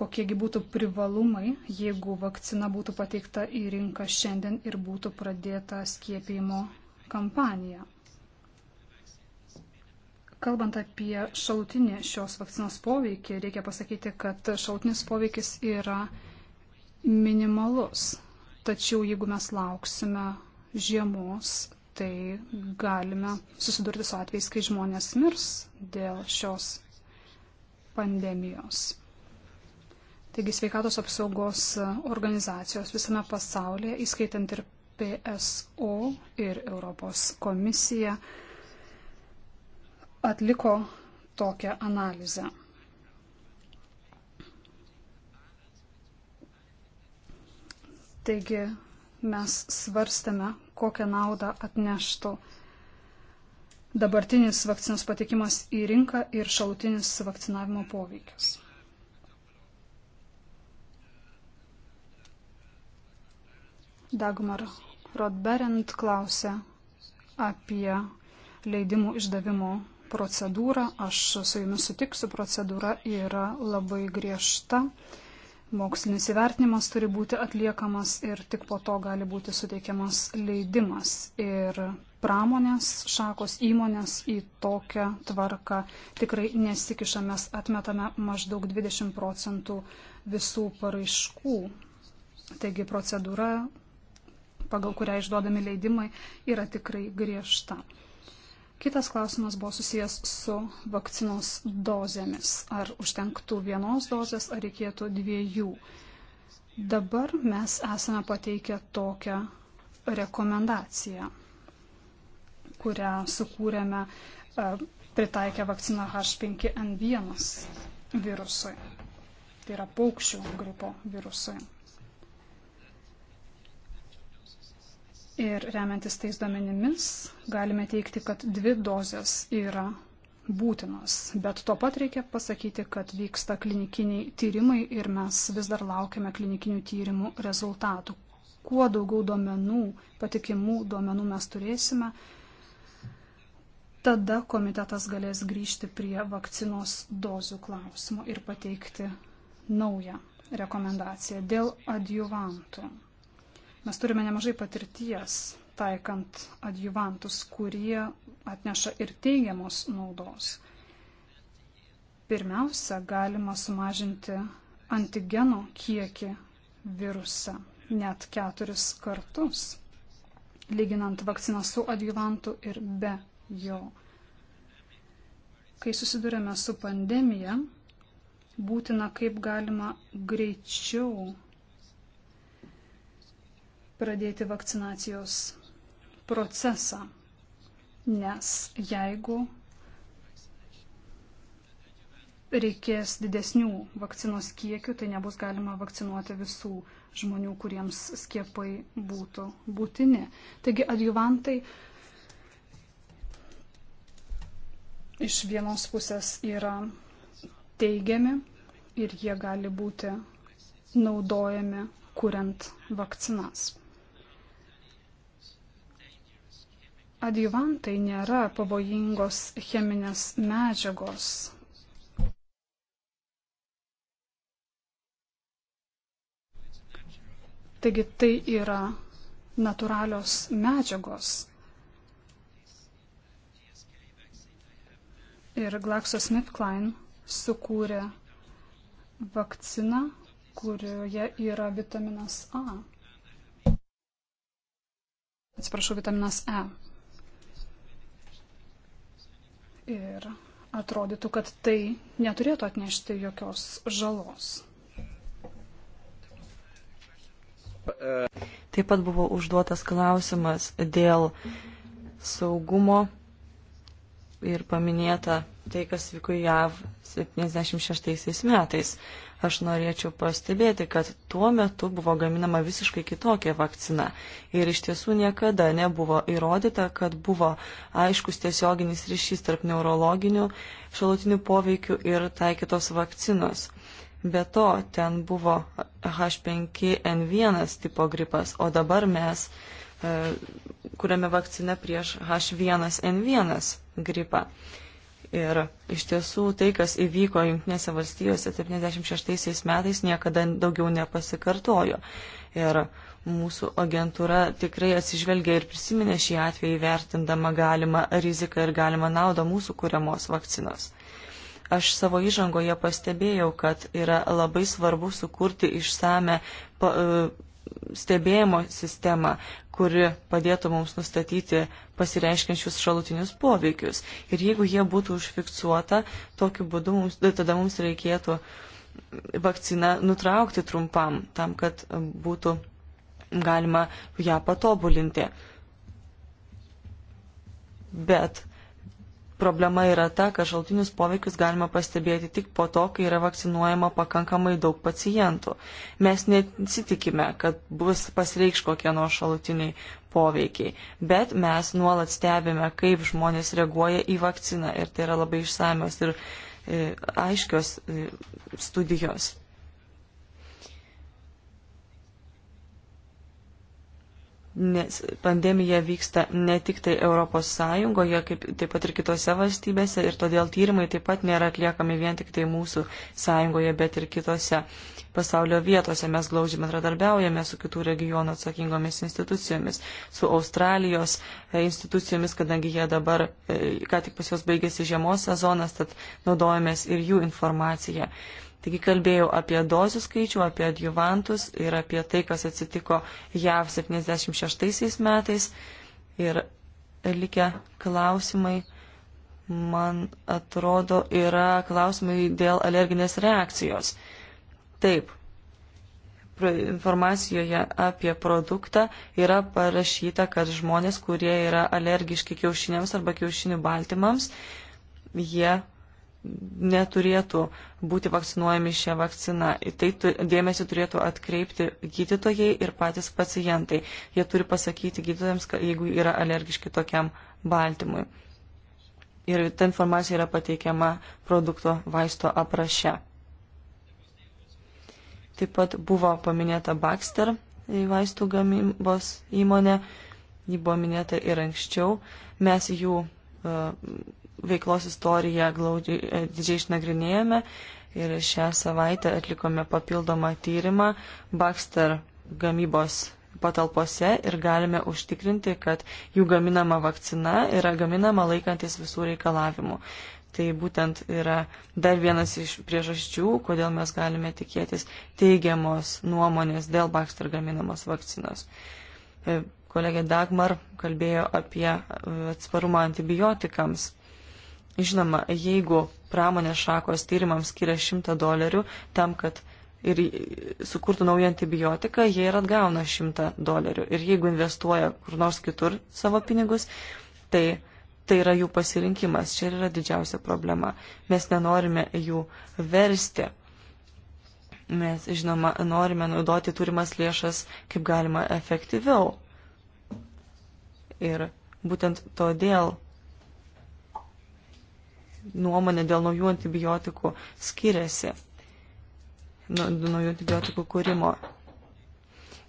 kokiegi būtų privalumai, jeigu vakcina būtų pateikta į rinką šiandien ir būtų pradėta skiepijimo kampanija. Kalbant apie šalutinį šios vakcinos poveikį, reikia pasakyti, kad šalutinis poveikis yra minimalus. Tačiau jeigu mes lauksime žiemos, tai galime susidurti su atvejais, kai žmonės mirs dėl šios pandemijos. Taigi sveikatos apsaugos organizacijos visame pasaulyje, įskaitant ir PSO ir Europos komisija, atliko tokią analizę. Taigi mes svarstame, kokią naudą atneštų dabartinis vakcinos patikimas į rinką ir šalutinis vakcinavimo poveikis. Dagmar Rodberent klausė apie leidimų išdavimo procedūrą. Aš su jumis sutiksiu, procedūra yra labai griežta. Mokslinis įvertinimas turi būti atliekamas ir tik po to gali būti suteikiamas leidimas. Ir pramonės šakos įmonės į tokią tvarką tikrai nesikiša, mes atmetame maždaug 20 procentų visų paraiškų. Taigi procedūra pagal kurią išduodami leidimai, yra tikrai griežta. Kitas klausimas buvo susijęs su vakcinos dozėmis. Ar užtenktų vienos dozės, ar reikėtų dviejų. Dabar mes esame pateikę tokią rekomendaciją, kurią sukūrėme e, pritaikę vakciną H5N1 virusui. Tai yra paukščių gripo virusui. Ir remiantis tais duomenimis galime teikti, kad dvi dozės yra būtinos. Bet tuo pat reikia pasakyti, kad vyksta klinikiniai tyrimai ir mes vis dar laukiame klinikinių tyrimų rezultatų. Kuo daugiau duomenų, patikimų duomenų mes turėsime, tada komitetas galės grįžti prie vakcinos dozių klausimo ir pateikti naują rekomendaciją dėl adjuvantų. Mes turime nemažai patirties taikant adjuvantus, kurie atneša ir teigiamos naudos. Pirmiausia, galima sumažinti antigeno kiekį virusą net keturis kartus, lyginant vakciną su adjuvantu ir be jo. Kai susidurėme su pandemija, būtina kaip galima greičiau pradėti vakcinacijos procesą. Nes jeigu reikės didesnių vakcinos kiekių, tai nebus galima vakcinuoti visų žmonių, kuriems skiepai būtų būtini. Taigi adjuvantai iš vienos pusės yra teigiami ir jie gali būti naudojami kuriant vakcinas. adjuvantai nėra pavojingos cheminės medžiagos. Taigi tai yra natūralios medžiagos. Ir GlaxoSmithKline sukūrė vakciną, kurioje yra vitaminas A. Atsiprašau, vitaminas E ir atrodytų, kad tai neturėtų atnešti jokios žalos.
Taip pat buvo užduotas klausimas dėl saugumo ir paminėta tai, kas vyko JAV 76 metais. Aš norėčiau pastebėti, kad tuo metu buvo gaminama visiškai kitokia vakcina ir iš tiesų niekada nebuvo įrodyta, kad buvo aiškus tiesioginis ryšys tarp neurologinių šalutinių poveikių ir taikytos vakcinos. Be to, ten buvo H5N1 tipo gripas, o dabar mes e, kuriame vakciną prieš H1N1 gripą. Ir iš tiesų tai, kas įvyko Junktinėse valstijose 76 metais, niekada daugiau nepasikartojo. Ir mūsų agentūra tikrai atsižvelgia ir prisiminė šį atvejį, vertindama galimą riziką ir galimą naudą mūsų kuriamos vakcinos. Aš savo įžangoje pastebėjau, kad yra labai svarbu sukurti išsame stebėjimo sistemą, kuri padėtų mums nustatyti pasireiškiančius šalutinius poveikius. Ir jeigu jie būtų užfiksuota, tokiu būdu mums, tada mums reikėtų vakciną nutraukti trumpam, tam, kad būtų galima ją patobulinti. Bet problema yra ta, kad šaltinius poveikius galima pastebėti tik po to, kai yra vakcinuojama pakankamai daug pacientų. Mes nesitikime, kad bus pasireikš kokie nors šalutiniai poveikiai, bet mes nuolat stebime, kaip žmonės reaguoja į vakciną ir tai yra labai išsamios ir e, aiškios e, studijos. nes pandemija vyksta ne tik tai Europos Sąjungoje, kaip taip pat ir kitose valstybėse ir todėl tyrimai taip pat nėra atliekami vien tik tai mūsų Sąjungoje, bet ir kitose pasaulio vietose. Mes glaudžiai bendradarbiaujame su kitų regionų atsakingomis institucijomis, su Australijos e, institucijomis, kadangi jie dabar, e, ką tik pas juos baigėsi žiemos sezonas, tad naudojamės ir jų informaciją. Taigi kalbėjau apie dozių skaičių, apie adjuvantus ir apie tai, kas atsitiko JAV 76 metais. Ir likę klausimai, man atrodo, yra klausimai dėl alerginės reakcijos. Taip, informacijoje apie produktą yra parašyta, kad žmonės, kurie yra alergiški kiaušiniams arba kiaušinių baltymams, jie neturėtų būti vakcinuojami šią vakciną. Į tai dėmesį turėtų atkreipti gydytojai ir patys pacientai. Jie turi pasakyti gydytojams, jeigu yra alergiški tokiam baltymui. Ir ta informacija yra pateikiama produkto vaisto apraše. Taip pat buvo paminėta Baxter vaistų gamybos įmonė, ji buvo minėta ir anksčiau. Mes jų uh, veiklos istoriją glaudžiai e, didžiai išnagrinėjome ir šią savaitę atlikome papildomą tyrimą Baxter gamybos patalpose ir galime užtikrinti, kad jų gaminama vakcina yra gaminama laikantis visų reikalavimų. Tai būtent yra dar vienas iš priežasčių, kodėl mes galime tikėtis teigiamos nuomonės dėl Baxter gaminamos vakcinos. E, kolegė Dagmar kalbėjo apie atsparumą antibiotikams. Žinoma, jeigu pramonės šakos tyrimams skiria 100 dolerių tam, kad ir sukurtų naują antibiotiką, jie ir atgauna 100 dolerių. Ir jeigu investuoja kur nors kitur savo pinigus, tai tai yra jų pasirinkimas. Čia yra didžiausia problema. Mes nenorime jų versti. Mes, žinoma, norime naudoti turimas lėšas kaip galima efektyviau. Ir būtent todėl nuomonė dėl naujų antibiotikų skiriasi nuo naujų antibiotikų kūrimo.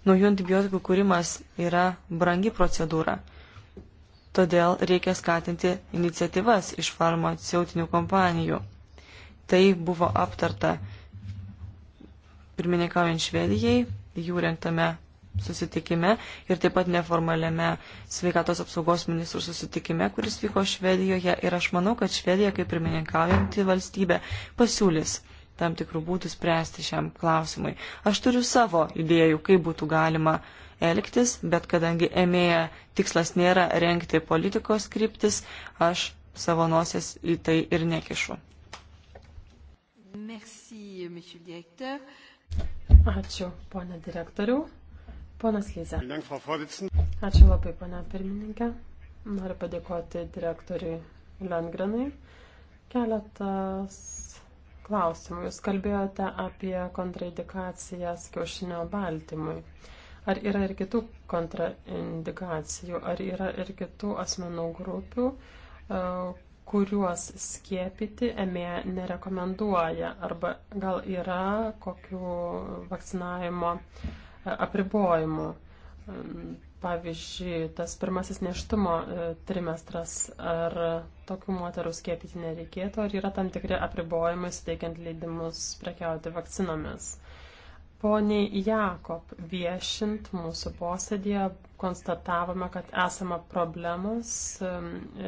Naujų antibiotikų kūrimas yra brangi procedūra, todėl reikia skatinti iniciatyvas iš farmaceutinių kompanijų. Tai buvo aptarta pirmininkaujant Švedijai, jų renktame susitikime ir taip pat neformaliame sveikatos apsaugos ministrų susitikime, kuris vyko Švedijoje. Ir aš manau, kad Švedija, kaip pirmininkaujanti valstybė, pasiūlys tam tikrų būdų spręsti šiam klausimui. Aš turiu savo idėjų, kaip būtų galima elgtis, bet kadangi emėja tikslas nėra renkti politikos kryptis, aš savo nosies į tai ir nekišu.
Merci,
Ačiū,
ponė direktoriau. Ponas
Lyze. Ačiū labai, ponia pirmininkė. Noriu padėkoti direktoriui Lengrenui. Keletas klausimų. Jūs kalbėjote apie kontraindikacijas kiaušinio baltymui. Ar yra ir kitų kontraindikacijų, ar yra ir kitų asmenų grupių, e, kuriuos skiepyti EME nerekomenduoja, arba gal yra kokių vakcinavimo uh, apribojimų. Pavyzdžiui, tas pirmasis neštumo e, trimestras, ar tokių moterų skiepyti nereikėtų, ar yra tam tikri apribojimai suteikiant leidimus prekiauti vakcinomis. Poniai Jakob viešint mūsų posėdėje konstatavome, kad esama problemas e,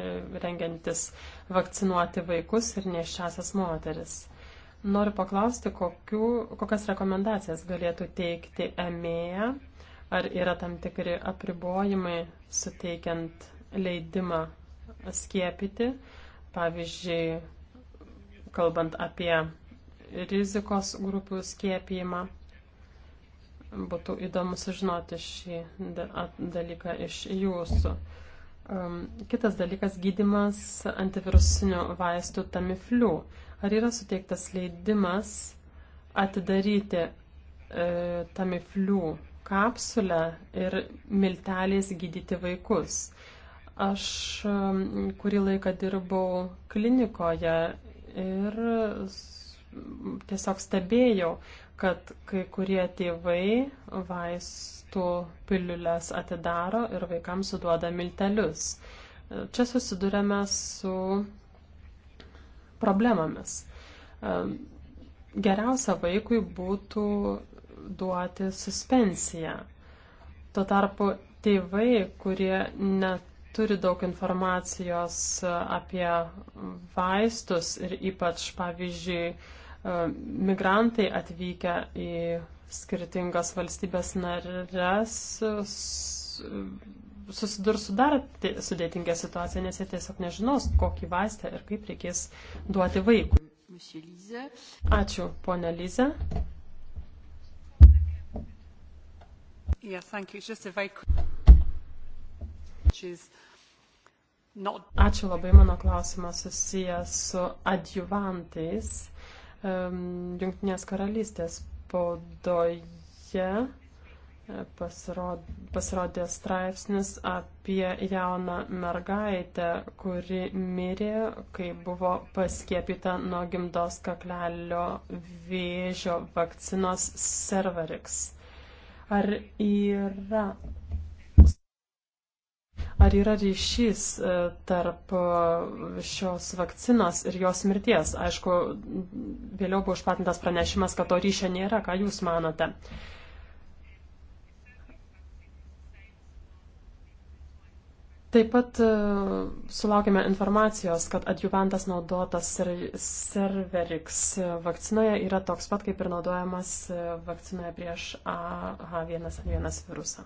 e, rengiantis vakcinuoti vaikus ir neščiasias moteris. Noriu paklausti, kokiu, kokias rekomendacijas galėtų teikti EMEA, ar yra tam tikri apribojimai suteikiant leidimą skiepyti, pavyzdžiui, kalbant apie rizikos grupių skiepijimą. Būtų įdomu sužinoti šį dalyką iš jūsų. Um, kitas dalykas - gydimas antivirusinių vaistų tamiflių. Ar yra suteiktas leidimas atidaryti e, tamiflių kapsulę ir milteliais gydyti vaikus? Aš e, kurį laiką dirbau klinikoje ir tiesiog stebėjau, kad kai kurie tėvai vaistų piliulės atidaro ir vaikams suduoda miltelius. E, čia susidurėme su problemomis. Geriausia vaikui būtų duoti suspensiją. Tuo tarpu tėvai, kurie neturi daug informacijos apie vaistus ir ypač, pavyzdžiui, e, migrantai atvykę į skirtingas valstybės narės susidurs su dar sudėtinga situacija, nes jie tiesiog nežinos, kokį vaistą ir kaip reikės duoti vaikui. Ačiū, ponia Lize. Yeah, thank you. Just if I could... Ačiū labai mano klausimas susijęs su adjuvantais um, Junktinės karalystės spaudoje pasirodė straipsnis apie jauną mergaitę, kuri mirė, kai buvo paskiepyta nuo gimdos kaklelio vėžio vakcinos Serveriks. Ar yra, ar yra ryšys e, tarp e, šios vakcinos ir jos mirties? Aišku, vėliau buvo išplatintas pranešimas, kad to ryšio nėra. Ką Jūs manote? Uh, Taip pat e, sulaukime informacijos, kad adjuvantas naudotas ser serveriks vakcinoje yra toks pat, kaip ir naudojamas e, vakcinoje prieš AH1N1 virusą.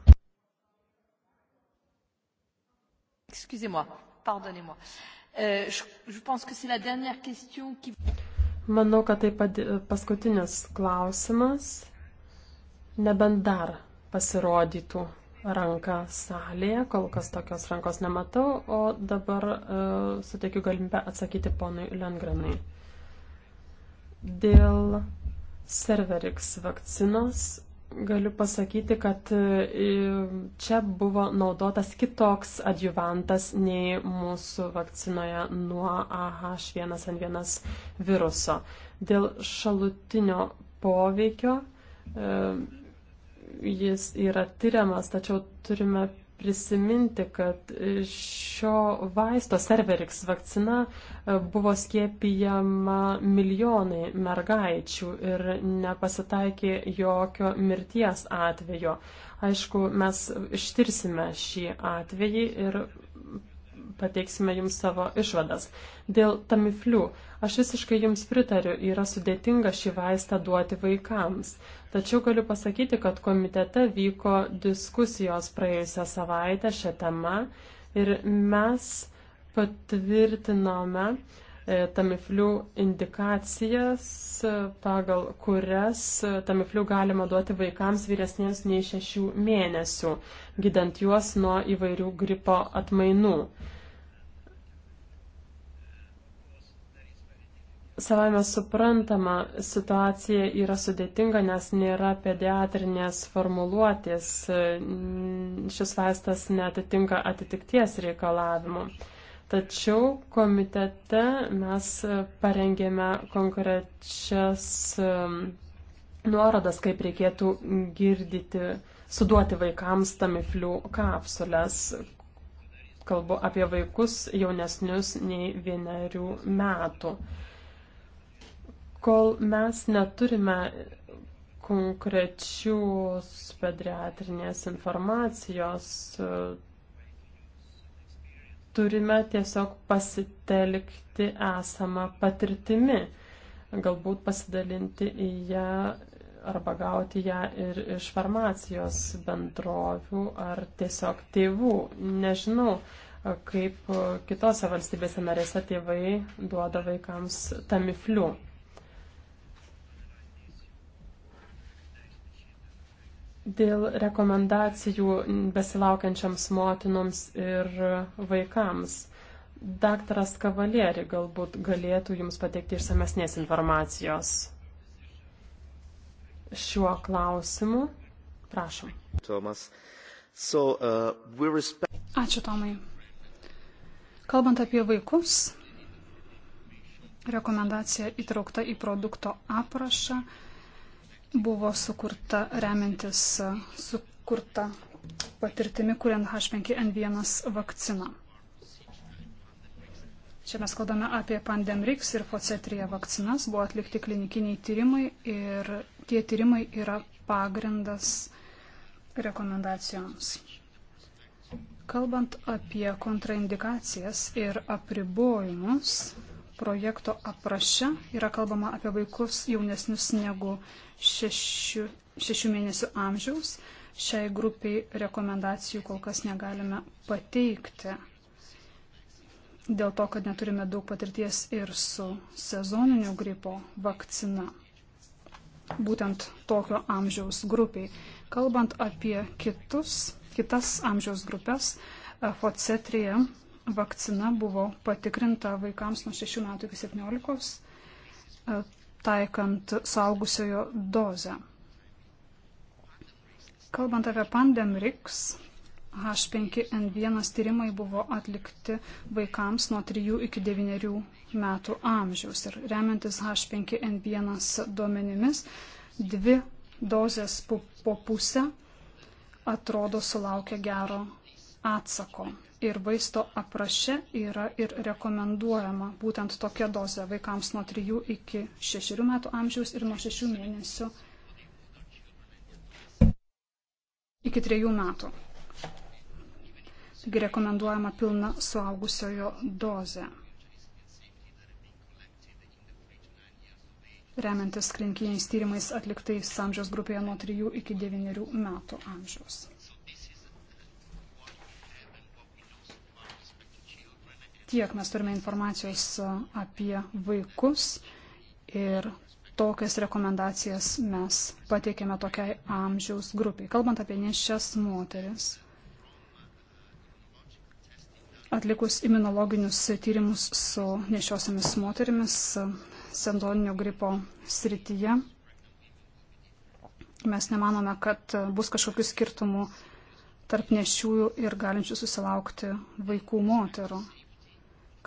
Excusez-moi, pardonnez-moi. Euh, je, je pense que c'est la dernière question qui...
Manau, kad tai paskutinis klausimas, nebent dar pasirodytų ranką salėje, kol kas tokios rankos nematau, o dabar uh, suteikiu galimybę atsakyti ponui Lengrenai. Dėl Cerverix vakcinos galiu pasakyti, kad e, čia buvo naudotas kitoks adjuvantas nei mūsų vakcinoje nuo AH1N1 viruso. Dėl šalutinio poveikio uh, jis yra tyriamas, tačiau turime prisiminti, kad šio vaisto Cerverix vakcina e, buvo skiepijama milijonai mergaičių ir nepasitaikė jokio mirties atvejo. Aišku, mes ištirsime šį atvejį ir pateiksime jums savo išvadas. Dėl tamiflių, aš visiškai jums pritariu, yra sudėtinga šį vaistą duoti vaikams. Tačiau galiu pasakyti, kad komitete vyko diskusijos praėjusią savaitę šią temą ir mes patvirtinome e, tamiflių indikacijas, pagal kurias e, tamiflių galima duoti vaikams vyresniems nei šešių mėnesių, gydant juos nuo įvairių gripo atmainų. Savame suprantama, situacija yra sudėtinga, nes nėra pediatrinės formuluotės. Šis vaistas netitinka atitikties reikalavimų. Tačiau komitete mes parengėme konkrečias um, nuorodas, kaip reikėtų girdyti, suduoti vaikams tamiflių kapsules. Kalbu apie vaikus jaunesnius nei vienerių metų. Kol mes neturime konkrečios pediatrinės informacijos, turime tiesiog pasitelkti esamą patirtimi, galbūt pasidalinti į ją arba gauti ją ir iš farmacijos bendrovių ar tiesiog tėvų. Nežinau, kaip kitose valstybėse narėse tėvai duoda vaikams tamiflių. dėl rekomendacijų besilaukiančiams motinoms ir vaikams. Daktaras Kavalieri galbūt galėtų Jums pateikti išsamesnės informacijos
šiuo klausimu. Prašom.
Tomas. So, uh, respect...
Ačiū, Tomai. Kalbant apie vaikus, rekomendacija įtraukta į produkto aprašą. Uh, buvo sukurta remiantis sukurta patirtimi, kuriant H5N1 vakciną. Čia mes kalbame apie Pandemrix ir Focetrija vakcinas, buvo atlikti klinikiniai tyrimai ir tie tyrimai yra pagrindas rekomendacijoms. Kalbant apie kontraindikacijas ir apribojimus, projekto apraše yra kalbama apie vaikus jaunesnius negu šešių, šešių mėnesių amžiaus. Šiai grupiai rekomendacijų kol kas negalime pateikti dėl to, kad neturime daug patirties ir su sezoniniu gripo vakcina. Būtent tokio amžiaus grupiai. Kalbant apie kitus, kitas amžiaus grupės, focetrija e vakcina buvo patikrinta vaikams nuo 6 metų iki 17 taikant saugusiojo dozę. Kalbant apie pandemriks, H5N1 tyrimai buvo atlikti vaikams nuo 3 iki 9 metų amžiaus. Ir remiantis H5N1 duomenimis, dvi dozės po, po pusę atrodo sulaukia gero atsako ir vaisto apraše yra ir rekomenduojama būtent tokia dozė vaikams nuo 3 iki 6 metų amžiaus ir nuo 6 mėnesių iki 3 metų. Taigi rekomenduojama pilna suaugusiojo dozė. remiantis klinikiniais tyrimais atliktais amžiaus grupėje nuo 3 iki 9 metų amžiaus. tiek mes turime informacijos apie vaikus ir tokias rekomendacijas mes pateikėme tokiai amžiaus grupiai. Kalbant apie nešias moteris, atlikus imunologinius tyrimus su nešiosiamis moterimis sendoninio gripo srityje, mes nemanome, kad bus kažkokių skirtumų tarp nešiųjų ir galinčių susilaukti vaikų moterų.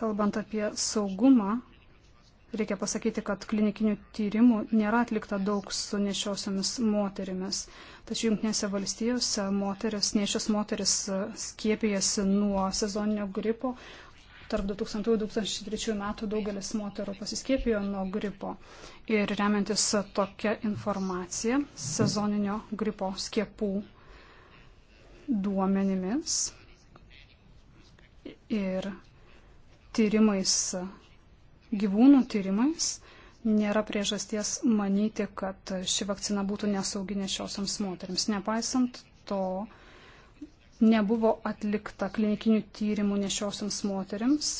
Kalbant apie saugumą, reikia pasakyti, kad klinikinių tyrimų nėra atlikta daug su nešiosiomis moterimis. Tačiau Junktinėse valstijose moteris, nešios moteris e, skiepijasi nuo sezoninio gripo. Tarp 2000-2003 metų daugelis moterų pasiskiepijo nuo gripo. Ir remiantis tokia informacija, sezoninio gripo skiepų duomenimis ir tyrimais, gyvūnų tyrimais, nėra priežasties manyti, kad ši vakcina būtų nesaugi nešiosioms moteriams. Nepaisant to, nebuvo atlikta klinikinių tyrimų nešiosioms moteriams.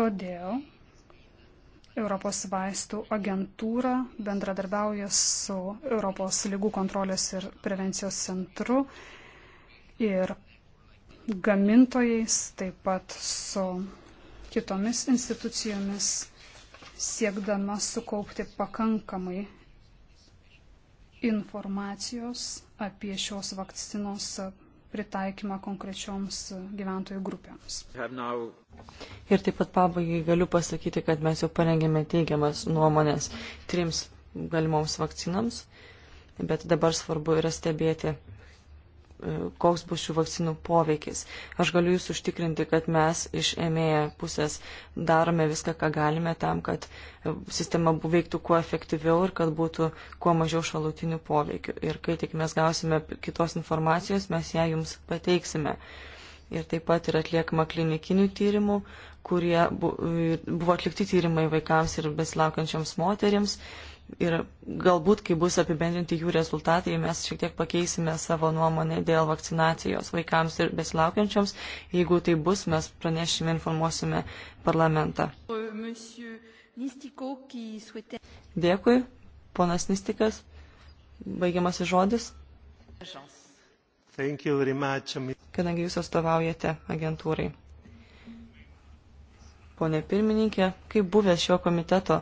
Todėl Europos vaistų agentūra bendradarbiauja su Europos lygų kontrolės ir prevencijos centru ir gamintojais, taip pat su kitomis institucijomis, siekdama sukaupti pakankamai informacijos apie šios vakcinos pritaikymą konkrečioms gyventojų grupėms.
Ir taip pat pabaigai galiu pasakyti, kad mes jau parengėme teigiamas nuomonės trims galimoms vakcinams, bet dabar svarbu yra stebėti E, koks bus šių vakcinų poveikis. Aš galiu Jūs užtikrinti, kad mes iš EMEA pusės darome viską, ką galime tam, kad e, sistema veiktų kuo efektyviau ir kad būtų kuo mažiau šalutinių poveikių. Ir kai tik mes gausime kitos informacijos, mes ją Jums pateiksime. Ir taip pat yra atliekama klinikinių tyrimų, kurie buvo atlikti tyrimai vaikams ir besilaukiančiams moteriams. Ir galbūt, kai bus apibendrinti jų rezultatai, mes šiek tiek pakeisime savo nuomonę dėl vakcinacijos vaikams ir besilaukiančioms. Jeigu tai bus, mes pranešime, informuosime parlamentą. Dėkui, ponas Nistikas. Baigiamasis žodis. Kadangi jūs atstovaujate agentūrai ponė pirmininkė, kaip buvęs šio komiteto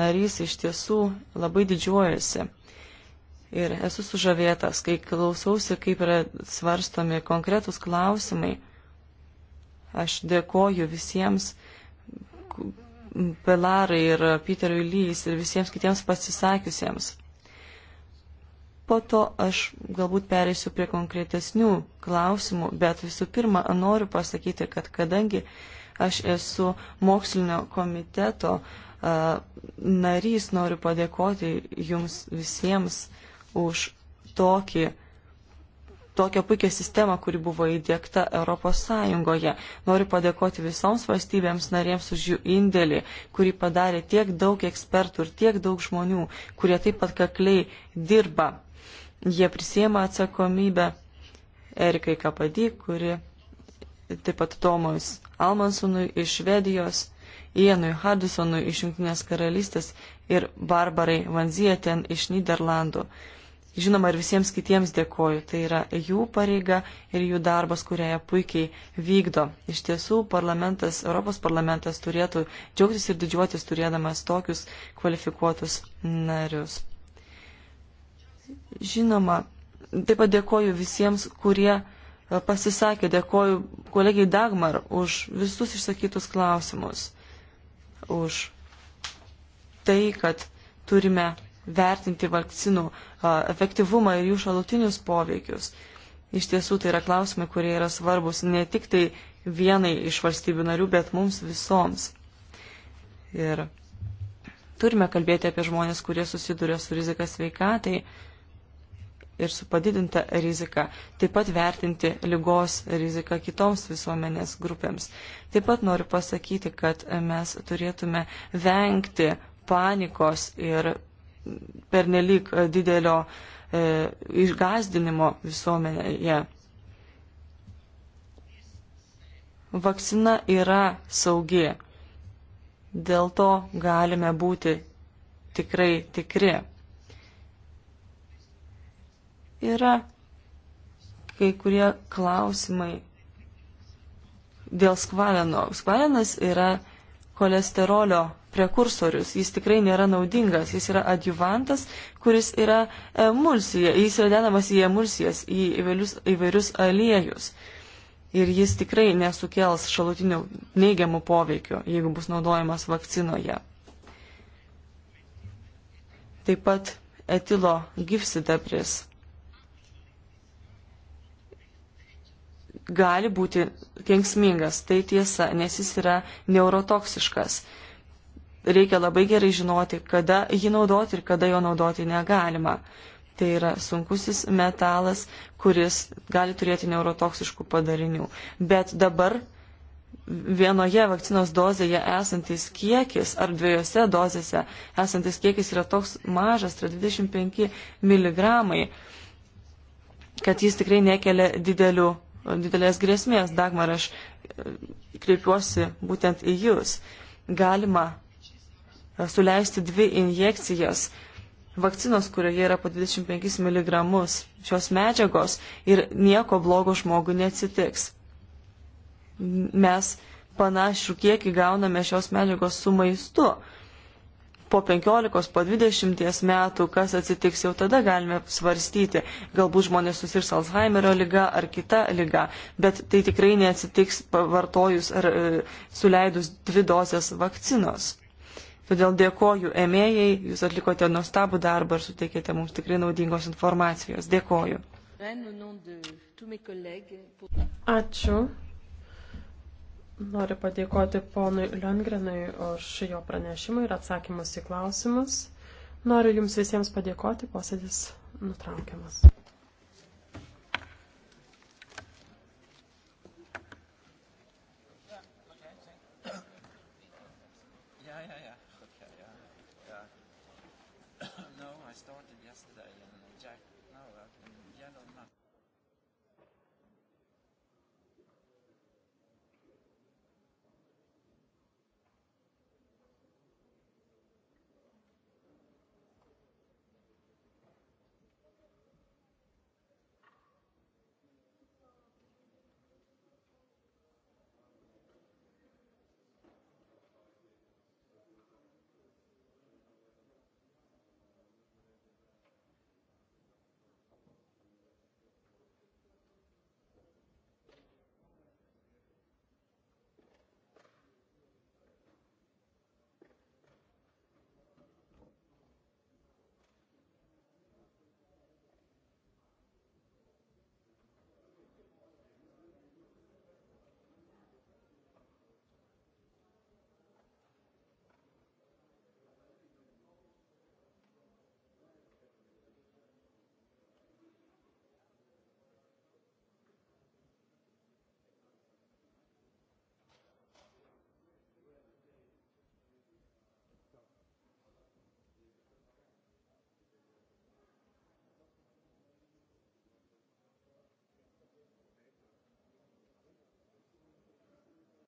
narys iš tiesų labai didžiuojasi. Ir esu sužavėtas, kai klausausi, kaip yra svarstomi konkretus klausimai. Aš dėkoju visiems Pelarai ir Peteriui Lys ir visiems kitiems pasisakiusiems. Po to aš galbūt pereisiu prie konkretesnių klausimų, bet visų pirma noriu pasakyti, kad kadangi uh, Aš esu mokslinio komiteto narys, noriu padėkoti jums visiems už tokį, tokią puikią sistemą, kuri buvo įdėkta Europos Sąjungoje. Noriu padėkoti visoms valstybėms narėms už jų indėlį, kurį padarė tiek daug ekspertų ir tiek daug žmonių, kurie taip pat kakliai dirba. Jie prisėmė atsakomybę Erikai Kapadį, kuri taip pat Tomus Almansonui iš Švedijos, Ienui Hardisonui iš Junktinės karalystės ir Barbarai Vanzieten iš Niderlandų. Žinoma, ir visiems kitiems dėkoju. Tai yra jų pareiga ir jų darbas, kurią jie puikiai vykdo. Iš tiesų, parlamentas, Europos parlamentas turėtų džiaugtis ir didžiuotis turėdamas tokius kvalifikuotus narius. Žinoma, taip pat dėkoju visiems, kurie E, pasisakė. Dėkoju kolegijai Dagmar už visus išsakytus klausimus, už tai, kad turime vertinti vakcinų e, efektyvumą ir jų šalutinius poveikius. Iš tiesų tai yra klausimai, kurie yra svarbus ne tik tai vienai iš valstybių narių, bet mums visoms. Ir turime kalbėti apie žmonės, kurie susiduria su rizika sveikatai. Tai ir su padidinta rizika, taip pat vertinti lygos riziką kitoms visuomenės grupėms. Taip pat noriu pasakyti, kad mes turėtume vengti panikos ir pernelyg didelio e, išgazdinimo visuomenėje. Vakcina yra saugi, dėl to galime būti tikrai tikri. Yra kai kurie klausimai dėl skvaleno. Skvalenas yra cholesterolio prekursorius, jis tikrai nėra naudingas, jis yra adjuvantas, kuris yra emulsija, jis yra dedamas į emulsijas, į įvairius, įvairius aliejus. Ir jis tikrai nesukels šalutinių neigiamų poveikių, jeigu bus naudojamas vakcinoje. Taip pat etilo gipsidabris gali būti kenksmingas. Tai tiesa, nes jis yra neurotoksiškas. Reikia labai gerai žinoti, kada jį naudoti ir kada jo naudoti negalima. Tai yra sunkusis metalas, kuris gali turėti neurotoksiškų padarinių. Bet dabar vienoje vakcinos dozėje esantis kiekis ar dviejose dozėse esantis kiekis yra toks mažas, tai 25 mg, kad jis tikrai nekelia didelių didelės grėsmės. Dagmar, aš e, kreipiuosi būtent į Jūs. Galima e, suleisti dvi injekcijas vakcinos, kurioje yra po 25 mg šios medžiagos ir nieko blogo žmogui neatsitiks. Mes panašų kiekį gauname šios medžiagos su maistu po 15, po 20 metų, kas atsitiks, jau tada galime svarstyti. Galbūt žmonės susirs Alzheimerio lyga ar kita lyga, bet tai tikrai neatsitiks vartojus ar e, suleidus dvi dozes vakcinos. Todėl dėkoju emėjai, jūs atlikote nuostabų darbą ir suteikėte mums tikrai naudingos informacijos. Dėkoju. Ačiū.
Noriu padėkoti ponui Liongrenui už jo pranešimą ir atsakymus į klausimus. Noriu Jums visiems padėkoti, posėdis
nutraukiamas.